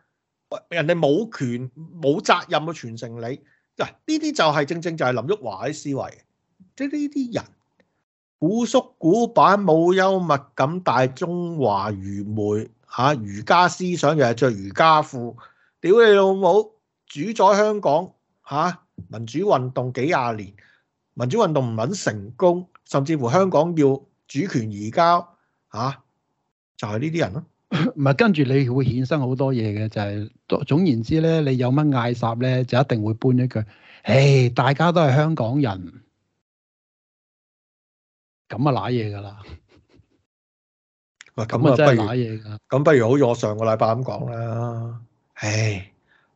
喂，人哋冇權冇責任去傳承你。呢啲就係正正就係林旭華嘅思維，即係呢啲人，古縮古板，冇幽默感，大中華愚昧嚇，儒家思想又係着儒家褲，屌你老母，主宰香港嚇、啊，民主運動幾廿年，民主運動唔揾成功，甚至乎香港要主權移交嚇、啊，就係呢啲人咯、啊。唔係跟住你會衍生好多嘢嘅，就係總總言之咧，你有乜嗌霎咧，就一定會搬一句，誒，大家都係香港人，咁啊攋嘢㗎啦。哇，咁啊真係攋嘢㗎。咁不，不如好似我上個禮拜咁講啦。唉，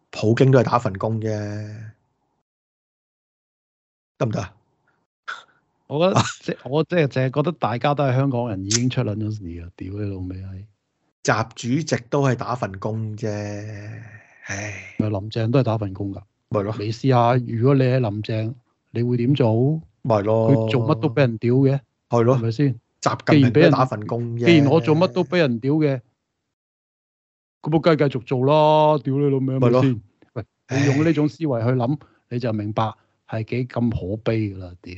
普京都係打份工啫，得唔得啊？我覺得即係 我即係淨係覺得大家都係香港人已經出撚咗事㗎，屌你老味。閪！習主席都係打份工啫，唉，林鄭都係打份工噶，咪咯。你試下，如果你喺林鄭，你會點做？咪咯，佢做乜都俾人屌嘅，係咯，係咪先？習近平俾人打份工，既然我做乜都俾人屌嘅，咁我梗係繼續做咯，屌你老味，咪咯，係咪先？喂，你用呢種思維去諗，你就明白係幾咁可悲噶啦，屌！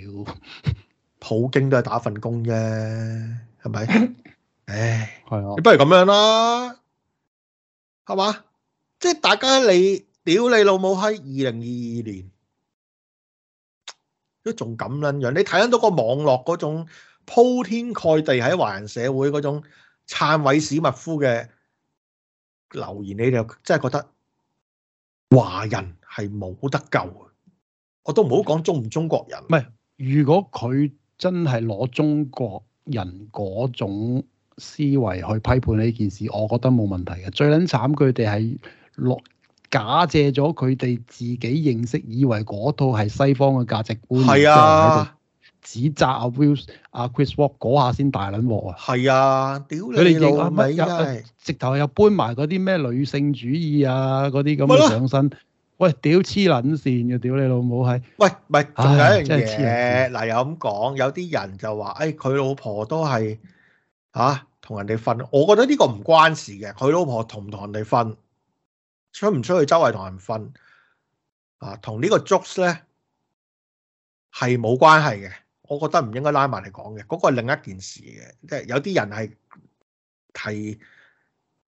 普京都係打份工啫，係咪？唉，係啊，你不如咁樣啦，係嘛？即係大家你屌你老母喺二零二二年都仲咁樣樣。你睇得到個網絡嗰種鋪天蓋地喺華人社會嗰種撐韋史密夫嘅留言，你就真係覺得華人係冇得救啊！我都唔好講中唔中國人，唔係如果佢真係攞中國人嗰種。思維去批判呢件事，我覺得冇問題嘅。最撚慘佢哋係落假借咗佢哋自己認識以為嗰套係西方嘅價值觀嚟嘅，啊就喺度，指責阿，啊、Will 阿 Chris Rock 嗰下先大撚鑊啊！係啊，啊，屌你老母，啊！直頭又搬埋嗰啲咩女性主義啊嗰啲咁嘅上身，啊。喂，屌黐撚線嘅，屌你老母係！喂，咪仲有一樣嘢嗱，又咁講，有啲人就話，誒，哎，佢老婆都係嚇，啊同人哋瞓，我覺得呢個唔關事嘅。佢老婆同唔同人哋瞓，出唔出去周圍同人瞓啊？同呢個 jokes 咧係冇關係嘅。我覺得唔應該拉埋嚟講嘅，嗰個係另一件事嘅。即係有啲人係提，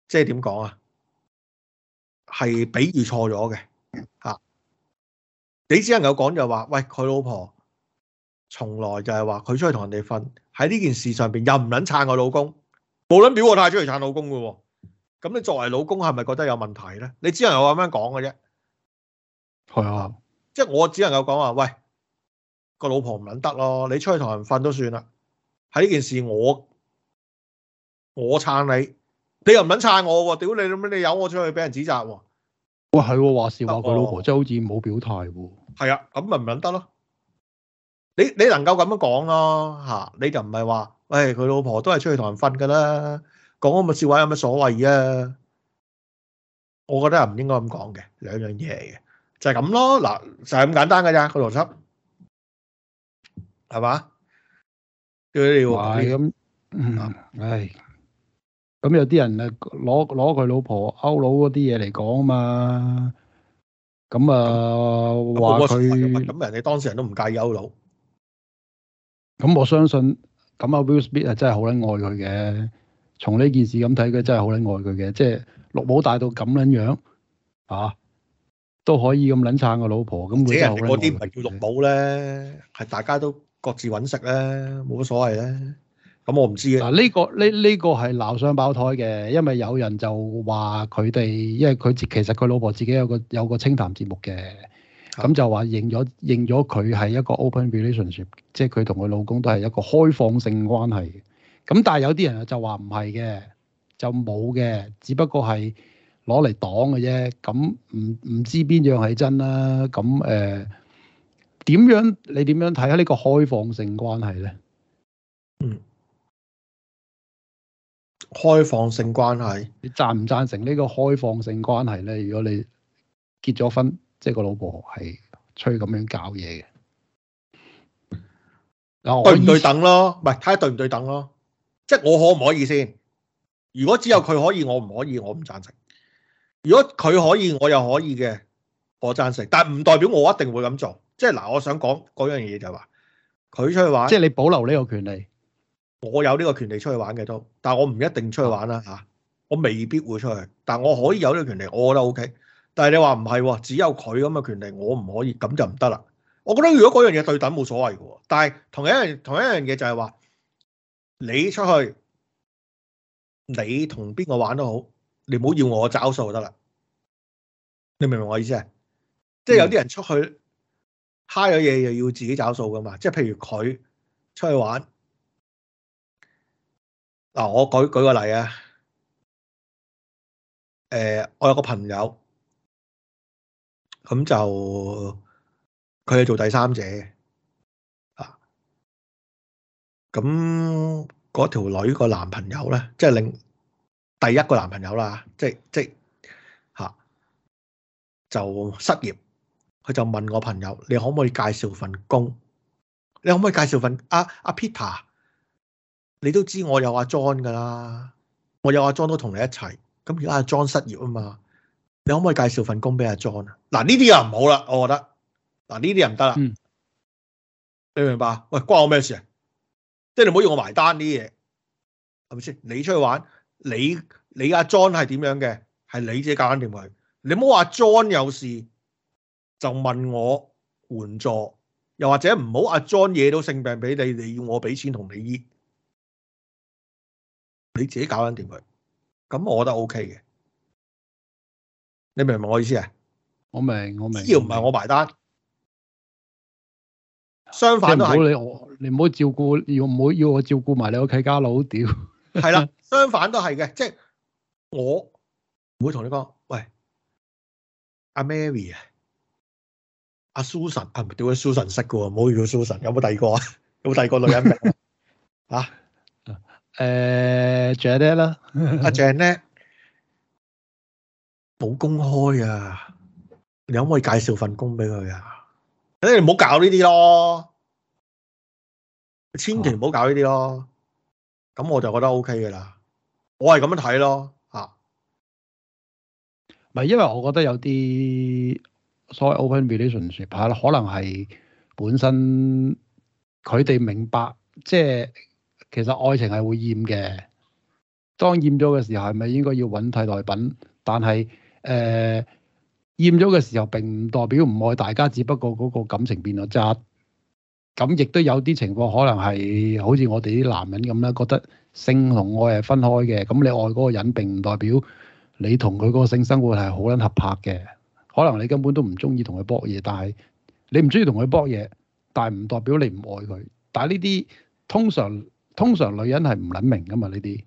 即係點講啊？係比喻錯咗嘅嚇。你只能夠講就話，喂，佢老婆從來就係話佢出去同人哋瞓喺呢件事上邊又唔撚撐我老公。無論表個態出嚟撐老公嘅，咁你作為老公係咪覺得有問題咧？你只能夠咁樣講嘅啫，係啊，即係我只能夠講話，喂，個老婆唔捻得咯，你出去同人瞓都算啦，喺呢件事我我撐你，你又唔捻撐我，屌你，你你引我出去俾人指責喎，喂，係啊，話事話個老婆真好似冇表態喎，係啊，咁咪唔捻得咯，你你能夠咁樣講咯，吓，啊，你就唔係話。喂，佢老婆都係出去同人瞓噶啦，講咁嘅笑話有乜所謂啊？我覺得唔應該咁講嘅，兩樣嘢嚟嘅，就係咁咯。嗱，就係咁簡單噶咋個邏輯？係嘛？要咁，嗯，唉，咁有啲人啊，攞攞佢老婆勾佬嗰啲嘢嚟講啊嘛，咁啊話佢咁人哋當事人都唔介意勾佬，咁我相信。咁啊，Will Smith 真係好撚愛佢嘅。從呢件事咁睇，佢真係好撚愛佢嘅。即係綠帽戴到咁撚樣，啊都可以咁撚撐個老婆。咁嗰啲唔係叫綠帽咧，係 大家都各自揾食咧，冇乜所謂咧。咁我唔知嘅。嗱、啊、呢、呢個呢呢係鬧雙胞胎嘅，因為有人就話佢哋，因為佢其實佢老婆自己有個有個清談節目嘅。咁就話認咗認咗佢係一個 open relationship，即係佢同佢老公都係一個開放性關係嘅。咁但係有啲人就話唔係嘅，就冇嘅，只不過係攞嚟擋嘅啫。咁唔唔知邊樣係真啦。咁誒點樣，呃，點樣你點樣睇下呢個開放性關係咧，嗯，開放性關係，你贊唔贊成呢個開放性關係咧？如果你結咗婚。即係個老婆係出去咁樣搞嘢嘅，對唔對等咯？唔係睇下對唔對等咯。即係我可唔可以先？如果只有佢可以，我唔可以，我唔贊成。如果佢可以，我又可以嘅，我贊成。但係唔代表我一定會咁做。即係嗱，我想講嗰樣嘢就係話，佢出去玩，即係你保留呢個權利，我有呢個權利出去玩嘅都，但係我唔一定出去玩啦吓、啊啊，我未必會出去，但係我可以有呢個權利，我覺得 OK。但係你話唔係，只有佢咁嘅權利，我唔可以，咁就唔得啦。我覺得如果嗰樣嘢對等冇所謂嘅，但係同一樣同一樣嘢就係話，你出去，你同邊個玩都好，你唔好要，要我找數得啦。你明唔明我意思啊？嗯、即係有啲人出去 high 咗嘢，又要自己找數噶嘛？即係譬如佢出去玩，嗱，我舉舉個例啊。誒、呃，我有個朋友。咁就佢係做第三者啊！咁嗰條女個男朋友咧，即係另第一個男朋友啦，即係即係吓、啊、就失業，佢就問我朋友，你可唔可以介紹份工？你可唔可以介紹份阿阿、啊啊、Peter？你都知我有阿 John 噶啦，我有阿 John 都同你一齊，咁而家阿 John 失業啊嘛。你可唔可以介紹份工俾阿 John 啊？嗱，呢啲又唔好啦，我覺得嗱，呢啲又唔得啦。嗯、你明白？喂，關我咩事啊？即係你唔好要我埋單呢啲嘢，係咪先？你出去玩，你你阿、啊、John 係點樣嘅？係你自己搞緊掂佢。你唔好話 John 有事就問我援助，又或者唔好阿 John 惹到性病俾你，你要我俾錢同你醫，你自己搞緊掂佢。咁我覺得 OK 嘅。你明唔明我意思啊？我明，我明。要唔係我埋單？相反唔好，就是，你我，你唔好照顧，要唔好要，要我照顧埋你契家佬屌。係啦， 相反都係嘅，即係我唔會同你講，喂，阿、啊、Mary 啊，阿 Susan 啊，屌佢 Susan 識噶喎，唔 好叫 Susan，有冇第二個？ 有冇第二個女人名？ 啊，誒、uh,，Janet 啦，阿 Janet。冇公開啊，你可唔可以介紹份工俾佢啊？誒，唔好搞呢啲咯，千祈唔好搞呢啲咯。咁、哦、我就覺得 OK 噶啦，我係咁樣睇咯吓。係、啊、因為我覺得有啲所謂 open relationship，可能係本身佢哋明白，即係其實愛情係會厭嘅。當厭咗嘅時候，係咪應該要搵替代品？但係誒，厭咗嘅時候並唔代表唔愛大家，只不過嗰個感情變咗質。咁亦都有啲情況可能係好似我哋啲男人咁啦，覺得性同愛係分開嘅。咁你愛嗰個人並唔代表你同佢嗰個性生活係好撚合拍嘅。可能你根本都唔中意同佢搏嘢，但係你唔中意同佢搏嘢，但係唔代表你唔愛佢。但係呢啲通常通常女人係唔撚明㗎嘛呢啲，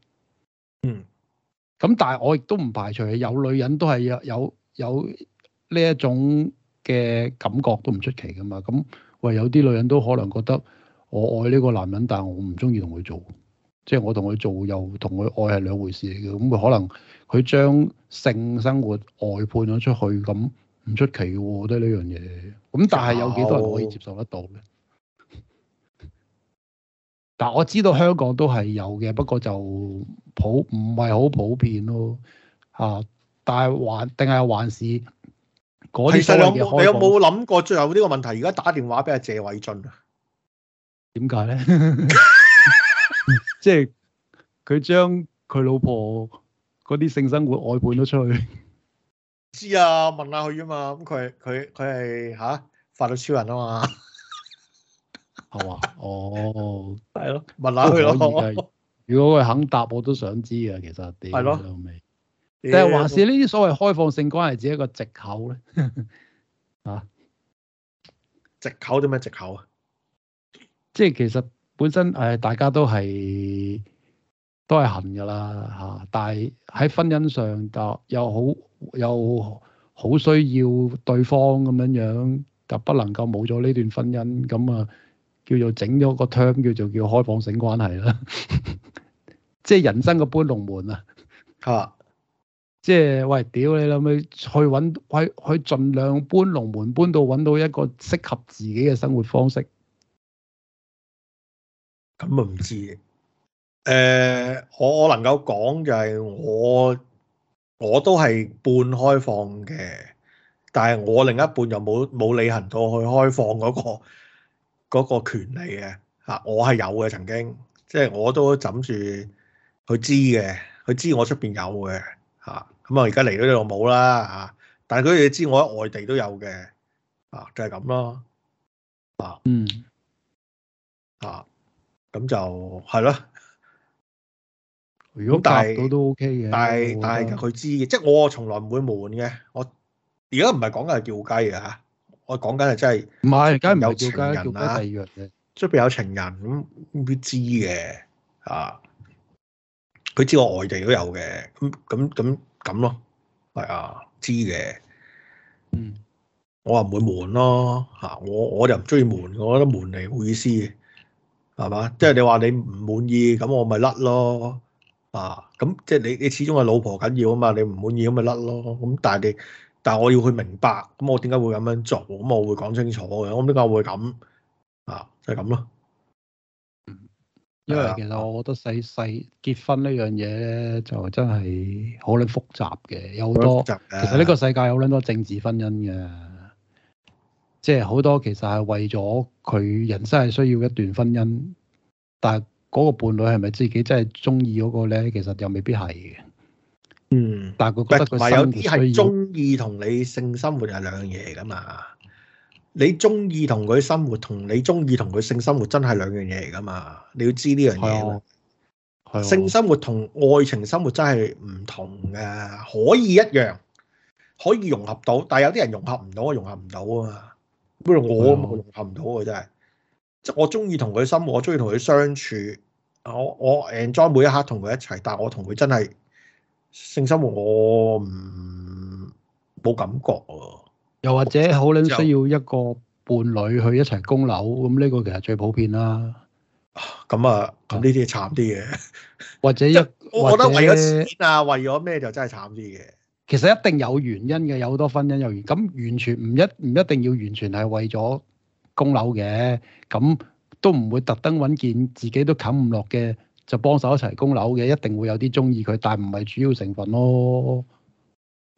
嗯。咁但係我亦都唔排除有女人都係有有有呢一種嘅感覺，都唔出奇噶嘛。咁喂，有啲女人都可能覺得我愛呢個男人，但係我唔中意同佢做，即係我同佢做又同佢愛係兩回事嚟嘅。咁佢可能佢將性生活外判咗出去，咁唔出奇嘅。我覺得呢樣嘢，咁但係有幾多人可以接受得到咧？嗱，我知道香港都係有嘅，不過就普唔係好普遍咯嚇、啊。但係還定係還是啲。其實你有冇諗過最後呢個問題？而家打電話俾阿謝偉俊啊？點解咧？ 即係佢將佢老婆嗰啲性生活外判咗出去。知問問啊，問下佢啊嘛。咁佢佢佢係嚇法律超人啊嘛。係嘛、啊？哦，係咯，問下佢咯。如果佢肯答，我都想知啊。其實點樣未？但係還是呢啲所謂開放性關係，只係一個借口咧。啊， 借口點咩？借口啊？即係其實本身誒，大家都係都係恨噶啦吓，但係喺婚姻上就又好又好需要對方咁樣樣，就不能夠冇咗呢段婚姻咁啊。叫做整咗個 term 叫做叫開放性關係啦，即係人生嘅搬龍門啊！嚇，即係喂，屌你諗去去揾，去去盡量搬龍門，搬到揾到一個適合自己嘅生活方式。咁啊唔知嘅、呃，我我能夠講就係我我都係半開放嘅，但係我另一半又冇冇履行到去開放嗰、嗰個。嗰、那個權利嘅嚇，我係有嘅，曾經即係、就是、我都枕住佢知嘅，佢知我出邊有嘅嚇，咁啊而家嚟到呢度冇啦嚇，但係佢哋知我喺外地都有嘅、就是嗯、啊，就係咁咯啊，嗯啊，咁就係咯。如果但係都 OK 嘅、啊，但係、啊、但係佢知嘅，即、就、係、是、我從來唔會悶嘅，我而家唔係講緊係叫雞嘅嚇。我講緊係真係，唔係，而家唔係叫情人即叫咩出面有情人咁，佢知嘅啊，佢知我外地都有嘅，咁咁咁咁咯，係啊，知嘅。嗯我，我話唔會悶咯嚇，我我就唔中意悶，我覺得悶嚟冇意思嘅，係嘛？即係你話你唔滿意，咁我咪甩咯啊！咁即係你你始終係老婆緊要啊嘛，你唔滿意咁咪甩咯，咁但係你。但係我要去明白，咁我點解會咁樣做？咁我會講清楚嘅。為什麼我點解會咁啊？就係咁咯。因為其實我覺得細細結婚呢樣嘢就真係好撚複雜嘅，有好多。其實呢個世界有撚多政治婚姻嘅，即係好多其實係為咗佢人生係需要一段婚姻，但係嗰個伴侶係咪自己真係中意嗰個咧？其實又未必係嘅。嗯，但係有啲係中意同你性生活係兩樣嘢，嚟噶嘛。你中意同佢生活，同你中意同佢性生活真係兩樣嘢嚟噶嘛？你要知呢樣嘢。性生活同愛情生活真係唔同嘅，可以一樣，可以融合到，但係有啲人融合唔到啊，我融合唔到啊嘛，不如我冇融合唔到啊，真係。即係我中意同佢生活，我中意同佢相處，我我 enjoy 每一刻同佢一齊，但係我同佢真係。性生活我唔冇感覺喎，又或者好捻需要一個伴侶去一齊供樓，咁呢個其實最普遍啦。咁啊，咁呢啲係慘啲嘅，或者一，我覺得為咗錢啊，為咗咩就真係慘啲嘅。其實一定有原因嘅，有好多婚姻有原因，咁完全唔一唔一定要完全係為咗供樓嘅，咁都唔會特登揾件自己都冚唔落嘅。就幫手一齊供樓嘅，一定會有啲中意佢，但唔係主要成分咯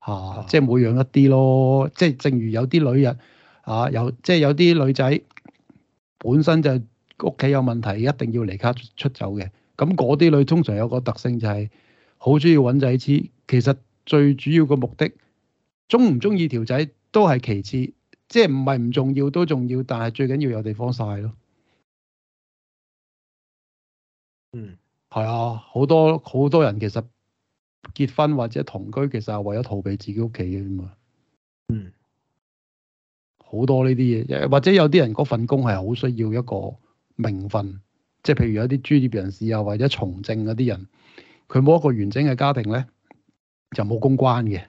嚇、啊啊，即係每樣一啲咯。即係正如有啲女人嚇、啊，有即係有啲女仔本身就屋企有問題，一定要離家出走嘅。咁嗰啲女通常有個特性就係好中意揾仔黐。其實最主要嘅目的，中唔中意條仔都係其次，即係唔係唔重要都重要，但係最緊要有地方晒咯。嗯。係啊，好多好多人其實結婚或者同居，其實係為咗逃避自己屋企嘅，咁啊。嗯，好多呢啲嘢，或者有啲人嗰份工係好需要一個名分，即係譬如有啲專業人士啊，或者從政嗰啲人，佢冇一個完整嘅家庭咧，就冇公關嘅，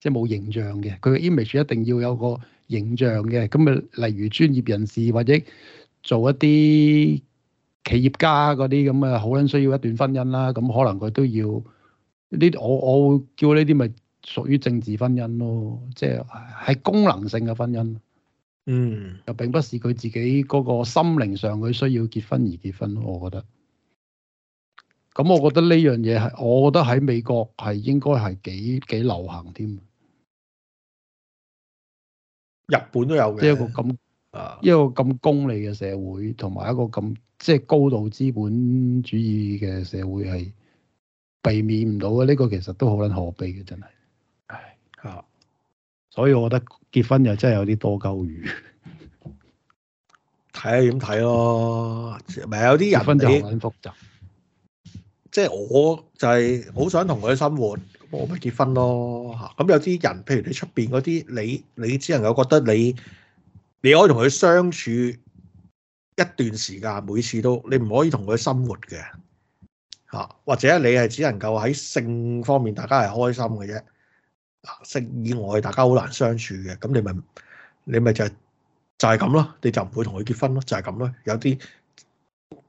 即係冇形象嘅。佢嘅 image 一定要有個形象嘅。咁啊，例如專業人士或者做一啲。企業家嗰啲咁嘅好撚需要一段婚姻啦，咁可能佢都要呢啲，我我會叫呢啲咪屬於政治婚姻咯，即係係功能性嘅婚姻。嗯，又並不是佢自己嗰個心靈上佢需要結婚而結婚咯，我覺得。咁我覺得呢樣嘢係，我覺得喺美國係應該係幾幾流行添。日本都有嘅，即係一個咁啊，一個咁功利嘅社會，同埋一個咁。即係高度資本主義嘅社會係避免唔到嘅，呢個其實都好撚可悲嘅，真係。係啊，所以我覺得結婚又真係有啲多鳩餘，睇下點睇咯。咪有啲人結婚就撚複雜。即係我就係好想同佢生活，我咪結婚咯嚇。咁有啲人，譬如你出邊嗰啲，你你只能夠覺得你你可以同佢相處。一段時間，每次都你唔可以同佢生活嘅嚇，或者你係只能夠喺性方面大家係開心嘅啫。性以外大家好難相處嘅，咁你咪你咪就係、是、就係咁咯，你就唔會同佢結婚咯，就係咁咯。有啲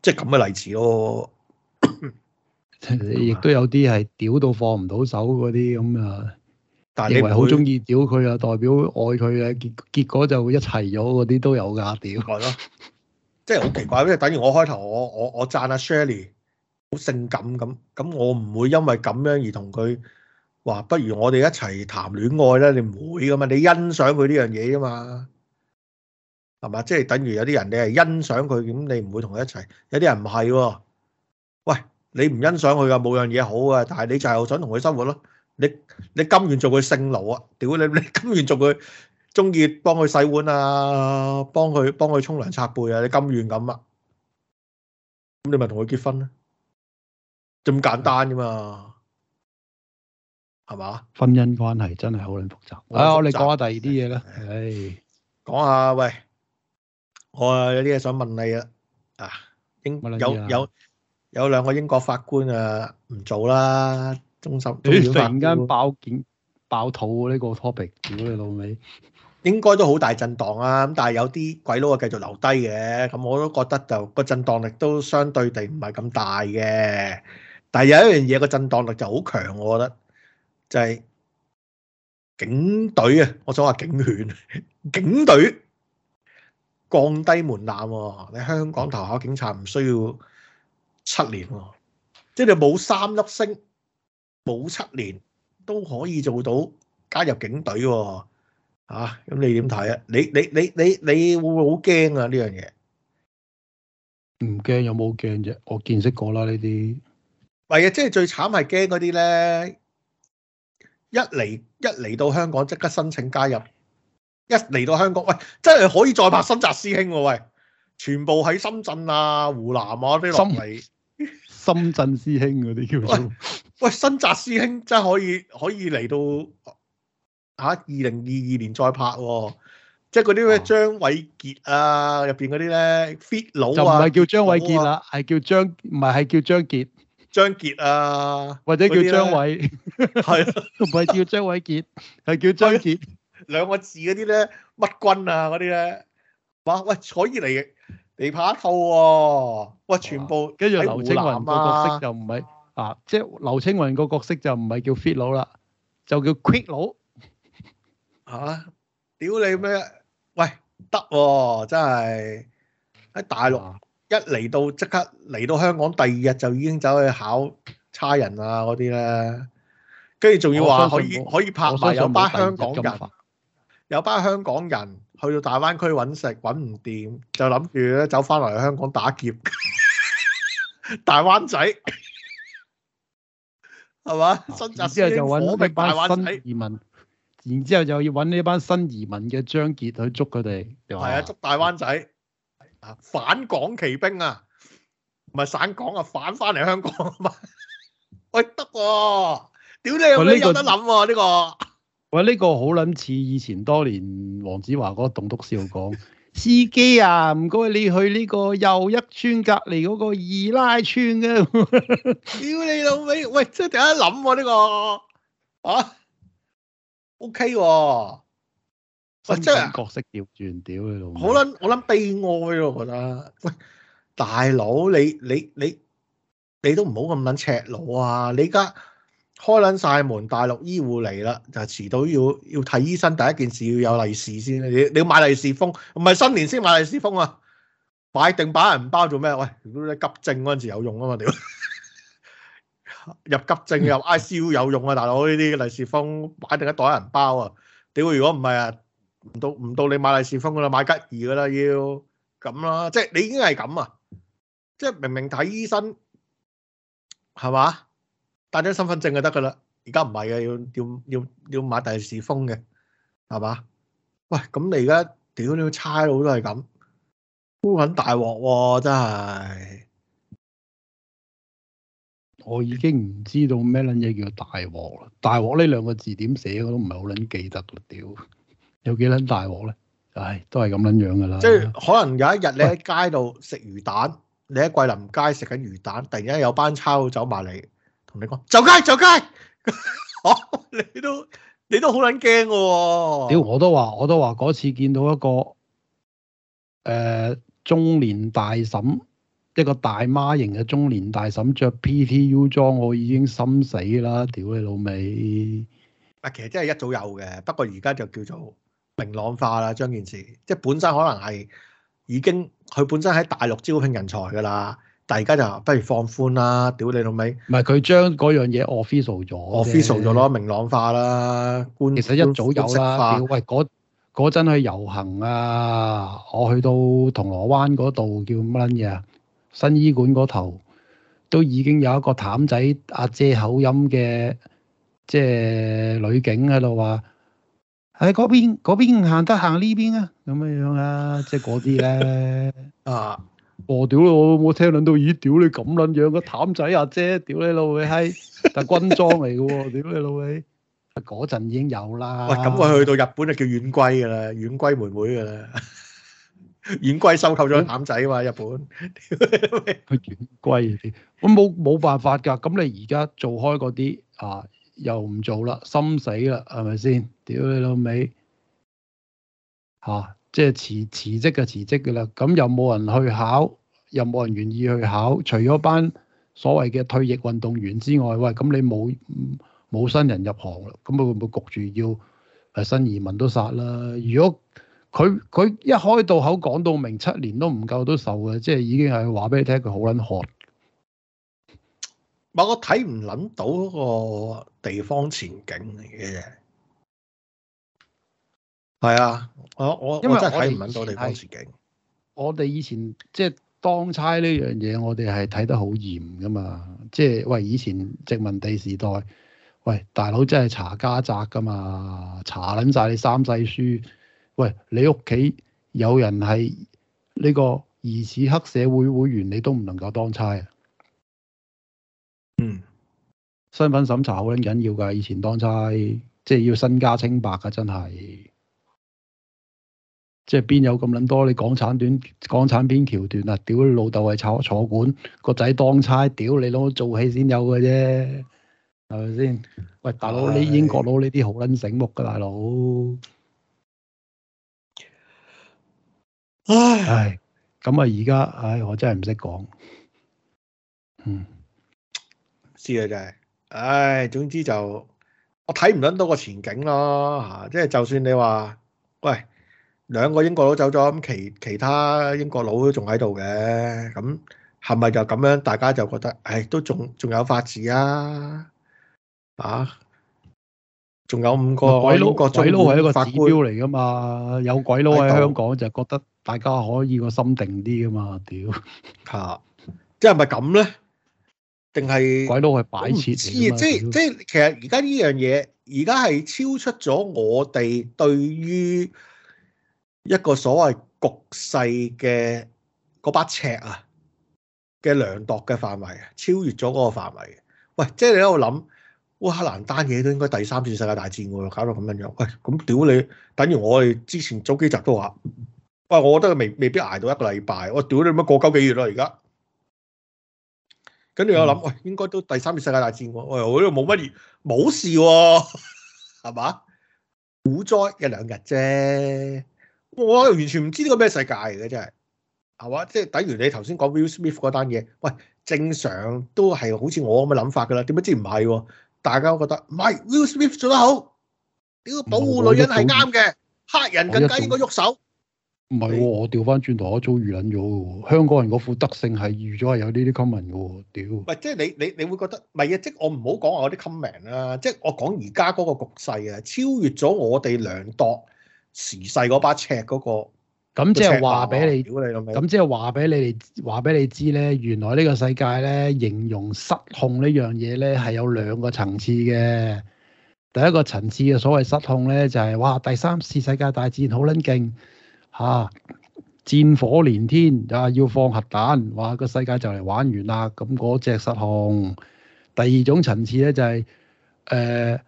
即係咁嘅例子咯，亦都有啲係屌到放唔到手嗰啲咁啊。但係你會好中意屌佢啊，代表愛佢嘅結結果就會一齊咗嗰啲都有㗎屌。係咯。即係好奇怪，即係等於我開頭，我我我讚阿 Shirley 好性感咁，咁我唔會因為咁樣而同佢話不如我哋一齊談戀愛咧，你唔會噶嘛？你欣賞佢呢樣嘢啫嘛，係嘛？即係等於有啲人你係欣賞佢，咁你唔會同佢一齊；有啲人唔係喎，喂，你唔欣賞佢啊，冇樣嘢好啊，但係你就係好想同佢生活咯？你你甘願做佢性奴啊？屌你你甘願做佢？中意幫佢洗碗啊，幫佢幫佢沖涼擦背啊，你甘願咁啊？咁你咪同佢結婚啦，咁簡單噶嘛，係嘛？婚姻關係真係好捻複雜。啊，我哋講下第二啲嘢啦。唉，講下喂，我有啲嘢想問你啊。啊，英有有有兩個英國法官啊，唔做啦。終審，突然間爆件爆肚呢個 topic，如果你老味。應該都好大震盪啊！咁但係有啲鬼佬啊繼續留低嘅，咁我都覺得就個震盪力都相對地唔係咁大嘅。但係有一樣嘢個震盪力就好強，我覺得就係警隊啊！我想話警犬，警隊降低門檻，你香港投考警察唔需要七年，即係你冇三粒星冇七年都可以做到加入警隊。啊，咁你點睇啊？你你你你你會唔會好驚啊？呢樣嘢，唔驚，有冇驚啫？我見識過啦，呢啲係啊，即係最慘係驚嗰啲咧，一嚟一嚟到香港即刻申請加入，一嚟到香港喂，真係可以再拍新紮師兄喎，啊，喂，全部喺深圳啊，湖南啊啲落嚟，深圳師兄嗰啲叫做，喂新紮師兄真係可以可以嚟到。嚇、啊！二零二二年再拍喎、哦，即係嗰啲咩張偉傑啊，入邊嗰啲咧 fit 佬就唔係叫張偉傑啦，係叫張唔係，係叫張傑張傑啊，或者叫張偉，係唔係叫張偉傑係？ 叫張傑兩個字嗰啲咧，乜軍啊嗰啲咧，哇喂，可以嚟地拍一套喎，喂，全部跟住劉青雲個角色就唔係啊，即、啊、係劉青雲個角色就唔係、啊啊、叫 fit 佬啦，就叫 quick 佬。嚇、啊！屌你咩？喂，得喎，真係喺大陸啊，一嚟到，即刻嚟到香港，第二日就已經走去考差人啊，嗰啲咧，跟住仲要話可以可以拍埋有班香港人，有班香港人去到大灣區揾食揾唔掂，就諗住咧走翻嚟香港打劫 大灣仔，係 嘛、啊？新紮之後就揾一班新移民。然之後就要揾呢一班新移民嘅張傑去捉佢哋，係啊，捉大灣仔，啊反港奇兵啊，唔係散港、港 啊，反翻嚟香港啊嘛，喂得喎，屌你老味有得諗喎呢個，喂呢、呢個好撚似以前多年黃子華嗰棟篤笑講，司機啊唔該你去呢個又一村隔離嗰個二拉村嘅、啊，屌你老味，喂真係第一諗喎呢個，啊！O K 喎，新角色要轉掉，屌、就是、你老！好撚，我撚悲哀喎，我覺得。喂，大佬你你你你都唔好咁撚赤佬啊！你而家開撚晒門，大陸醫護嚟啦，就遲到要要睇醫生，第一件事要有利是先，你你要買利是封，唔係新年先買利是封啊！擺定擺銀包做咩？喂，如果你急症嗰陣時有用啊嘛屌！入急症入 ICU 有用啊，大佬呢啲利是封擺定一袋人包啊！屌，如果唔係啊，唔到唔到你買利是封噶啦，買吉爾噶啦，要咁啦，即係你已經係咁啊！即係明明睇醫生係嘛，帶張身份證就得噶啦，而家唔係嘅，要要要要買利是封嘅，係嘛？喂，咁你而家屌你個差佬都係咁，都肯大鑊喎，真係。我已經唔知道咩撚嘢叫大鑊啦！大鑊呢兩個字點寫我都唔係好撚記得啦。屌，有幾撚大鑊咧？唉、哎，都係咁撚樣噶啦。即係可能有一日你喺街度食魚蛋，啊、你喺桂林街食緊魚蛋，突然間有班抄走埋嚟，同你講走街走街 你，你都你、哦、都好撚驚嘅喎。屌，我都話我都話嗰次見到一個誒、呃、中年大嬸。一個大媽型嘅中年大嬸着 PTU 裝，我已經心死啦！屌你老味，啊，其實真係一早有嘅，不過而家就叫做明朗化啦。將件事即係本身可能係已經佢本身喺大陸招聘人才噶啦，但而家就不如放寬啦！屌你老味，唔係佢將嗰樣嘢 official 咗，official 咗咯，明朗化啦。其實一早有啦。喂，嗰嗰陣去遊行啊，我去到銅鑼灣嗰度叫乜嘢啊？新醫館嗰頭都已經有一個譚仔阿姐口音嘅，即係女警喺度話：喺嗰邊嗰邊行得行呢邊啊，咁嘅樣啦，即係嗰啲咧。啊、 哦！我屌啦！我我聽撚到，咦！屌你咁撚樣個譚仔阿姐，屌你老味閪，但係軍裝嚟嘅喎， 屌你老味！嗰陣已經有啦。喂，咁我去到日本就叫遠歸嘅啦，遠歸妹妹嘅啦。遠歸收購咗個仔啊嘛！日本，佢遠歸咁冇冇辦法㗎。咁你而家做開嗰啲啊，又唔做啦，心死啦，係咪先？屌你老味！嚇、就是！即係辭辭職就辭職㗎啦。咁又冇人去考，又冇人願意去考，除咗班所謂嘅退役運動員之外，喂，咁你冇冇新人入行啦？咁佢會唔會焗住要係新移民都殺啦？如果佢佢一開到口講到明七年都唔夠都受嘅，即係已經係話俾你聽，佢好撚渴。唔係我睇唔撚到個地方前景嚟嘅，係啊，我我因為睇唔撚到地方前景我前。我哋以前即係當差呢樣嘢，我哋係睇得好嚴噶嘛。即係喂，以前殖民地時代，喂大佬真係查家宅噶嘛，查撚晒你三世書。喂，你屋企有人係呢個疑似黑社會會員，你都唔能夠當差啊！嗯，身份審查好捻緊要噶，以前當差即係要身家清白噶，真係即係邊有咁捻多你港產短港產片橋段啊？屌你老豆係炒坐管個仔當差，屌你老豆做戲先有嘅啫，係咪先？喂，大佬你英國佬呢啲好捻醒目噶，大佬。唉，咁啊，而家，唉，我真係唔識講，嗯，知啊，真係，唉，總之就我睇唔到咁個前景咯，吓，即係就算你話，喂，兩個英國佬走咗，咁其其他英國佬都仲喺度嘅，咁係咪就咁樣？大家就覺得，唉，都仲仲有，有法治啊，啊，仲有五個鬼佬，鬼佬係一個指標嚟噶嘛，有鬼佬喺香港就覺得。大家可以個心定啲㗎嘛，屌，吓，即係咪咁咧？定係鬼佬係擺設嚟？唔知啊，即係即係，其實而家呢樣嘢，而家係超出咗我哋對於一個所謂局勢嘅嗰把尺啊嘅量度嘅範圍，超越咗嗰個範圍。喂，即係你喺度諗，烏克蘭單嘢都應該第三次世界大戰喎，搞到咁樣樣。喂，咁屌你，等於我哋之前早幾集都話。喂、哎，我覺得未未必捱到一個禮拜。我屌你乜過鳩幾月咯？而、嗯、家，跟住我諗，喂，應該都第三次世界大戰喎。我呢度冇乜嘢，冇事喎、啊，係嘛？股 災一兩日啫。我完全唔知呢個咩世界嚟嘅真係，係嘛？即、就、係、是、等於你頭先講 Will Smith 嗰單嘢。喂、哎，正常都係好似我咁嘅諗法㗎啦。點解知唔係、啊？大家都覺得唔係 Will Smith 做得好？屌，保護女人係啱嘅，黑人更加應該喐手。唔係喎，我調翻轉頭，我早預撚咗喎。香港人嗰副德性係預咗係有呢啲 comment 嘅喎，屌！唔即係你你你會覺得唔係啊，即係、就是、我唔好講我啲 comment 啊。即、就、係、是、我講而家嗰個局勢啊，超越咗我哋量度時勢嗰把尺嗰、那個咁即係話俾你，咁即係話俾你哋話俾你知咧，原來呢個世界咧形容失控呢樣嘢咧係有兩個層次嘅。第一個層次嘅所謂失控咧就係、是、哇，第三次世界大戰好撚勁。啊！戰火連天啊！要放核彈，話個世界就嚟玩完啦！咁嗰隻失控。第二種層次咧就係誒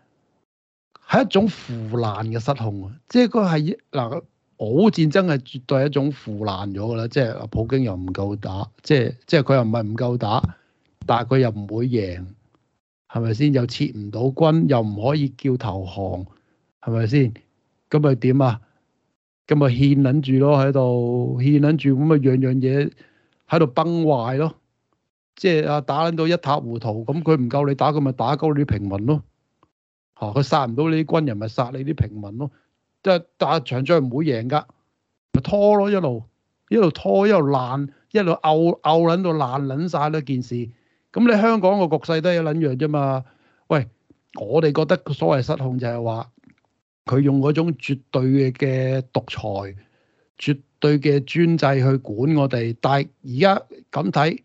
係一種腐爛嘅失控啊！即係佢係嗱，俄、呃、烏戰爭係絕對係一種腐爛咗噶啦！即係普京又唔夠打，即係即係佢又唔係唔夠打，但係佢又唔會贏，係咪先？又撤唔到軍，又唔可以叫投降，係咪先？咁咪點啊？咁咪欠捻住咯喺度，欠捻住咁咪樣樣嘢喺度崩壞咯，即係啊打捻到一塌糊塗，咁佢唔夠你打，佢咪打高你啲平民咯，吓，佢殺唔到你啲軍人，咪殺你啲平民咯，即係打場仗唔會贏噶，咪拖咯一路，一路拖一路爛，一路拗拗捻到爛捻晒呢件事，咁你香港個局勢都係一捻樣啫嘛，喂，我哋覺得所謂失控就係話。佢用嗰種絕對嘅嘅獨裁、絕對嘅專制去管我哋，但係而家咁睇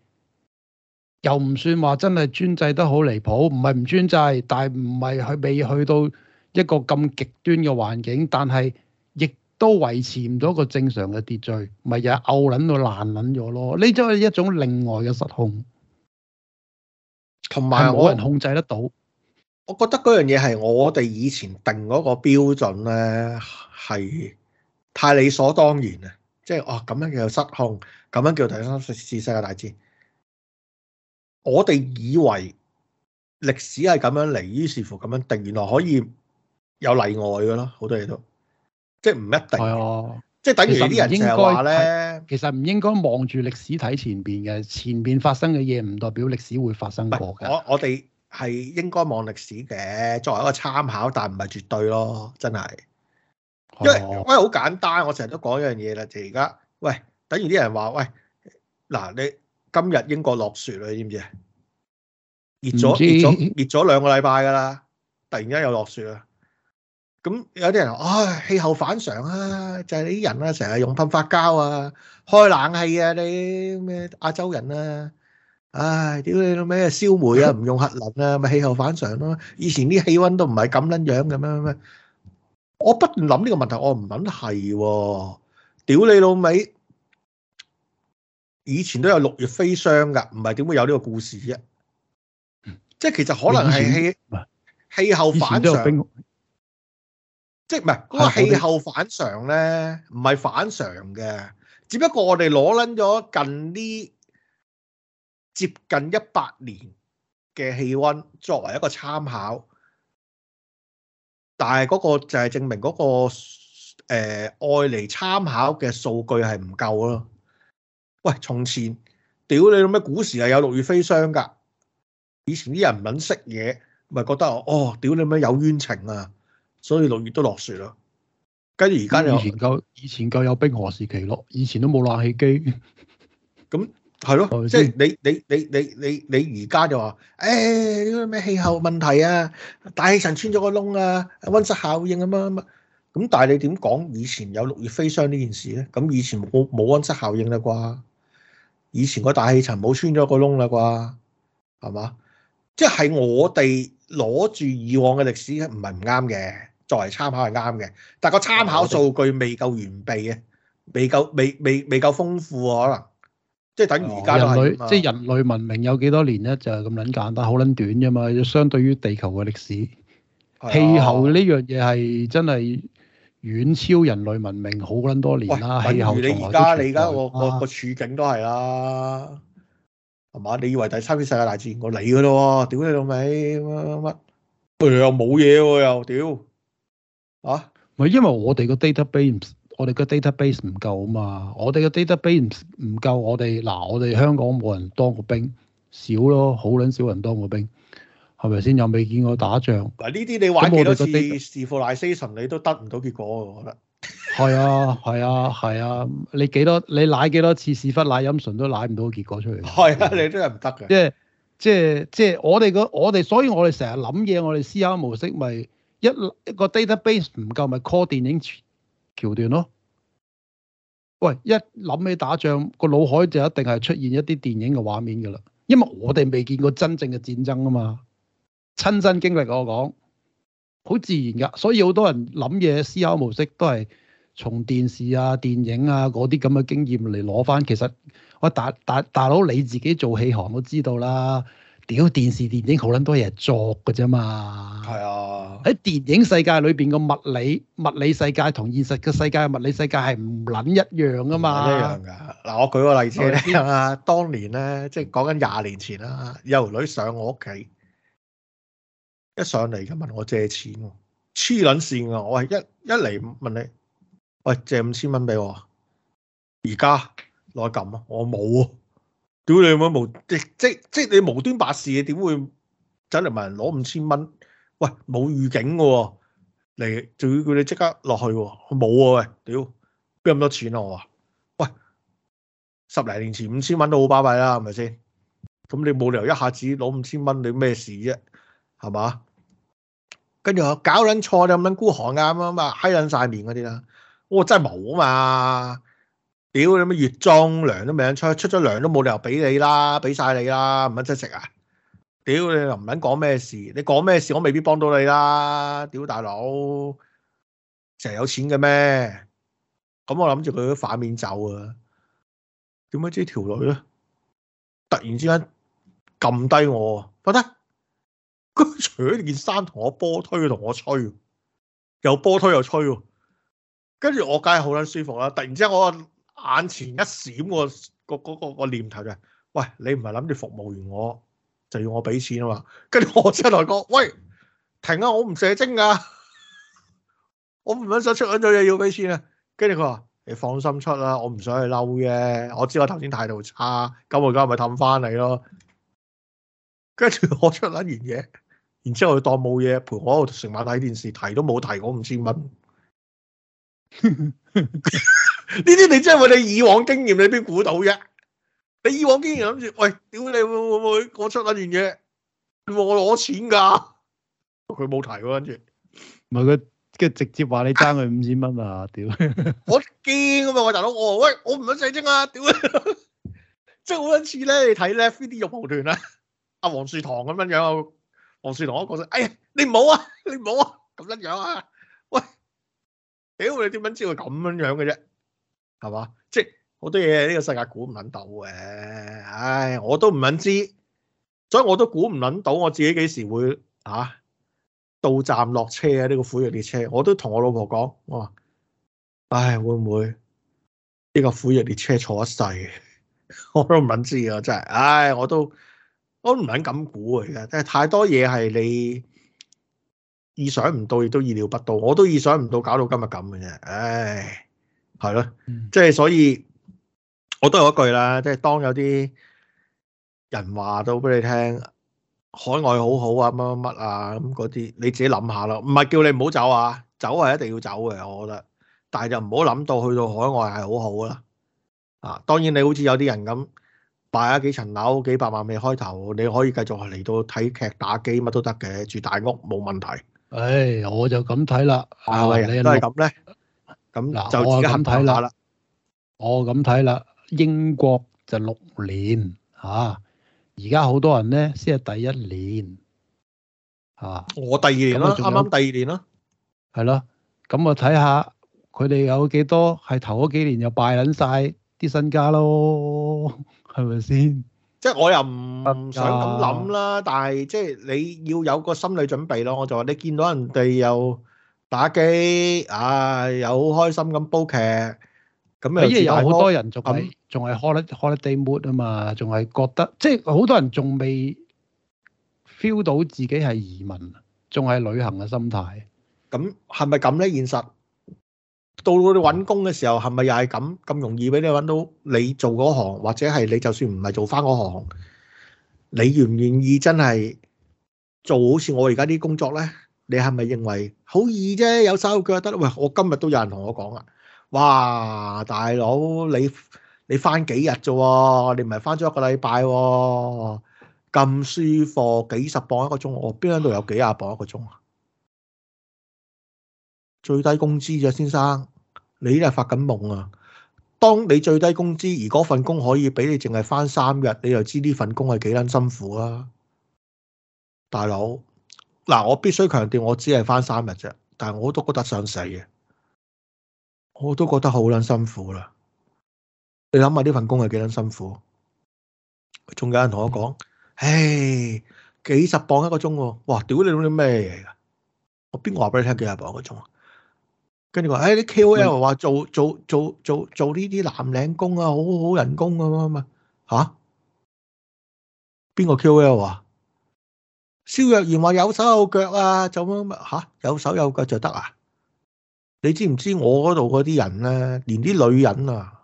又唔算話真係專制得好離譜，唔係唔專制，但係唔係佢未去到一個咁極端嘅環境，但係亦都維持唔到個正常嘅秩序，咪又係拗捻到爛捻咗咯，呢種係一種另外嘅失控，同埋冇人控制得到。我覺得嗰樣嘢係我哋以前定嗰個標準咧，係太理所當然啊！即係啊，哦，咁樣叫做失控，咁樣叫第三次世界大戰。我哋以為歷史係咁樣嚟，於是乎咁樣定，原來可以有例外噶咯，好多嘢都即係唔一定。即係等於啲人應該話咧，其實唔應該望住歷史睇前邊嘅，前邊發生嘅嘢唔代表歷史會發生過嘅。我我哋。係應該望歷史嘅，作為一個參考，但唔係絕對咯，真係。因為因為好簡單，我成日都講一樣嘢啦，就而家，喂，等於啲人話，喂，嗱，你今日英國落雪啦，知唔知啊？熱咗熱咗熱咗兩個禮拜噶啦，突然間又落雪啊！咁有啲人，唉，氣候反常啊！就係你啲人啊，成日用噴髮膠啊，開冷氣啊，你咩亞洲人啊？唉，屌你老味，燒煤啊，唔用核能啊，咪氣候反常咯。以前啲氣溫都唔係咁捻樣嘅咩咩咩。我不斷諗呢個問題，我唔諗係喎。屌你老味，以前都有六月飛霜噶，唔係點會有呢個故事啫？即係其實可能係氣氣候反常，即係唔係嗰個氣候反常咧，唔係反常嘅，只不過我哋攞捻咗近啲。接近一百年嘅氣温作為一個參考，但係嗰個就係證明嗰、嗰個誒外嚟參考嘅數據係唔夠咯。喂，從前屌你老咩，古時係有六月飛霜㗎，以前啲人唔肯識嘢，咪覺得哦，屌你咩有冤情啊，所以六月都落雪咯。跟住而家有以前以前夠有冰河時期咯，以前都冇冷氣機，咁、嗯。係咯，即係你你你你你你而家就話，誒，呢個咩氣候問題啊，大氣層穿咗個窿啊，溫室效應吖嘛，咁但係你點講以前有六月飛霜呢件事咧？咁以前冇冇溫室效應啦啩？以前個大氣層冇穿咗個窿啦啩？係嘛？即係我哋攞住以往嘅歷史唔係唔啱嘅，作為參考係啱嘅，但係個參考數據未夠完備啊，未夠未未未夠豐富可能。即係等於而家，即係人類文明有幾多年咧？就係咁撚簡單，好撚短啫嘛！相對於地球嘅歷史，氣候呢樣嘢係真係遠超人類文明好撚多年啦。氣候從來都長。譬如你而家你而家個個個處境都係啦，係嘛？你以為第三次世界大戰我嚟㗎啦喎？屌你老味乜乜？又冇嘢喎又屌啊？唔係因為我哋個 data base。我哋個 database 唔夠啊嘛！我哋個 database 唔唔夠我，啊，我哋嗱，我哋香港冇人當過兵，少咯，好撚少人當過兵，係咪先？又未見過打仗。嗱，呢啲你玩幾多次屎忽奶 session，你都得唔到結果我覺得。係啊係啊係啊！你幾多你奶幾多次屎忽奶飲純都奶唔到結果出嚟。係 啊，你都係唔得嘅。即係即係即係我哋，那個我哋，所以我哋成日諗嘢，我哋思考模式咪一一個 database 唔夠咪 call 電影。橋段咯，喂，一諗起打仗，個腦海就一定係出現一啲電影嘅畫面噶啦，因為我哋未見過真正嘅戰爭啊嘛，親身經歷我講，好自然噶，所以好多人諗嘢思考模式都係從電視啊、電影啊嗰啲咁嘅經驗嚟攞翻，其實我大大大佬你自己做戲行都知道啦。屌，電視電影好撚多嘢作嘅啫嘛。係啊，喺電影世界裏邊個物理，物理世界同現實嘅世界，物理世界係唔撚一樣㗎嘛。唔一樣噶，嗱，我舉個例子啊，當年咧，即係講緊廿年前啦，有女上我屋企，一上嚟就問我借錢喎，黐撚線㗎，我係一一嚟問你，喂，借五千蚊俾我，而家攞嚟撳啊，我冇啊。屌，你冇即即即你無端白事你點會走嚟問人攞五千蚊？喂，冇預警嘅嚟，仲要叫你即刻落去喎，冇喎、啊、喂！屌，邊咁多錢啊？我話，喂，十零年前五千蚊都好巴閉啦，係咪先？咁你冇理由一下子攞五千蚊，你咩事啫？係嘛？跟住我搞捻錯，你咁捻孤寒啊咁啊嘛，閪捻晒面嗰啲啦，我真係冇啊嘛～屌你乜月中糧都未肯出，出咗糧都冇理由俾你啦，俾晒你啦，唔肯即食啊？屌你唔肯講咩事？你講咩事我未必幫到你啦。屌大佬，成日有錢嘅咩？咁我諗住佢反面走啊？點解知條女咧？突然之間撳低我，快啲！佢除咗件衫同我波推同我吹，又波推又吹。跟住我梗係好撚舒服啦。突然之間我～眼前一閃個個嗰個個念頭就係、是，喂你唔係諗住服務完我，就要我俾錢啊嘛。跟住我即係同佢講，喂停啊，我唔射精㗎、啊，我唔想出揾咗嘢要俾錢啊。跟住佢話你放心出啦、啊，我唔想去嬲嘅，我知我頭先態度差，咁我而家咪氹翻你咯。跟住我出揾完嘢，然之後佢當冇嘢，陪我喺度成晚睇電視，提都冇提我五千蚊.。 呢啲你真係我哋以往經驗，你邊估到啫？你以往經驗諗住，喂，屌你，會唔會我出一段嘢，我攞錢噶？佢冇提喎，跟住唔係佢，佢直接話你爭佢五千蚊啊！屌、啊啊 我驚啊嘛，我大佬，我喂，我唔想細精啊。屌！即係好多次咧，你睇咧 3D 肉蒲團啊？阿黃樹棠咁樣樣，黃樹棠一個聲，哎呀，你唔好啊，你唔好啊，咁樣樣啊，喂，屌你點樣知佢咁樣樣嘅啫？係嘛？即係好多嘢呢個世界估唔捻到嘅，唉！我都唔捻知，所以我都估唔捻到我自己幾時會啊到站落車啊呢個苦役列車。我都同我老婆講，我話：唉，會唔會呢個苦役列車坐一世？我都唔捻知啊！真係，唉，我都我都唔捻敢估嘅。真係太多嘢係你意想唔到，亦都意料不到。我都意想唔到搞到今日咁嘅啫，唉。係咯、嗯，即係所以，我都有一句啦，即係當有啲人話到俾你聽，海外好好啊，乜乜乜啊，咁嗰啲你自己諗下啦。唔係叫你唔好走啊，走係一定要走嘅，我覺得。但係就唔好諗到去到海外係好好、啊、啦。啊，當然你好似有啲人咁，擺咗幾層樓，幾百萬蚊開頭，你可以繼續嚟到睇劇打機乜都得嘅，住大屋冇問題。唉、哎，我就咁睇啦，係、啊、你都係咁咧。就是咁嗱，我就咁睇啦，我咁睇啦，英國就六年嚇，而家好多人咧先係第一年嚇，我第二年啦，啱啱第二年啦，係咯，咁我睇下佢哋有幾多係頭嗰幾年又拜撚晒啲身家咯，係咪先？即係我又唔唔想咁諗啦，啊、但係即係你要有個心理準備咯，我就話你見到人哋又。打機啊，又好開心咁煲劇，咁亦有好多人就咁，仲係 holiday mood 啊嘛，仲係覺得即係好多人仲未 feel 到自己係移民，仲係旅行嘅心態。咁係咪咁咧？現實到你搵工嘅時候，係咪又係咁咁容易俾你搵到你做嗰行，或者係你就算唔係做翻嗰行，你願唔願意真係做好似我而家啲工作咧？你係咪認為好易啫？有收腳得啦。喂，我今日都有人同我講啊！哇，大佬，你你翻幾日啫？喎，你唔係翻咗一個禮拜喎，咁舒服，幾十磅一個鐘，我邊度有幾廿磅一個鐘啊？最低工資啫，先生，你喺度發緊夢啊？當你最低工資，如果份工可以俾你，淨係翻三日，你就知呢份工係幾撚辛苦啦，大佬。嗱，我必須強調，我只係返三日啫，但係我都覺得想死嘅，我都覺得好撚辛苦啦。你諗下呢份工係幾撚辛苦？仲有人同我講，唉，幾十磅一個鐘喎，哇，屌你老味！我邊個話俾你聽幾十磅一個鐘啊？跟住話，唉、哎，啲 KOL 話做做做做做呢啲藍領工啊，好好人工咁啊嘛，嚇？邊個 KOL 啊？蕭若元話有手有腳啊，做乜乜吓？有手有腳就得啊？你知唔知我嗰度嗰啲人咧，連啲女人啊，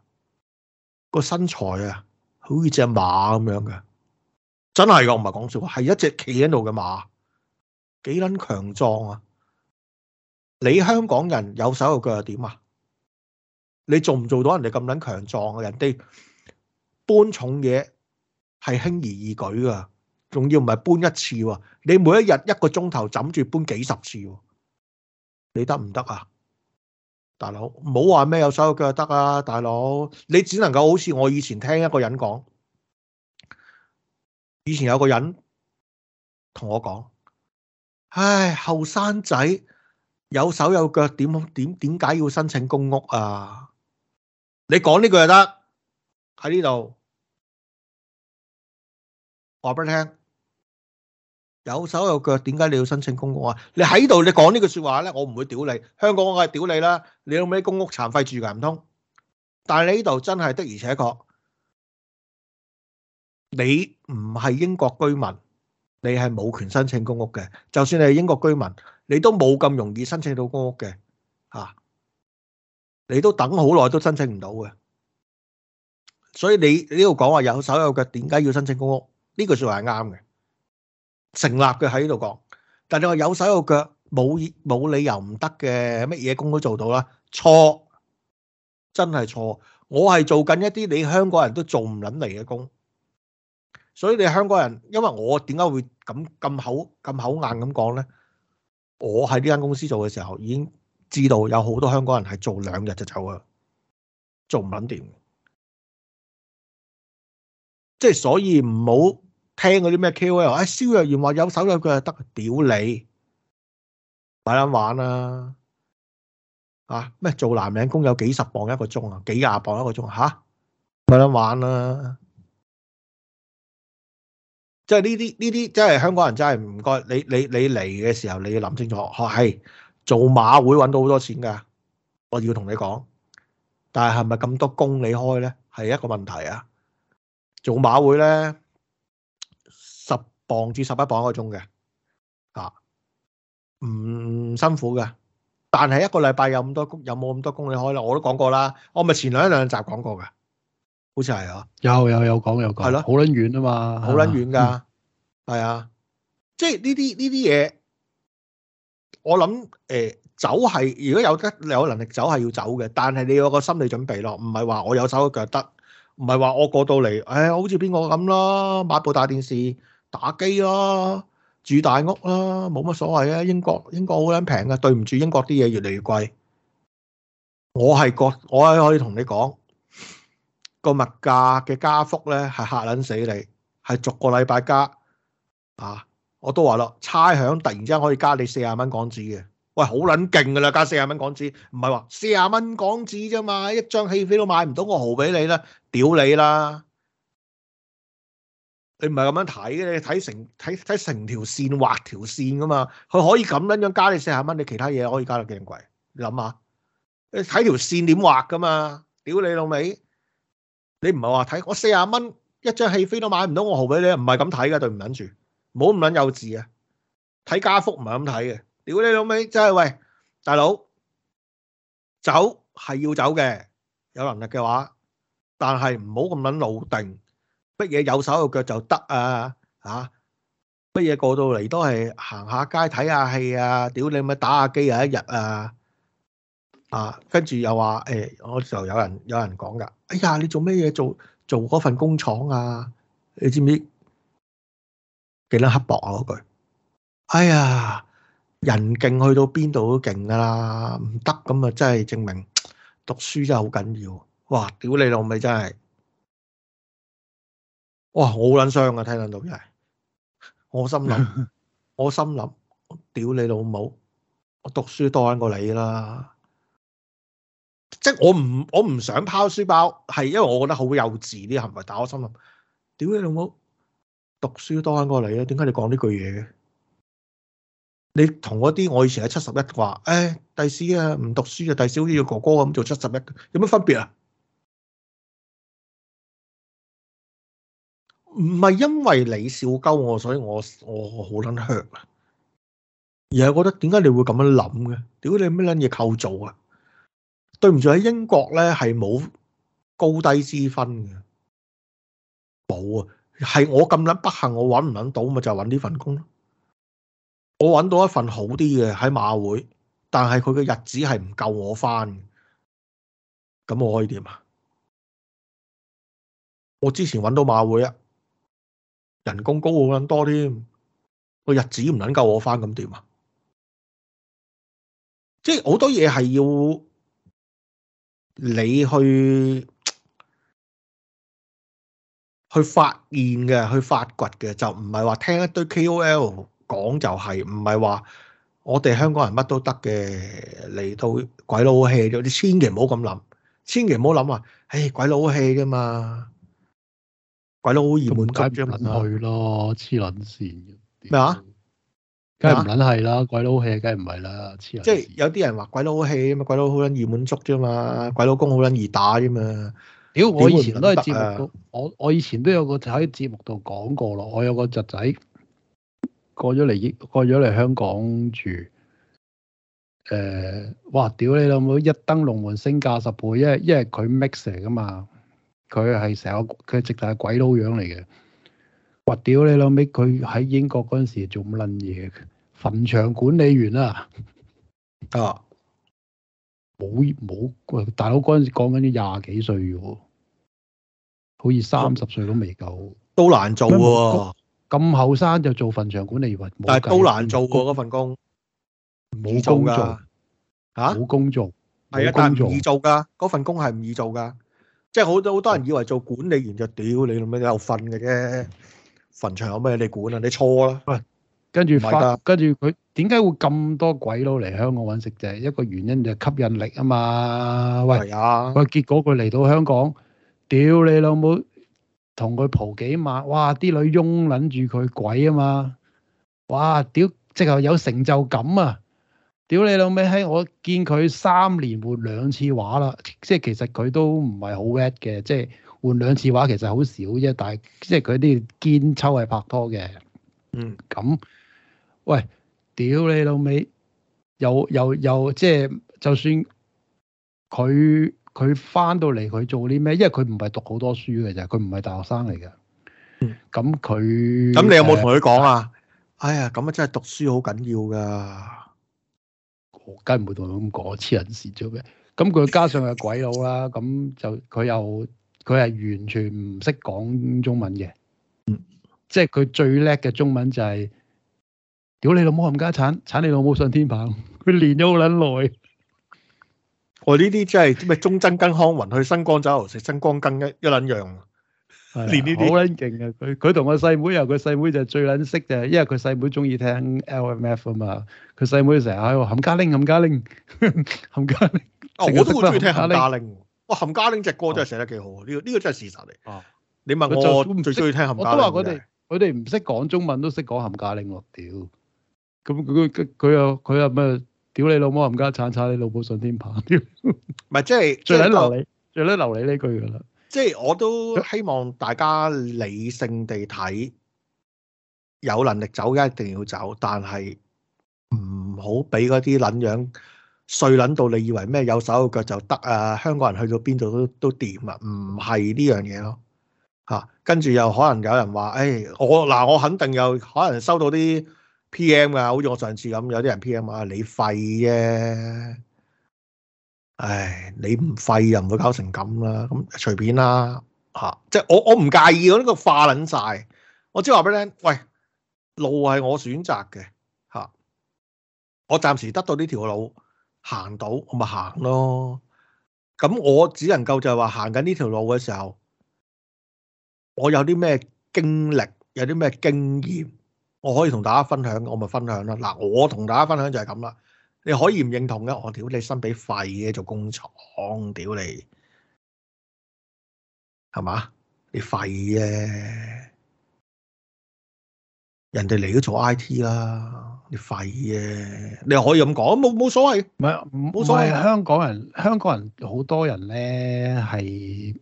個身材啊，好似隻馬咁樣㗎。真係㗎，我唔係講笑，係一隻企喺度嘅馬，幾撚強壯啊！你香港人有手有腳又點啊？你做唔做到人哋咁撚強壯啊？人哋搬重嘢係輕而易舉噶。仲要唔係搬一次喎？你每一日一個鐘頭枕住搬幾十次，你得唔得啊，大佬？唔好話咩有手有腳就得啊，大佬！你只能夠好似我以前聽一個人講，以前有個人同我講：唉，後生仔有手有腳點點點解要申請公屋啊？你講呢句就得喺呢度，話俾你聽。有手有腳，點解你要申請公屋啊？你喺度，你講呢句說話咧，我唔會屌你。香港我係屌你啦，你有冇啲公屋殘廢住噶唔通？但係你呢度真係的而且確，你唔係英國居民，你係冇權申請公屋嘅。就算你係英國居民，你都冇咁容易申請到公屋嘅，吓，你都等好耐都申請唔到嘅。所以你呢度講話有手有腳，點解要申請公屋？呢句說話係啱嘅。成立嘅喺呢度講，但你話有手有腳，冇冇理由唔得嘅，乜嘢工都做到啦。錯真係錯，我係做緊一啲你香港人都做唔撚嚟嘅工，所以你香港人，因為我點解會咁咁口咁口硬咁講呢？我喺呢間公司做嘅時候，已經知道有好多香港人係做兩日就走啊，做唔撚掂，即係所以唔好。聽嗰啲咩 KOL，啊、哎、蕭若元話有手有腳就得，屌你，咪撚玩啦，啊！啊咩做男人工有幾十磅一個鐘啊，幾廿磅一個鐘啊，吓咪撚玩啦，啊！即係呢啲呢啲，即係香港人真係唔該，你你你嚟嘅時候你要諗清楚，係、哎、做馬會搵到好多錢㗎，我要同你講。但係係咪咁多工你開咧，係一個問題啊。做馬會咧。磅至十一磅一個鐘嘅，吓，唔、啊、辛苦嘅。但係一個禮拜有咁多有冇咁多公里開咧？我都講過啦，我咪前兩兩集講過嘅，好似係啊，有有有講有講係咯，好撚遠啊嘛，好撚遠噶係啊。即係呢啲呢啲嘢，我諗誒、呃、走係如果有得有能力走係要走嘅，但係你要有個心理準備咯，唔係話我有手有腳得，唔係話我過到嚟誒、哎，好似邊個咁咯買部大電視。打機啦、啊，住大屋啦、啊，冇乜所謂啊！英國英國好撚平嘅，對唔住，英國啲嘢、啊、越嚟越貴。我係個，我可以同你講個物價嘅加幅咧，係嚇撚死你，係逐個禮拜加啊！我都話啦，差餉突然之間可以加你四廿蚊港紙嘅，喂，好撚勁噶啦，加四廿蚊港紙，唔係話四廿蚊港紙啫嘛，一張戲飛都買唔到個毫俾你啦，屌你啦！你唔係咁樣睇嘅，你睇成睇睇成條線畫條線噶嘛，佢可以咁樣樣加你四十蚊，你其他嘢可以加到勁貴，你諗下，你睇條線點畫噶嘛？屌你老味，你唔係話睇我四十蚊一張戲飛都買唔到我號俾你，唔係咁睇噶，對唔捻住，唔好咁捻幼稚嘅，睇家福唔係咁睇嘅，屌你老味，真係喂，大佬走係要走嘅，有能力嘅話，但係唔好咁捻老定。乜嘢有手有腳就得啊？嚇！乜嘢過到嚟都係行下街睇下戲啊！屌你咪打下機啊。一日啊！啊，跟住又話誒、哎，我就有人有人講噶。哎呀，你做咩嘢？做做嗰份工廠啊？你知唔知幾多刻薄啊？嗰句。哎呀，人勁去到邊度都勁噶啦，唔得咁啊，真係證明讀書真係好緊要。哇！屌你老味真係～哇！我好撚傷啊，聽緊到嘅，我心諗，我心諗，屌你老母，我讀書多啲過你啦，即係我唔，我唔想拋書包，係因為我覺得好幼稚啲行為，但我心諗，屌你老母，讀書多啲過你啊，點解你講呢句嘢嘅？你同嗰啲我以前喺七十一話，誒、哎，第時啊，唔讀書啊，第時好似個哥哥咁做七十一，有乜分別啊？唔係因為你笑鳩我，所以我我好捻 hurt 啊！而係覺得點解你會咁樣諗嘅？屌你咩捻嘢構造啊？對唔住，喺英國咧，係冇高低之分嘅，冇啊！係我咁捻不幸，我搵唔捻到咪就搵呢份工咯。我搵到一份好啲嘅喺馬會，但係佢嘅日子係唔夠我翻。咁我可以點啊？我之前搵到馬會啊！人工高好撚多添，個日子唔能夠我翻咁點啊？即係好多嘢係要你去去發現嘅，去發掘嘅，就唔係話聽一堆 KOL 講就係、是，唔係話我哋香港人乜都得嘅嚟到鬼佬氣，你千祈唔好咁諗，千祈唔好諗話唉，鬼佬氣噶嘛～鬼佬好易滿足的，撚去咯，黐撚線嘅。咩話？梗係唔撚係啦，鬼佬好氣梗係唔係啦，黐撚。即係、就是、有啲人話鬼佬好氣，咁啊鬼佬好撚易滿足啫嘛，鬼佬公好撚易打啫嘛。屌、嗯，我以前都喺節目，啊、我我以前都有個就喺節目度講過咯，我有個侄仔過咗嚟，過咗嚟香港住。誒、呃，哇！屌你老母，一登龍門升價十倍，因為因為佢 mix 嚟噶嘛。佢係成個，佢係直頭係鬼佬樣嚟嘅。哇！屌你老尾，佢喺英國嗰陣時做乜捻嘢？墳場管理員啦、啊，啊，冇冇大佬嗰陣時講緊啲廿幾歲喎，好似三十歲都未夠，都難做喎。咁後生就做墳場管理員，但係都難做過嗰份工，冇工做啊，冇工做，係啊，但係唔易做噶，嗰份工係唔易做噶。即係好多好多人以為做管理員就屌你老味又瞓嘅啫，墳場有咩你管啊？你錯啦。喂、哎，跟住發，跟住佢點解會咁多鬼佬嚟香港搵食啫？一個原因就係吸引力啊嘛。喂，喂，結果佢嚟到香港，屌你老母，同佢蒲幾晚，哇！啲女擁撚住佢鬼啊嘛，哇！屌即係有成就感啊！屌你老味，喺我見佢三年換兩次畫啦，即係其實佢都唔係好叻嘅，即係換兩次畫其實好少啫。但係即係佢啲堅抽係拍拖嘅，嗯咁。喂，屌你老味，又又又即係就算佢佢翻到嚟，佢做啲咩？因為佢唔係讀好多書嘅咋，佢唔係大學生嚟嘅。嗯，咁佢咁你有冇同佢講啊？哎呀，咁啊真係讀書好緊要噶。梗係唔會同佢咁講，黐人線啫咩？咁佢加上係鬼佬啦，咁就佢又佢係完全唔識講中文嘅，嗯，即係佢最叻嘅中文就係，屌你老母冚家鏟，鏟你老母上天棚，佢練咗好撚耐。我呢啲即係咩忠真跟康雲去新光酒樓食新光根一一撚樣。連呢啲好撚勁啊！佢佢同個細妹，又個細妹就最撚識就係，因為佢細妹中意聽 L M F 啊嘛。佢細妹成日喺度冚家拎冚家拎冚家拎。我都好中意聽冚家拎。哇！冚家拎隻歌真係寫得幾好啊！呢個呢個真係事實嚟。哦，你問我都最中意聽冚家拎嘅。我都話佢哋佢哋唔識講中文都識講冚家拎喎屌！咁佢佢佢又佢又咩屌你老母冚家鏟，炒你老母上天棚屌！咪即係最撚流利最撚流利呢句㗎啦～即係我都希望大家理性地睇，有能力走嘅一定要走，但係唔好俾嗰啲撚樣碎撚到，你以為咩有手有腳就得啊？香港人去到邊度都都掂啊？唔係呢樣嘢咯嚇，跟住又可能有人話，誒、哎、我嗱我肯定又可能收到啲 PM 啊，好似我上次咁，有啲人 PM 啊，你廢啫。唉，你唔廢又唔會搞成咁啦，咁隨便啦吓，啊，即係我我唔介意我呢個化撚晒，我只係話俾你聽，喂，路係我選擇嘅吓，我暫時得到呢條路行到，我咪行咯。咁我只能夠就係話行緊呢條路嘅時候，我有啲咩經歷，有啲咩經驗，我可以同大家分享，我咪分享啦。嗱，啊，我同大家分享就係咁啦。你可以唔認同嘅，我屌你身比廢嘅做工廠，屌你係嘛？你廢嘅人哋嚟都做 IT 啦，你廢嘅你又可以咁講，冇冇所謂，唔係冇所謂。香港人香港人好多人咧，係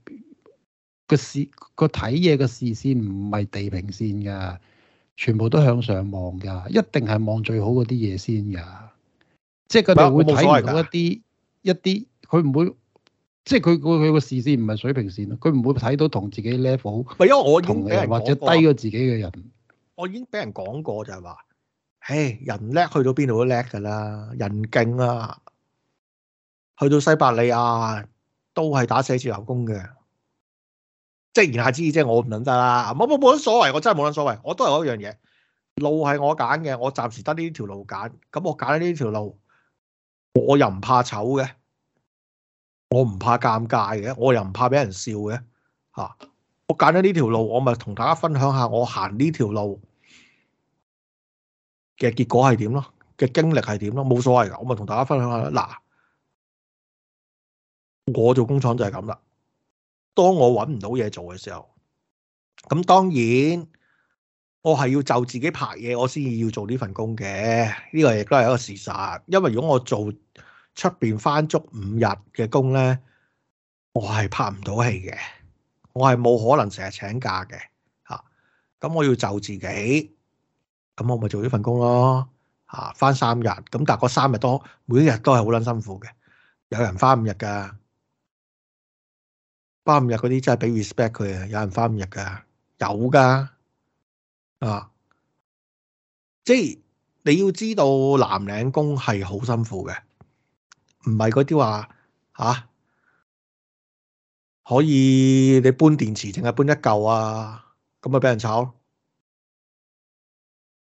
個視個睇嘢嘅視線唔係地平線㗎，全部都向上望㗎，一定係望最好嗰啲嘢先㗎。即係佢會睇唔到一啲一啲，佢唔會即係佢佢佢個視線唔係水平線，佢唔會睇到同自己 level。唔係因為我同或者低過自己嘅人，我已經俾人講過就係話：唉，人叻去到邊度都叻㗎啦，人勁啊，去到西伯利亞都係打寫字樓工嘅。即係言下之意，即係我唔諗得啦，冇冇冇乜所謂，我真係冇乜所謂。我都係嗰樣嘢，路係我揀嘅，我暫時得呢條路揀，咁我揀呢條路。我又唔怕醜嘅，我唔怕尷尬嘅，我又唔怕俾人笑嘅。吓、啊，我揀咗呢條路，我咪同大家分享下我行呢條路嘅結果係點咯，嘅經歷係點咯，冇所謂噶，我咪同大家分享下。嗱，我做工廠就係咁啦。當我搵唔到嘢做嘅時候，咁當然。我係要就自己拍嘢，我先要做呢份工嘅。呢個亦都係一個事實。因為如果我做出邊翻足五日嘅工呢，我係拍唔到戲嘅。我係冇可能成日請假嘅。吓、啊，咁我要就自己，咁我咪做呢份工咯。吓、啊，翻三日，咁但係三日都，每一日都係好捻辛苦嘅。有人翻五日噶，翻五日嗰啲真係俾 respect 佢啊！有人翻五日噶，有噶。啊！即、就、係、是、你要知道，藍領工係好辛苦嘅，唔係嗰啲話吓可以你搬電池淨係搬一嚿啊，咁咪俾人炒咯。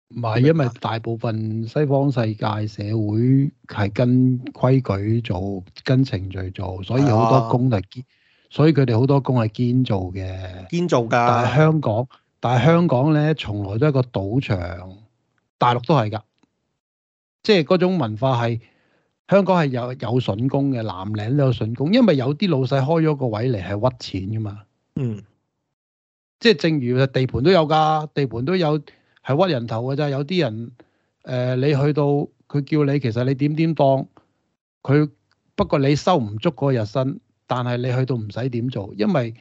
唔係，因為大部分西方世界社會係跟規矩做，跟程序做，所以好多工係堅、啊，所以佢哋好多工係堅做嘅，堅做噶。但係香港。但係香港咧，從來都係個賭場，大陸都係㗎，即係嗰種文化係香港係有有筍工嘅，藍領都有筍工，因為有啲老細開咗個位嚟係屈錢㗎嘛。嗯，即係正如地盤都有㗎，地盤都有係屈人頭㗎咋。有啲人誒、呃，你去到佢叫你，其實你點點當佢不過你收唔足嗰日薪，但係你去到唔使點做，因為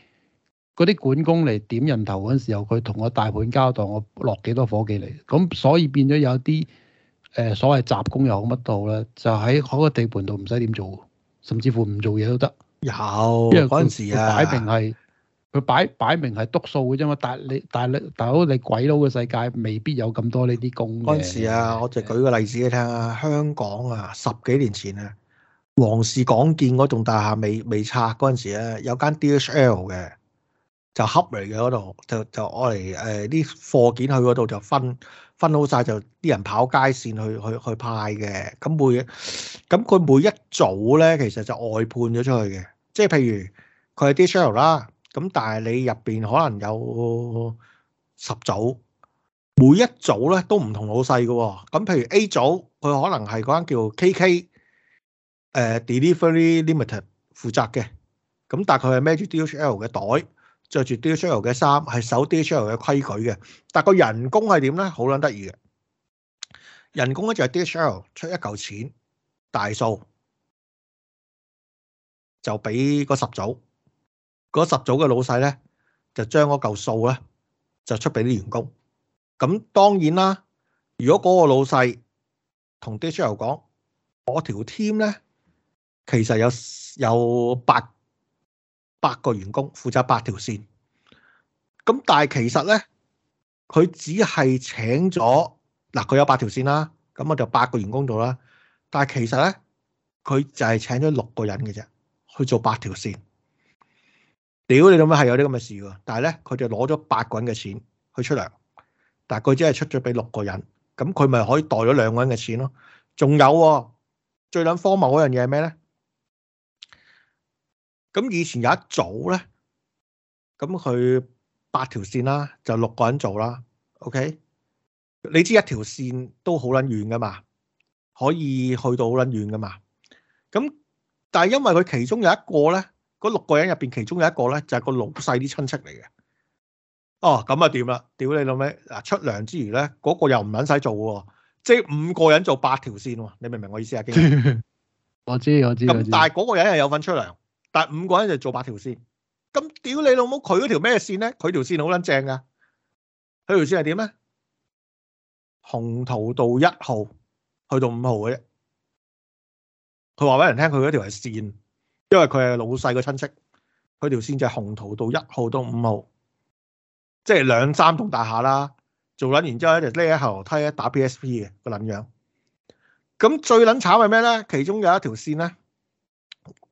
嗰啲管工嚟點人頭嗰陣時候，佢同我大盤交代我落幾多伙計嚟，咁所以變咗有啲誒、呃、所謂雜工又好乜到啦，就喺嗰個地盤度唔使點做，甚至乎唔做嘢都得。有因為嗰陣時啊，擺明係佢擺擺明係督數嘅啫嘛，但你但你大佬你鬼佬嘅世界未必有咁多呢啲工。嗰陣時啊，我就舉個例子畀你聽啊、嗯，香港啊，十幾年前咧、啊，皇氏港建嗰棟大廈未未拆嗰陣時咧、啊，有間 DHL 嘅。就合嚟嘅嗰度，就就攞嚟誒啲貨件去嗰度就分分好晒，就啲人跑街線去去去派嘅。咁每咁佢每一組咧，其實就外判咗出去嘅。即係譬如佢係 DHL 啦，咁但係你入邊可能有十組，每一組咧都唔同老細嘅。咁譬如 A 組佢可能係嗰間叫 KK 誒 Delivery Limited 負責嘅，咁但係佢係咩 DHL 嘅袋，着住 DHL 嘅衫，係守 DHL 嘅規矩嘅，但個人工係點呢？好撚得意嘅，人工呢，就係 DHL 出一嚿錢大數，就俾嗰十組，嗰十組嘅老細呢，就將嗰嚿數呢，就出俾啲員工。咁當然啦，如果嗰個老細同 DHL 講，我條 team 呢，其實有有八。八個員工負責八條線，咁但係其實咧，佢只係請咗嗱，佢有八條線啦，咁我就八個員工做啦，但係其實咧，佢就係請咗六個人嘅啫去做八條線。屌你咁樣係有啲咁嘅事噶，但係咧，佢就攞咗八個人嘅錢去出糧，但係佢只係出咗俾六個人，咁佢咪可以袋咗兩個人嘅錢咯？仲有最撚荒謬嗰樣嘢係咩咧？咁以前有一組咧，咁佢八條線啦，就六個人做啦。O K，你知一條線都好捻遠噶嘛，可以去到好捻遠噶嘛。咁但係因為佢其中有一個咧，嗰六個人入邊其中有一個咧就係個老細啲親戚嚟嘅。哦，咁啊點啦？屌你老味嗱，出糧之餘咧，嗰個又唔捻使做喎，即係五個人做八條線喎。你明唔明我意思啊？我知我知我知，咁但係嗰個人又有份出糧。但五個人就做八條線，咁屌你老母佢嗰條咩線咧？佢條線好撚正噶，佢條線係點咧？鴻圖道一號去到五號嘅啫，佢話俾人聽佢嗰條係線，因為佢係老細個親戚，佢條線就係鴻圖道一號到五號，即係兩三棟大廈啦，做撚，然之後咧就匿喺後樓梯一打 PSP 嘅個撚樣，咁最撚慘係咩咧？其中有一條線咧。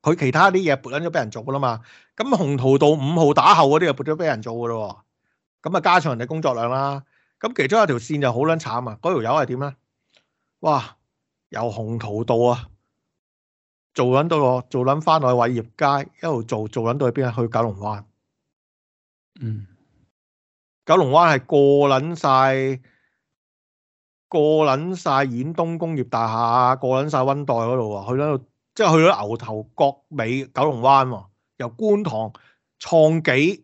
佢其他啲嘢撥緊咗俾人做噶啦嘛，咁鴻圖道五號打後嗰啲就撥咗俾人做噶咯喎，咁啊加上人哋工作量啦，咁其中一條線就好撚慘啊，嗰條友係點咧？哇，由鴻圖道啊，做撚到喎，做撚翻去偉業街一路做，做撚到去邊啊？去九龍灣。嗯。九龍灣係過撚晒，過撚晒遠東工業大廈，過撚晒溫帶嗰度啊，去撚度。即係去到牛頭角尾九龍灣喎，由觀塘創紀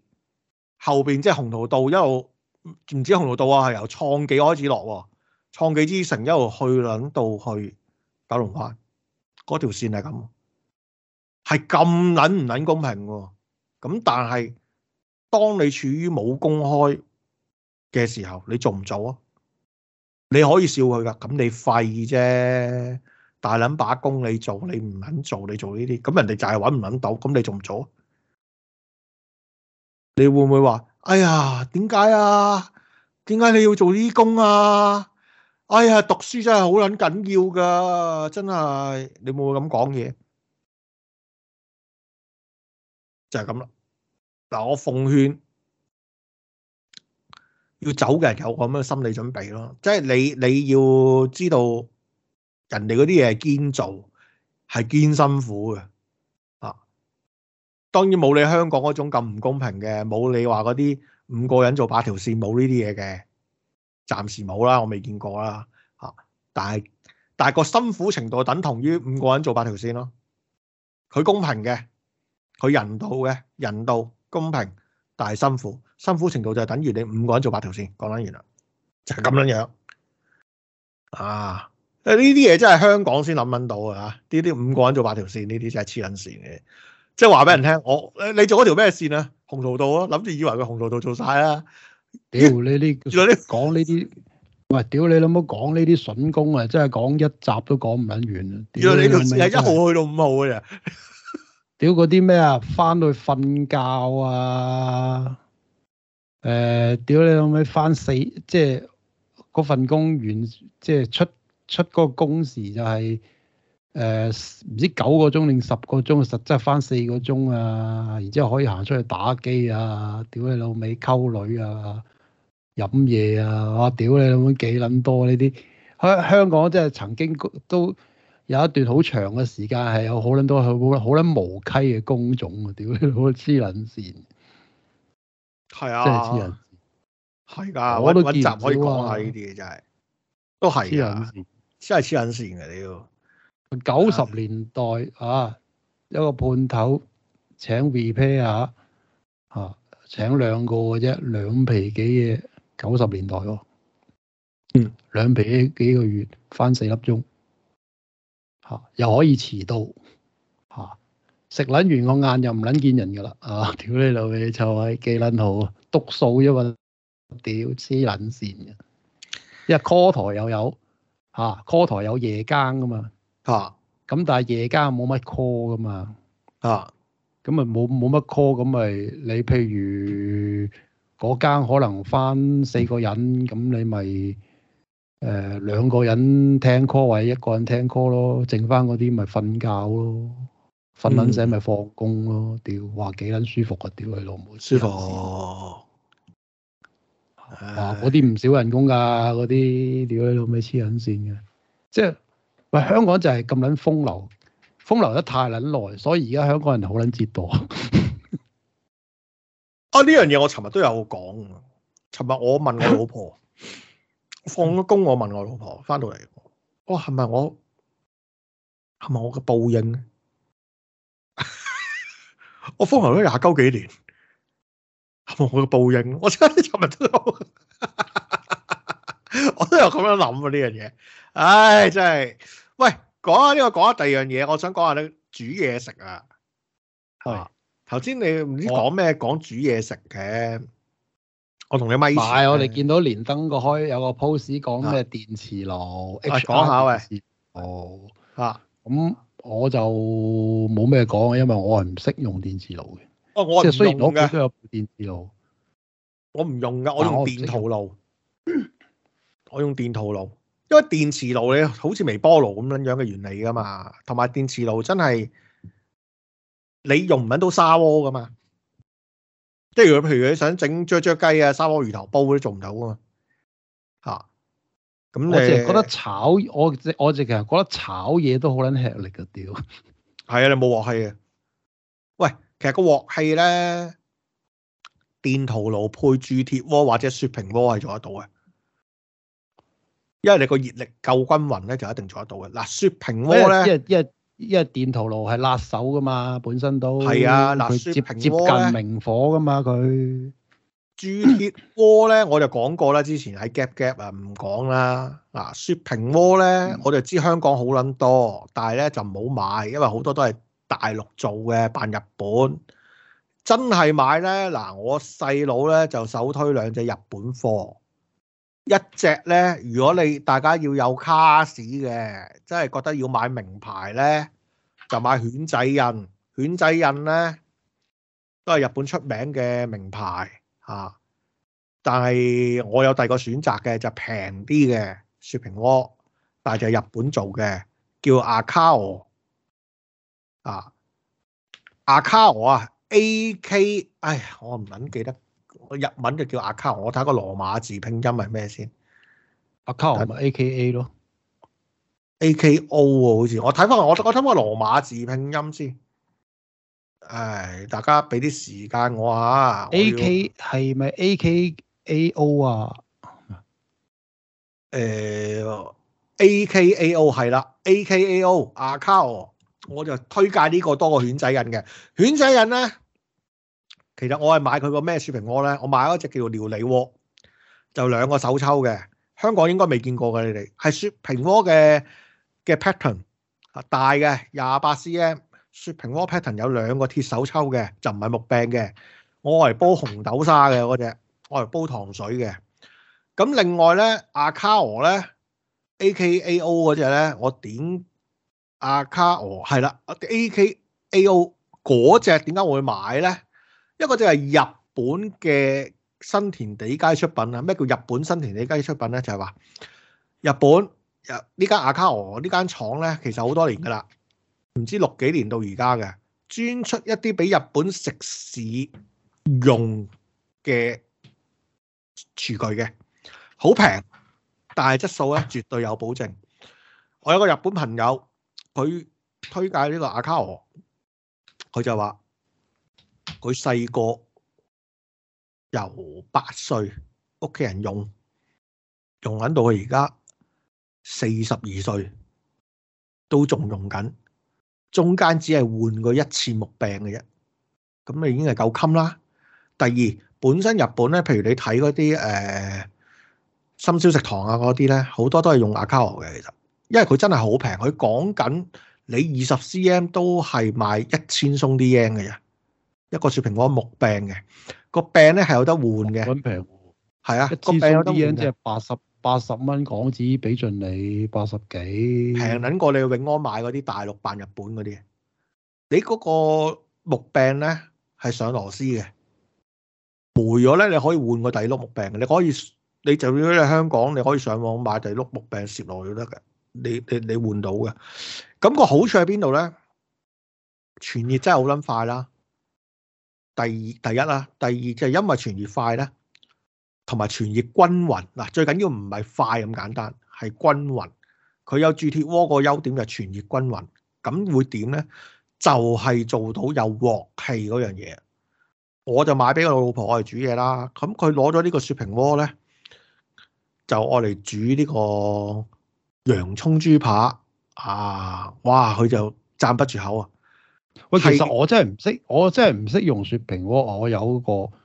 後邊，即係鴻圖道一路唔知鴻圖道啊，係由創紀開始落創紀之城一路去撚到去九龍灣嗰條線係咁，係咁撚唔撚公平喎？咁但係當你處於冇公開嘅時候，你做唔做啊？你可以笑佢㗎，咁你廢啫。大捻把工你做，你唔肯做，你做呢啲咁人哋就係揾唔捻到，咁你做唔做？你會唔會話？哎呀，點解啊？點解你要做呢啲工啊？哎呀，讀書真係好捻緊要噶，真係，你會唔會咁講嘢？就係咁啦。嗱，我奉勸要走嘅人有咁樣心理準備咯，即係你你要知道。人哋嗰啲嘢係堅做，係堅辛苦嘅。啊，當然冇你香港嗰種咁唔公平嘅，冇你話嗰啲五個人做八條線，冇呢啲嘢嘅，暫時冇啦，我未見過啦。吓，但係但係個辛苦程度等同於五個人做八條線咯。佢公平嘅，佢人道嘅，人道公平，但係辛苦，辛苦程度就係等於你五個人做八條線。講完啦，就係咁樣樣。啊！誒呢啲嘢真係香港先諗撚到啊。嚇，呢啲五個人做八條線，呢啲真係黐撚線嘅，即係話俾人聽我你做嗰條咩線啊？紅桃道啊，諗住以為佢紅桃道做晒啦？屌你原來你講呢啲，喂，屌你諗好諗講呢啲筍工啊？真係講一集都講唔撚完是是是啊！屌、呃、你到一號去到五號嘅，屌嗰啲咩啊？翻去瞓覺啊？誒，屌你老起翻死，即係嗰份工完，即係出。出嗰個工時就係誒唔知九個鐘定十個鐘，實質返四個鐘啊！然之後可以行出去打機啊，屌你老味溝女啊，飲嘢啊！哇！屌你老味幾撚多呢啲？香香港真係曾經都有一段好長嘅時間係有好撚多好撚無稽嘅工種啊！屌你老母黐撚線！係啊，真係黐撚線！係㗎，我都集可以講下呢啲嘢，真係都係黐撚線啊！真係黐撚線嘅屌！九十年代啊，一個判頭請 repair 嚇嚇，請兩個嘅啫，兩皮幾嘢？九十年代喎、啊，嗯，兩皮幾幾個月返四粒鐘嚇，又可以遲到嚇，食、啊、撚完個晏又唔撚見人㗎啦嚇，屌、啊、你老味臭閪幾撚好，篤數啫嘛，屌黐撚線嘅，一 call 台又有。啊 call 台有夜更噶嘛嚇，咁、啊、但係夜間冇乜 call 噶嘛嚇，咁咪冇冇乜 call，咁咪你譬如嗰間可能翻四個人，咁你咪誒、呃、兩個人聽 call 位，或者一個人聽 call 咯，剩翻嗰啲咪瞓覺咯，瞓撚醒咪放工咯，屌、嗯，話幾撚舒服啊，屌你老母，舒服、哦。哇、啊！嗰啲唔少人工㗎，嗰啲屌你老味黐緊線嘅，即係，喂，香港就係咁撚風流，風流得太撚耐，所以而家香港人好撚折墮。 啊！呢樣嘢我尋日都有講。尋日我問我老婆， 放咗工我問我老婆翻到嚟，哇！係、哦、咪我係咪我嘅報應咧？ 我風流咗廿九幾年。我嘅報應我今日尋日都有，我都有咁 樣諗啊，呢樣嘢，唉，真係，喂，講下呢、呢個講下第二樣嘢，我想講下你煮嘢食啊。係，頭先你唔知講咩，講煮嘢食嘅。我同你咪、啊，我哋見到連登個開有個 post 講咩電磁爐，講、啊、下喂。哦，吓、啊。咁我就冇咩講啊，因為我係唔識用電磁爐嘅。哦，我係唔用嘅，佢有電磁爐，我唔用嘅，我用電陶爐，我用,我用電陶爐，因為電磁爐咧，好似微波爐咁樣樣嘅原理噶嘛，同埋電磁爐真係你用唔撚到砂鍋噶嘛，即係如果譬如你想整雀雀雞啊、砂鍋魚頭煲都做唔到噶嘛，吓、啊、咁你，我係覺得炒我我直情覺得炒嘢都好撚吃力噶，屌，係啊，你冇鑊氣啊，喂。其實個鑊氣咧，電陶爐配鑄鐵鍋或者雪平鍋係做得到嘅，因為你個熱力夠均匀咧，就一定做得到嘅。嗱、啊，雪平鍋咧，因為因為因為電陶爐係辣手噶嘛，本身都係啊。嗱、啊，接雪平鍋，接近明火噶嘛，佢鑄鐵鍋咧，我就講過啦，之前喺 gap gap 啊，唔講啦。嗱，雪平鍋咧，嗯，我就知道香港好捻多，但係咧就唔好買，因為好多都係。大陸做嘅，扮日本真係買呢。嗱，我細佬呢就首推兩隻日本貨，一隻呢，如果你大家要有卡士嘅，真係覺得要買名牌呢，就買犬仔印。犬仔印呢都係日本出名嘅名牌嚇、啊，但係我有第二個選擇嘅就平啲嘅雪平鍋，但係就係日本做嘅，叫阿卡奧。啊，阿卡我啊，A K，唉，我唔撚記得，我日文就叫阿卡我，我睇個羅馬字拼音係咩先？阿卡係咪 A K A 咯？A K O 啊，AKO，好似我睇翻我我睇翻羅馬字拼音先。誒，大家俾啲時間我 AK，是是啊。A K 係咪 A K A O 啊？誒，A K A O 係啦，A K A O 阿卡。AKAO, 我就推介呢個多個犬仔印嘅犬仔印呢。其實我係買佢個咩雪平鍋呢？我買咗隻叫做料理鍋，就兩個手抽嘅，香港應該未見過嘅你哋，係雪平鍋嘅嘅 pattern 啊，大嘅廿八 cm 雪平鍋 pattern 有兩個鐵手抽嘅，就唔係木柄嘅，我係煲紅豆沙嘅嗰隻，我係煲糖水嘅。咁另外呢，阿卡 a 呢 AKAO 嗰隻呢，我點？阿、啊、卡俄係啦，A K A O 嗰隻點解我會買呢？一個就係日本嘅新田地街出品。咩叫日本新田地街出品呢？就係、是、話日本呢間阿卡俄呢間廠呢，其實好多年噶啦，唔知六幾年到而家嘅，專出一啲俾日本食肆用嘅廚具嘅，好平，但係質素呢，絕對有保證。我有個日本朋友。佢推介呢個阿卡河，佢就話：佢細個由八歲，屋企人用用緊到佢而家四十二歲，都仲用緊，中間只係換過一次木柄嘅啫。咁你已經係夠襟啦。第二，本身日本咧，譬如你睇嗰啲誒深宵食堂啊，嗰啲咧，好多都係用阿卡河嘅其實。因為佢真係好平，佢講緊你二十 CM 都係賣一千鬆啲 yen 嘅嘢，一個小蘋果木柄嘅個柄咧係有得換嘅，咁平，係啊，一支鬆啲 yen 即係八十八十蚊港紙俾盡你八十幾，平撚過你永安買嗰啲大陸扮日本嗰啲，你嗰個木柄咧係上螺絲嘅，回咗咧你可以換個第二碌木柄嘅，你可以你就要喺香港你可以上網買第二碌木柄蝕落去都得嘅。你你你換到嘅，咁、那個好處喺邊度咧？傳熱真係好撚快啦。第二第一啦，第二就係因為傳熱快咧，同埋傳熱均勻嗱。最緊要唔係快咁簡單，係均勻。佢有鑄鐵鍋個優點就係傳熱均勻，咁會點咧？就係、是、做到有鑊氣嗰樣嘢。我就買俾我老婆，我嚟煮嘢啦。咁佢攞咗呢個雪平鍋咧，就愛嚟煮呢、這個。洋葱豬扒啊，哇！佢就讚不住口啊。喂，其實我真係唔識，我真係唔識用雪平鍋。我有嗰個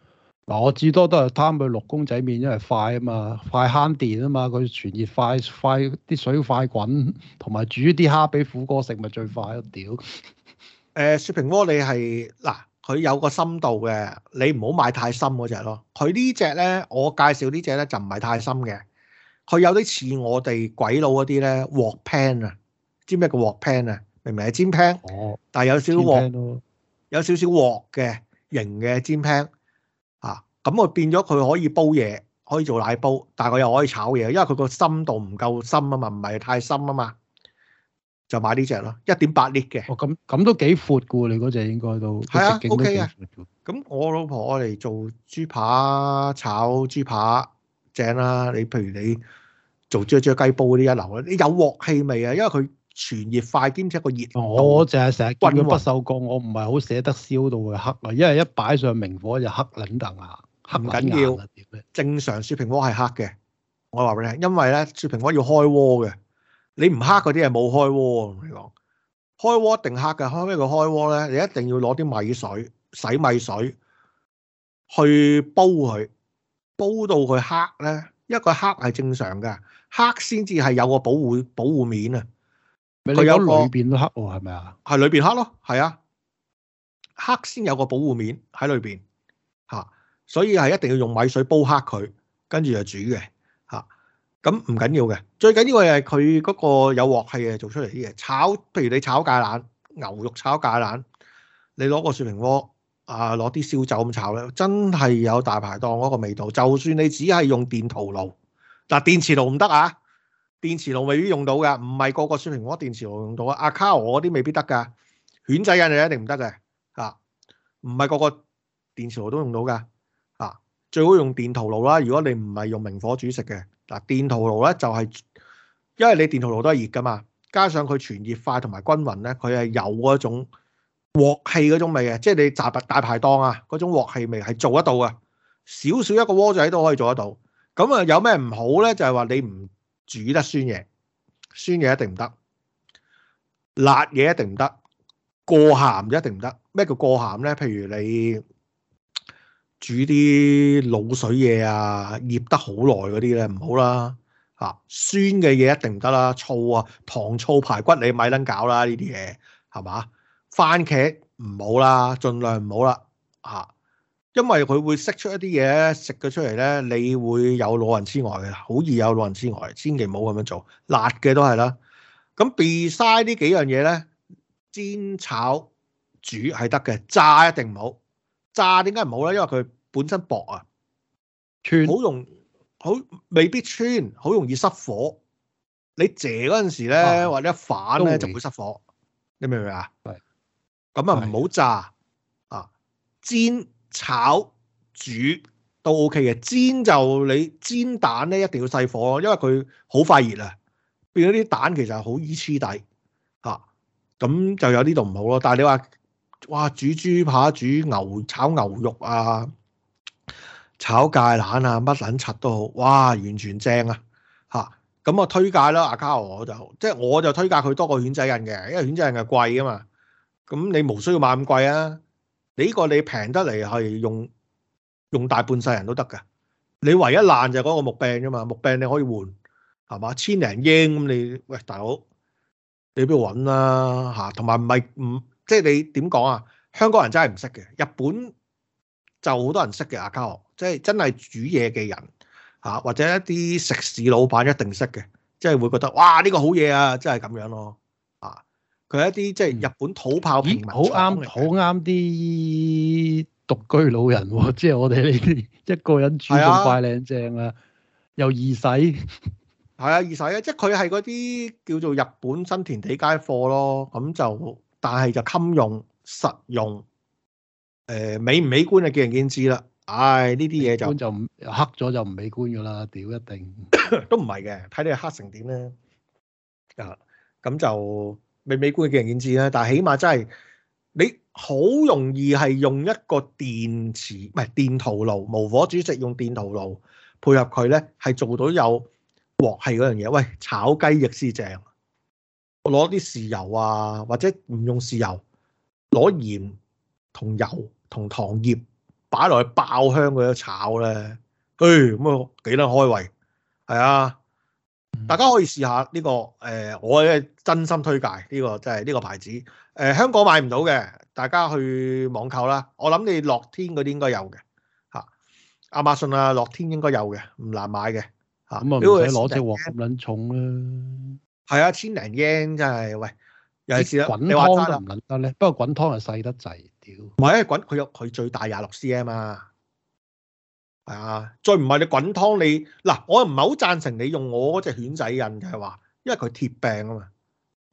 嗱，我至多都係貪佢淥公仔麵，因為快啊嘛，快慳電啊嘛。佢全熱快，快啲水快滾，同埋煮啲蝦俾虎哥食咪最快咯。屌！誒，雪平鍋你係嗱，佢有個深度嘅，你唔好買太深嗰隻咯。佢呢隻咧，我介紹呢隻咧就唔係太深嘅。佢有啲似我哋鬼佬嗰啲咧鑊 pan 啊，知咩叫鑊 pan 啊？明明係煎 pan，但係有少少鑊，有少少鑊嘅型嘅煎 pan 啊。咁我變咗佢可以煲嘢，可以做奶煲，但係佢又可以炒嘢，因為佢個深度唔夠深啊嘛，唔係太深啊嘛，就買呢隻咯，一點八 L 嘅。咁、哦、咁都幾闊嘅喎，你嗰隻應該都。係啊，O K 啊。咁、okay、我老婆我嚟做豬扒炒豬扒正啦，你譬如你。做啫啫雞煲嗰啲一流嘅，你有鑊氣味啊？因為佢全熱快，兼且個熱我淨係成日滾不銹鋼，我唔係好捨得燒到佢黑啊！因為一擺上明火就黑卵噔下，冚唔緊要、啊、正常雪平鍋係黑嘅，我話俾你聽，因為咧雪平鍋要開鍋嘅，你唔黑嗰啲係冇開鍋。同你講，開鍋定黑嘅？開咩叫開鍋咧？你一定要攞啲米水、洗米水去煲佢，煲到佢黑咧，一個黑係正常嘅。黑先至係有個保護保護面啊！佢有裏邊黑喎，係咪啊？係裏邊黑咯，係啊！黑先有個保護面喺裏邊吓、啊，所以係一定要用米水煲黑佢，跟住就煮嘅吓。咁唔緊要嘅，最緊要嘅係佢嗰個有鑊氣嘅做出嚟啲嘢。炒，譬如你炒芥蘭、牛肉炒芥蘭，你攞個雪平鍋啊，攞啲燒酒咁炒咧，真係有大排檔嗰個味道。就算你只係用電陶爐。嗱，電磁爐唔得啊！電磁爐未必用到嘅，唔係個個雪平鍋電磁爐用到啊。阿卡我啲未必得噶，犬仔嘢你一定唔得嘅。啊，唔係個個電磁爐都用到噶。啊，最好用電陶爐啦。如果你唔係用明火煮食嘅，嗱、啊，電陶爐咧就係、是、因為你的電陶爐都係熱噶嘛，加上佢全熱化同埋均勻咧，佢係有嗰種鑊氣嗰種味嘅，即係你雜物大排檔啊嗰種鑊氣味係做得到嘅，少少一個鍋仔都可以做得到。咁啊，有咩唔好咧？就係話你唔煮得酸嘢，酸嘢一定唔得，辣嘢一定唔得，過鹹一定唔得。咩叫過鹹咧？譬如你煮啲鹵水嘢啊，醃得好耐嗰啲咧，唔好啦嚇。酸嘅嘢一定唔得啦，醋啊，糖醋排骨你咪撚搞啦，呢啲嘢係嘛？番茄唔好啦，盡量唔好啦嚇。因為佢會釋出一啲嘢食佢出嚟咧，你會有老人痴呆嘅，好易有老人痴呆，千祈唔好咁樣做。辣嘅都係啦。咁 beside 呢幾樣嘢咧，煎炒煮係得嘅，炸一定唔好。炸點解唔好咧？因為佢本身薄啊，穿好容易好未必穿，好容易失火。你斜嗰陣時咧、啊，或者一反咧，就會失火。你明唔明啊？咁啊唔好炸啊煎。炒、煮都 OK 嘅，煎就你煎蛋咧一定要細火咯，因為佢好快熱啊，變咗啲蛋其實好易黐底吓，咁就有呢度唔好咯。但係你話哇，煮豬扒、煮牛、炒牛肉啊、炒芥蘭啊，乜撚柒都好，哇，完全正啊吓，咁我推介咯，阿卡我就即係我就推介佢、就是、多過犬仔印嘅，因為犬仔印係貴噶嘛，咁你冇需要買咁貴啊。呢個你平得嚟，係用用大半世人都得噶，你唯一爛就嗰個木柄啫嘛，木柄你可以換係嘛，千零英，咁你喂，大佬，你邊度揾啦吓？同埋唔係唔即係你點講啊？香港人真係唔識嘅，日本就好多人識嘅阿卡學，即係真係煮嘢嘅人吓，或者一啲食肆老闆一定識嘅，即係會覺得哇呢個好嘢啊，真係咁樣咯。佢一啲即係日本土炮片、嗯，好啱好啱啲獨居老人喎，即係我哋呢啲一個人煮咁快靚正啊，又易洗，係啊，易洗啊，即係佢係嗰啲叫做日本新田地街貨咯，咁就但係就襟用實用，誒、呃、美唔美觀啊見仁見智啦，唉呢啲嘢就就黑咗就唔美觀噶啦，屌一定都唔係嘅，睇你黑成點咧，啊咁就～美美觀嘅見仁見智啦，但係起碼真係你好容易係用一個電磁唔係電陶爐，無火煮食，用電陶爐配合佢咧，係做到有鑊氣嗰樣嘢。喂，炒雞翼先正，攞啲豉油啊，或者唔用豉油，攞鹽同油同糖漬擺落去爆香佢都炒咧，嘿咁啊幾撚開胃，係啊！大家可以試一下呢、這個誒、呃，我真心推介呢、這個，係、這、呢、個這個牌子誒、呃，香港買唔到嘅，大家去網購啦。我諗你樂天嗰啲應該有嘅吓、啊，亞馬遜啊，樂天應該有嘅，唔難買嘅吓。咁啊你唔使攞隻鍋咁捻重啦。係啊，千零 yen，真係、嗯、喂，有陣時滾湯都唔捻得咧。不過滾湯又細得滯，屌，唔、嗯、係啊，滾佢佢最大廿六 c m 啊。啊！再唔係你滾湯你嗱、啊，我又唔係好贊成你用我嗰隻犬仔印嘅話，因為佢鐵柄啊嘛，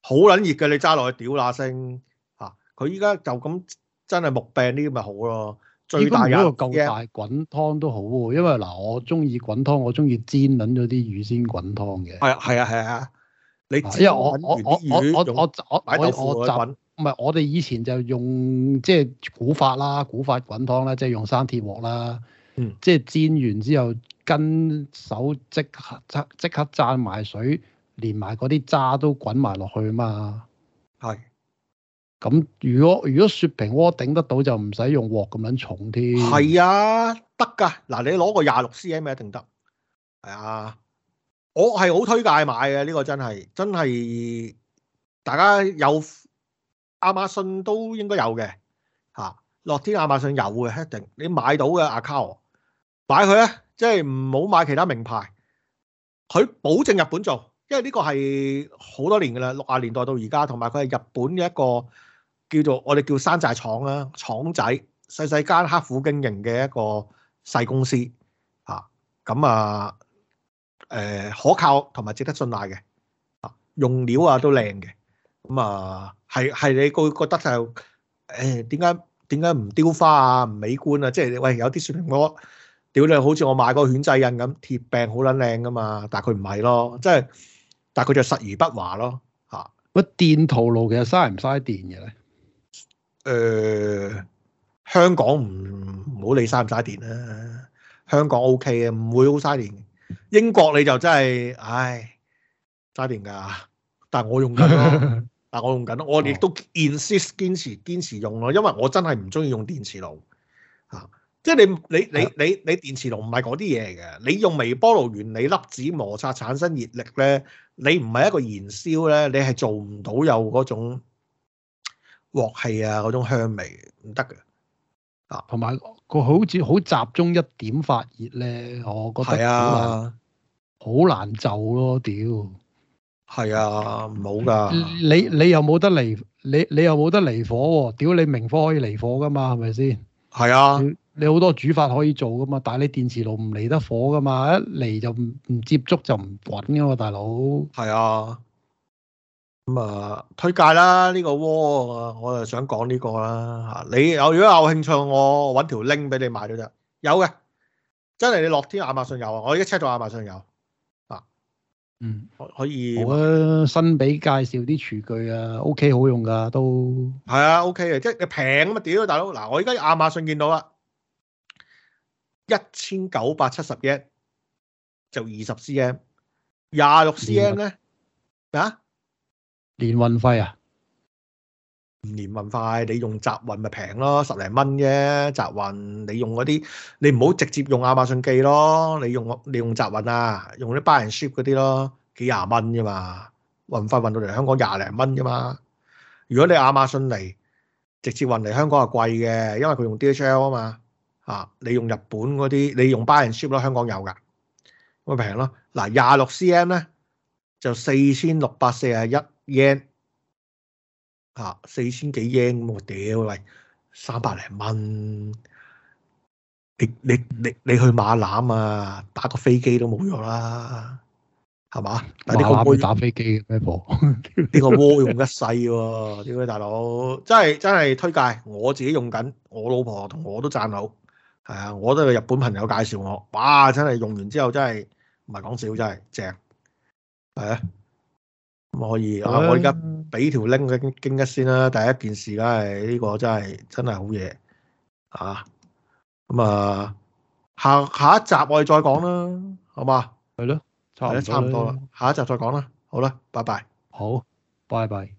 好撚熱嘅，你揸落去屌乸聲嚇！佢依家就咁真係木柄啲咪好咯，最大嘅嘢。夠大滾湯都好喎，因為嗱、啊，我中意滾湯，我中意煎撚咗啲魚先滾湯嘅。係啊係啊係啊！你因為我我我我我我我我唔係，我哋以前就用即係古法啦，古法滾湯啦，即係用生鐵鑊啦。即係煎完之後，跟手即刻揸即刻揸埋水，連埋嗰啲渣都滾埋落去啊嘛。係。咁如果如果雪平鍋頂得到，就唔使用鑊咁樣重添。係啊，得㗎。嗱，你攞個廿六 cm 一定得。係啊，我係好推介買嘅呢、呢個真係真係大家有亞馬遜都應該有嘅嚇，樂天亞馬遜有嘅一定，你買到嘅阿 c 買佢咧，即係唔好買其他名牌。佢保證日本做，因為呢個係好多年噶啦，六十年代到而家，同埋佢係日本嘅一個叫做我哋叫山寨廠啦、啊，廠仔細細間，刻苦經營嘅一個細公司啊。咁啊，誒、呃、可靠同埋值得信賴嘅啊，用料啊都靚嘅。咁啊，係係你覺覺得就誒點解點解唔雕花啊，唔美觀啊？即係喂，有啲雪平鍋。屌你，好似我買個犬制印咁，鐵柄好撚靚噶嘛，但係佢唔係咯，即係，但係佢就實而不華咯吓。個電陶爐其實嘥唔嘥電嘅咧？誒、呃，香港唔好理嘥唔嘥電啦、啊，香港 OK 啊，唔會好嘥電。英國你就真係，唉，嘥電噶。但係我用緊、啊， 但係我用緊、啊，我亦都 insist 堅持堅持用咯、啊，因為我真係唔中意用電磁爐吓。即係你你你你你電磁爐唔係嗰啲嘢嘅，你用微波爐原理粒子摩擦產生熱力咧，你唔係一個燃燒咧，你係做唔到有嗰種鑊氣啊，嗰種香味唔得嘅啊，同埋佢好似好集中一點發熱咧，我覺得係啊，好難就咯屌，係啊冇㗎，你你又冇得離你你又冇得離火喎，屌你明火可以離火㗎嘛係咪先？係啊。你好多煮法可以做噶嘛，但係你電磁爐唔嚟得火噶嘛，一嚟就唔唔接觸就唔滾噶嘛，大佬。係啊，咁、嗯、啊推介啦，呢、呢個鍋我就想講呢個啦嚇。你有如果有興趣，我揾條 link 俾你買咗啫。有嘅，真係你樂天亞馬遜有啊，我而家 check 咗亞馬遜有啊。嗯，可可以。我、啊、新俾介紹啲廚具啊，OK 好用噶都。係啊，OK 啊，OK，即係你平咁啊屌，大佬嗱，我而家亞馬遜見到啊。一千九百七十億就二十 C M，廿六 C M 咧啊？年運費啊？唔年運費你用集運咪平咯，十零蚊啫。集運你用嗰啲，你唔好直接用亞馬遜寄咯。你用你用集運啊，用啲 Buy and Ship 嗰啲咯，幾廿蚊啫嘛。運費運到嚟香港廿零蚊啫嘛。如果你亞馬遜嚟直接運嚟香港係貴嘅，因為佢用 DHL 啊嘛。啊！你用日本嗰啲，你用 Buy and Ship 咯，香港有噶，咁咪平咯。嗱，廿六 cm 咧就四千六百四十一 yen 啊，四千幾 yen，咁我屌喂，三百零蚊，你你你你去馬攬啊，打個飛機都冇咗啦，係嘛？馬攬打飛機 a p p 呢個鍋 用一世喎、啊，屌你大佬，真係真係推介，我自己用緊，我老婆同我都讚好。係啊，我都係日本朋友介紹我，哇！真係用完之後真係唔係講笑，真係正，係啊，咁可以。啊啊、我我而家俾條拎嘅經，經一先啦、啊。第一件事梗係呢個真係真係好嘢，嚇、啊、咁啊。下下一集我哋再講啦，好嘛？係咯、啊，差唔多啦、啊。下一集再講啦，好啦，拜拜。好，拜拜。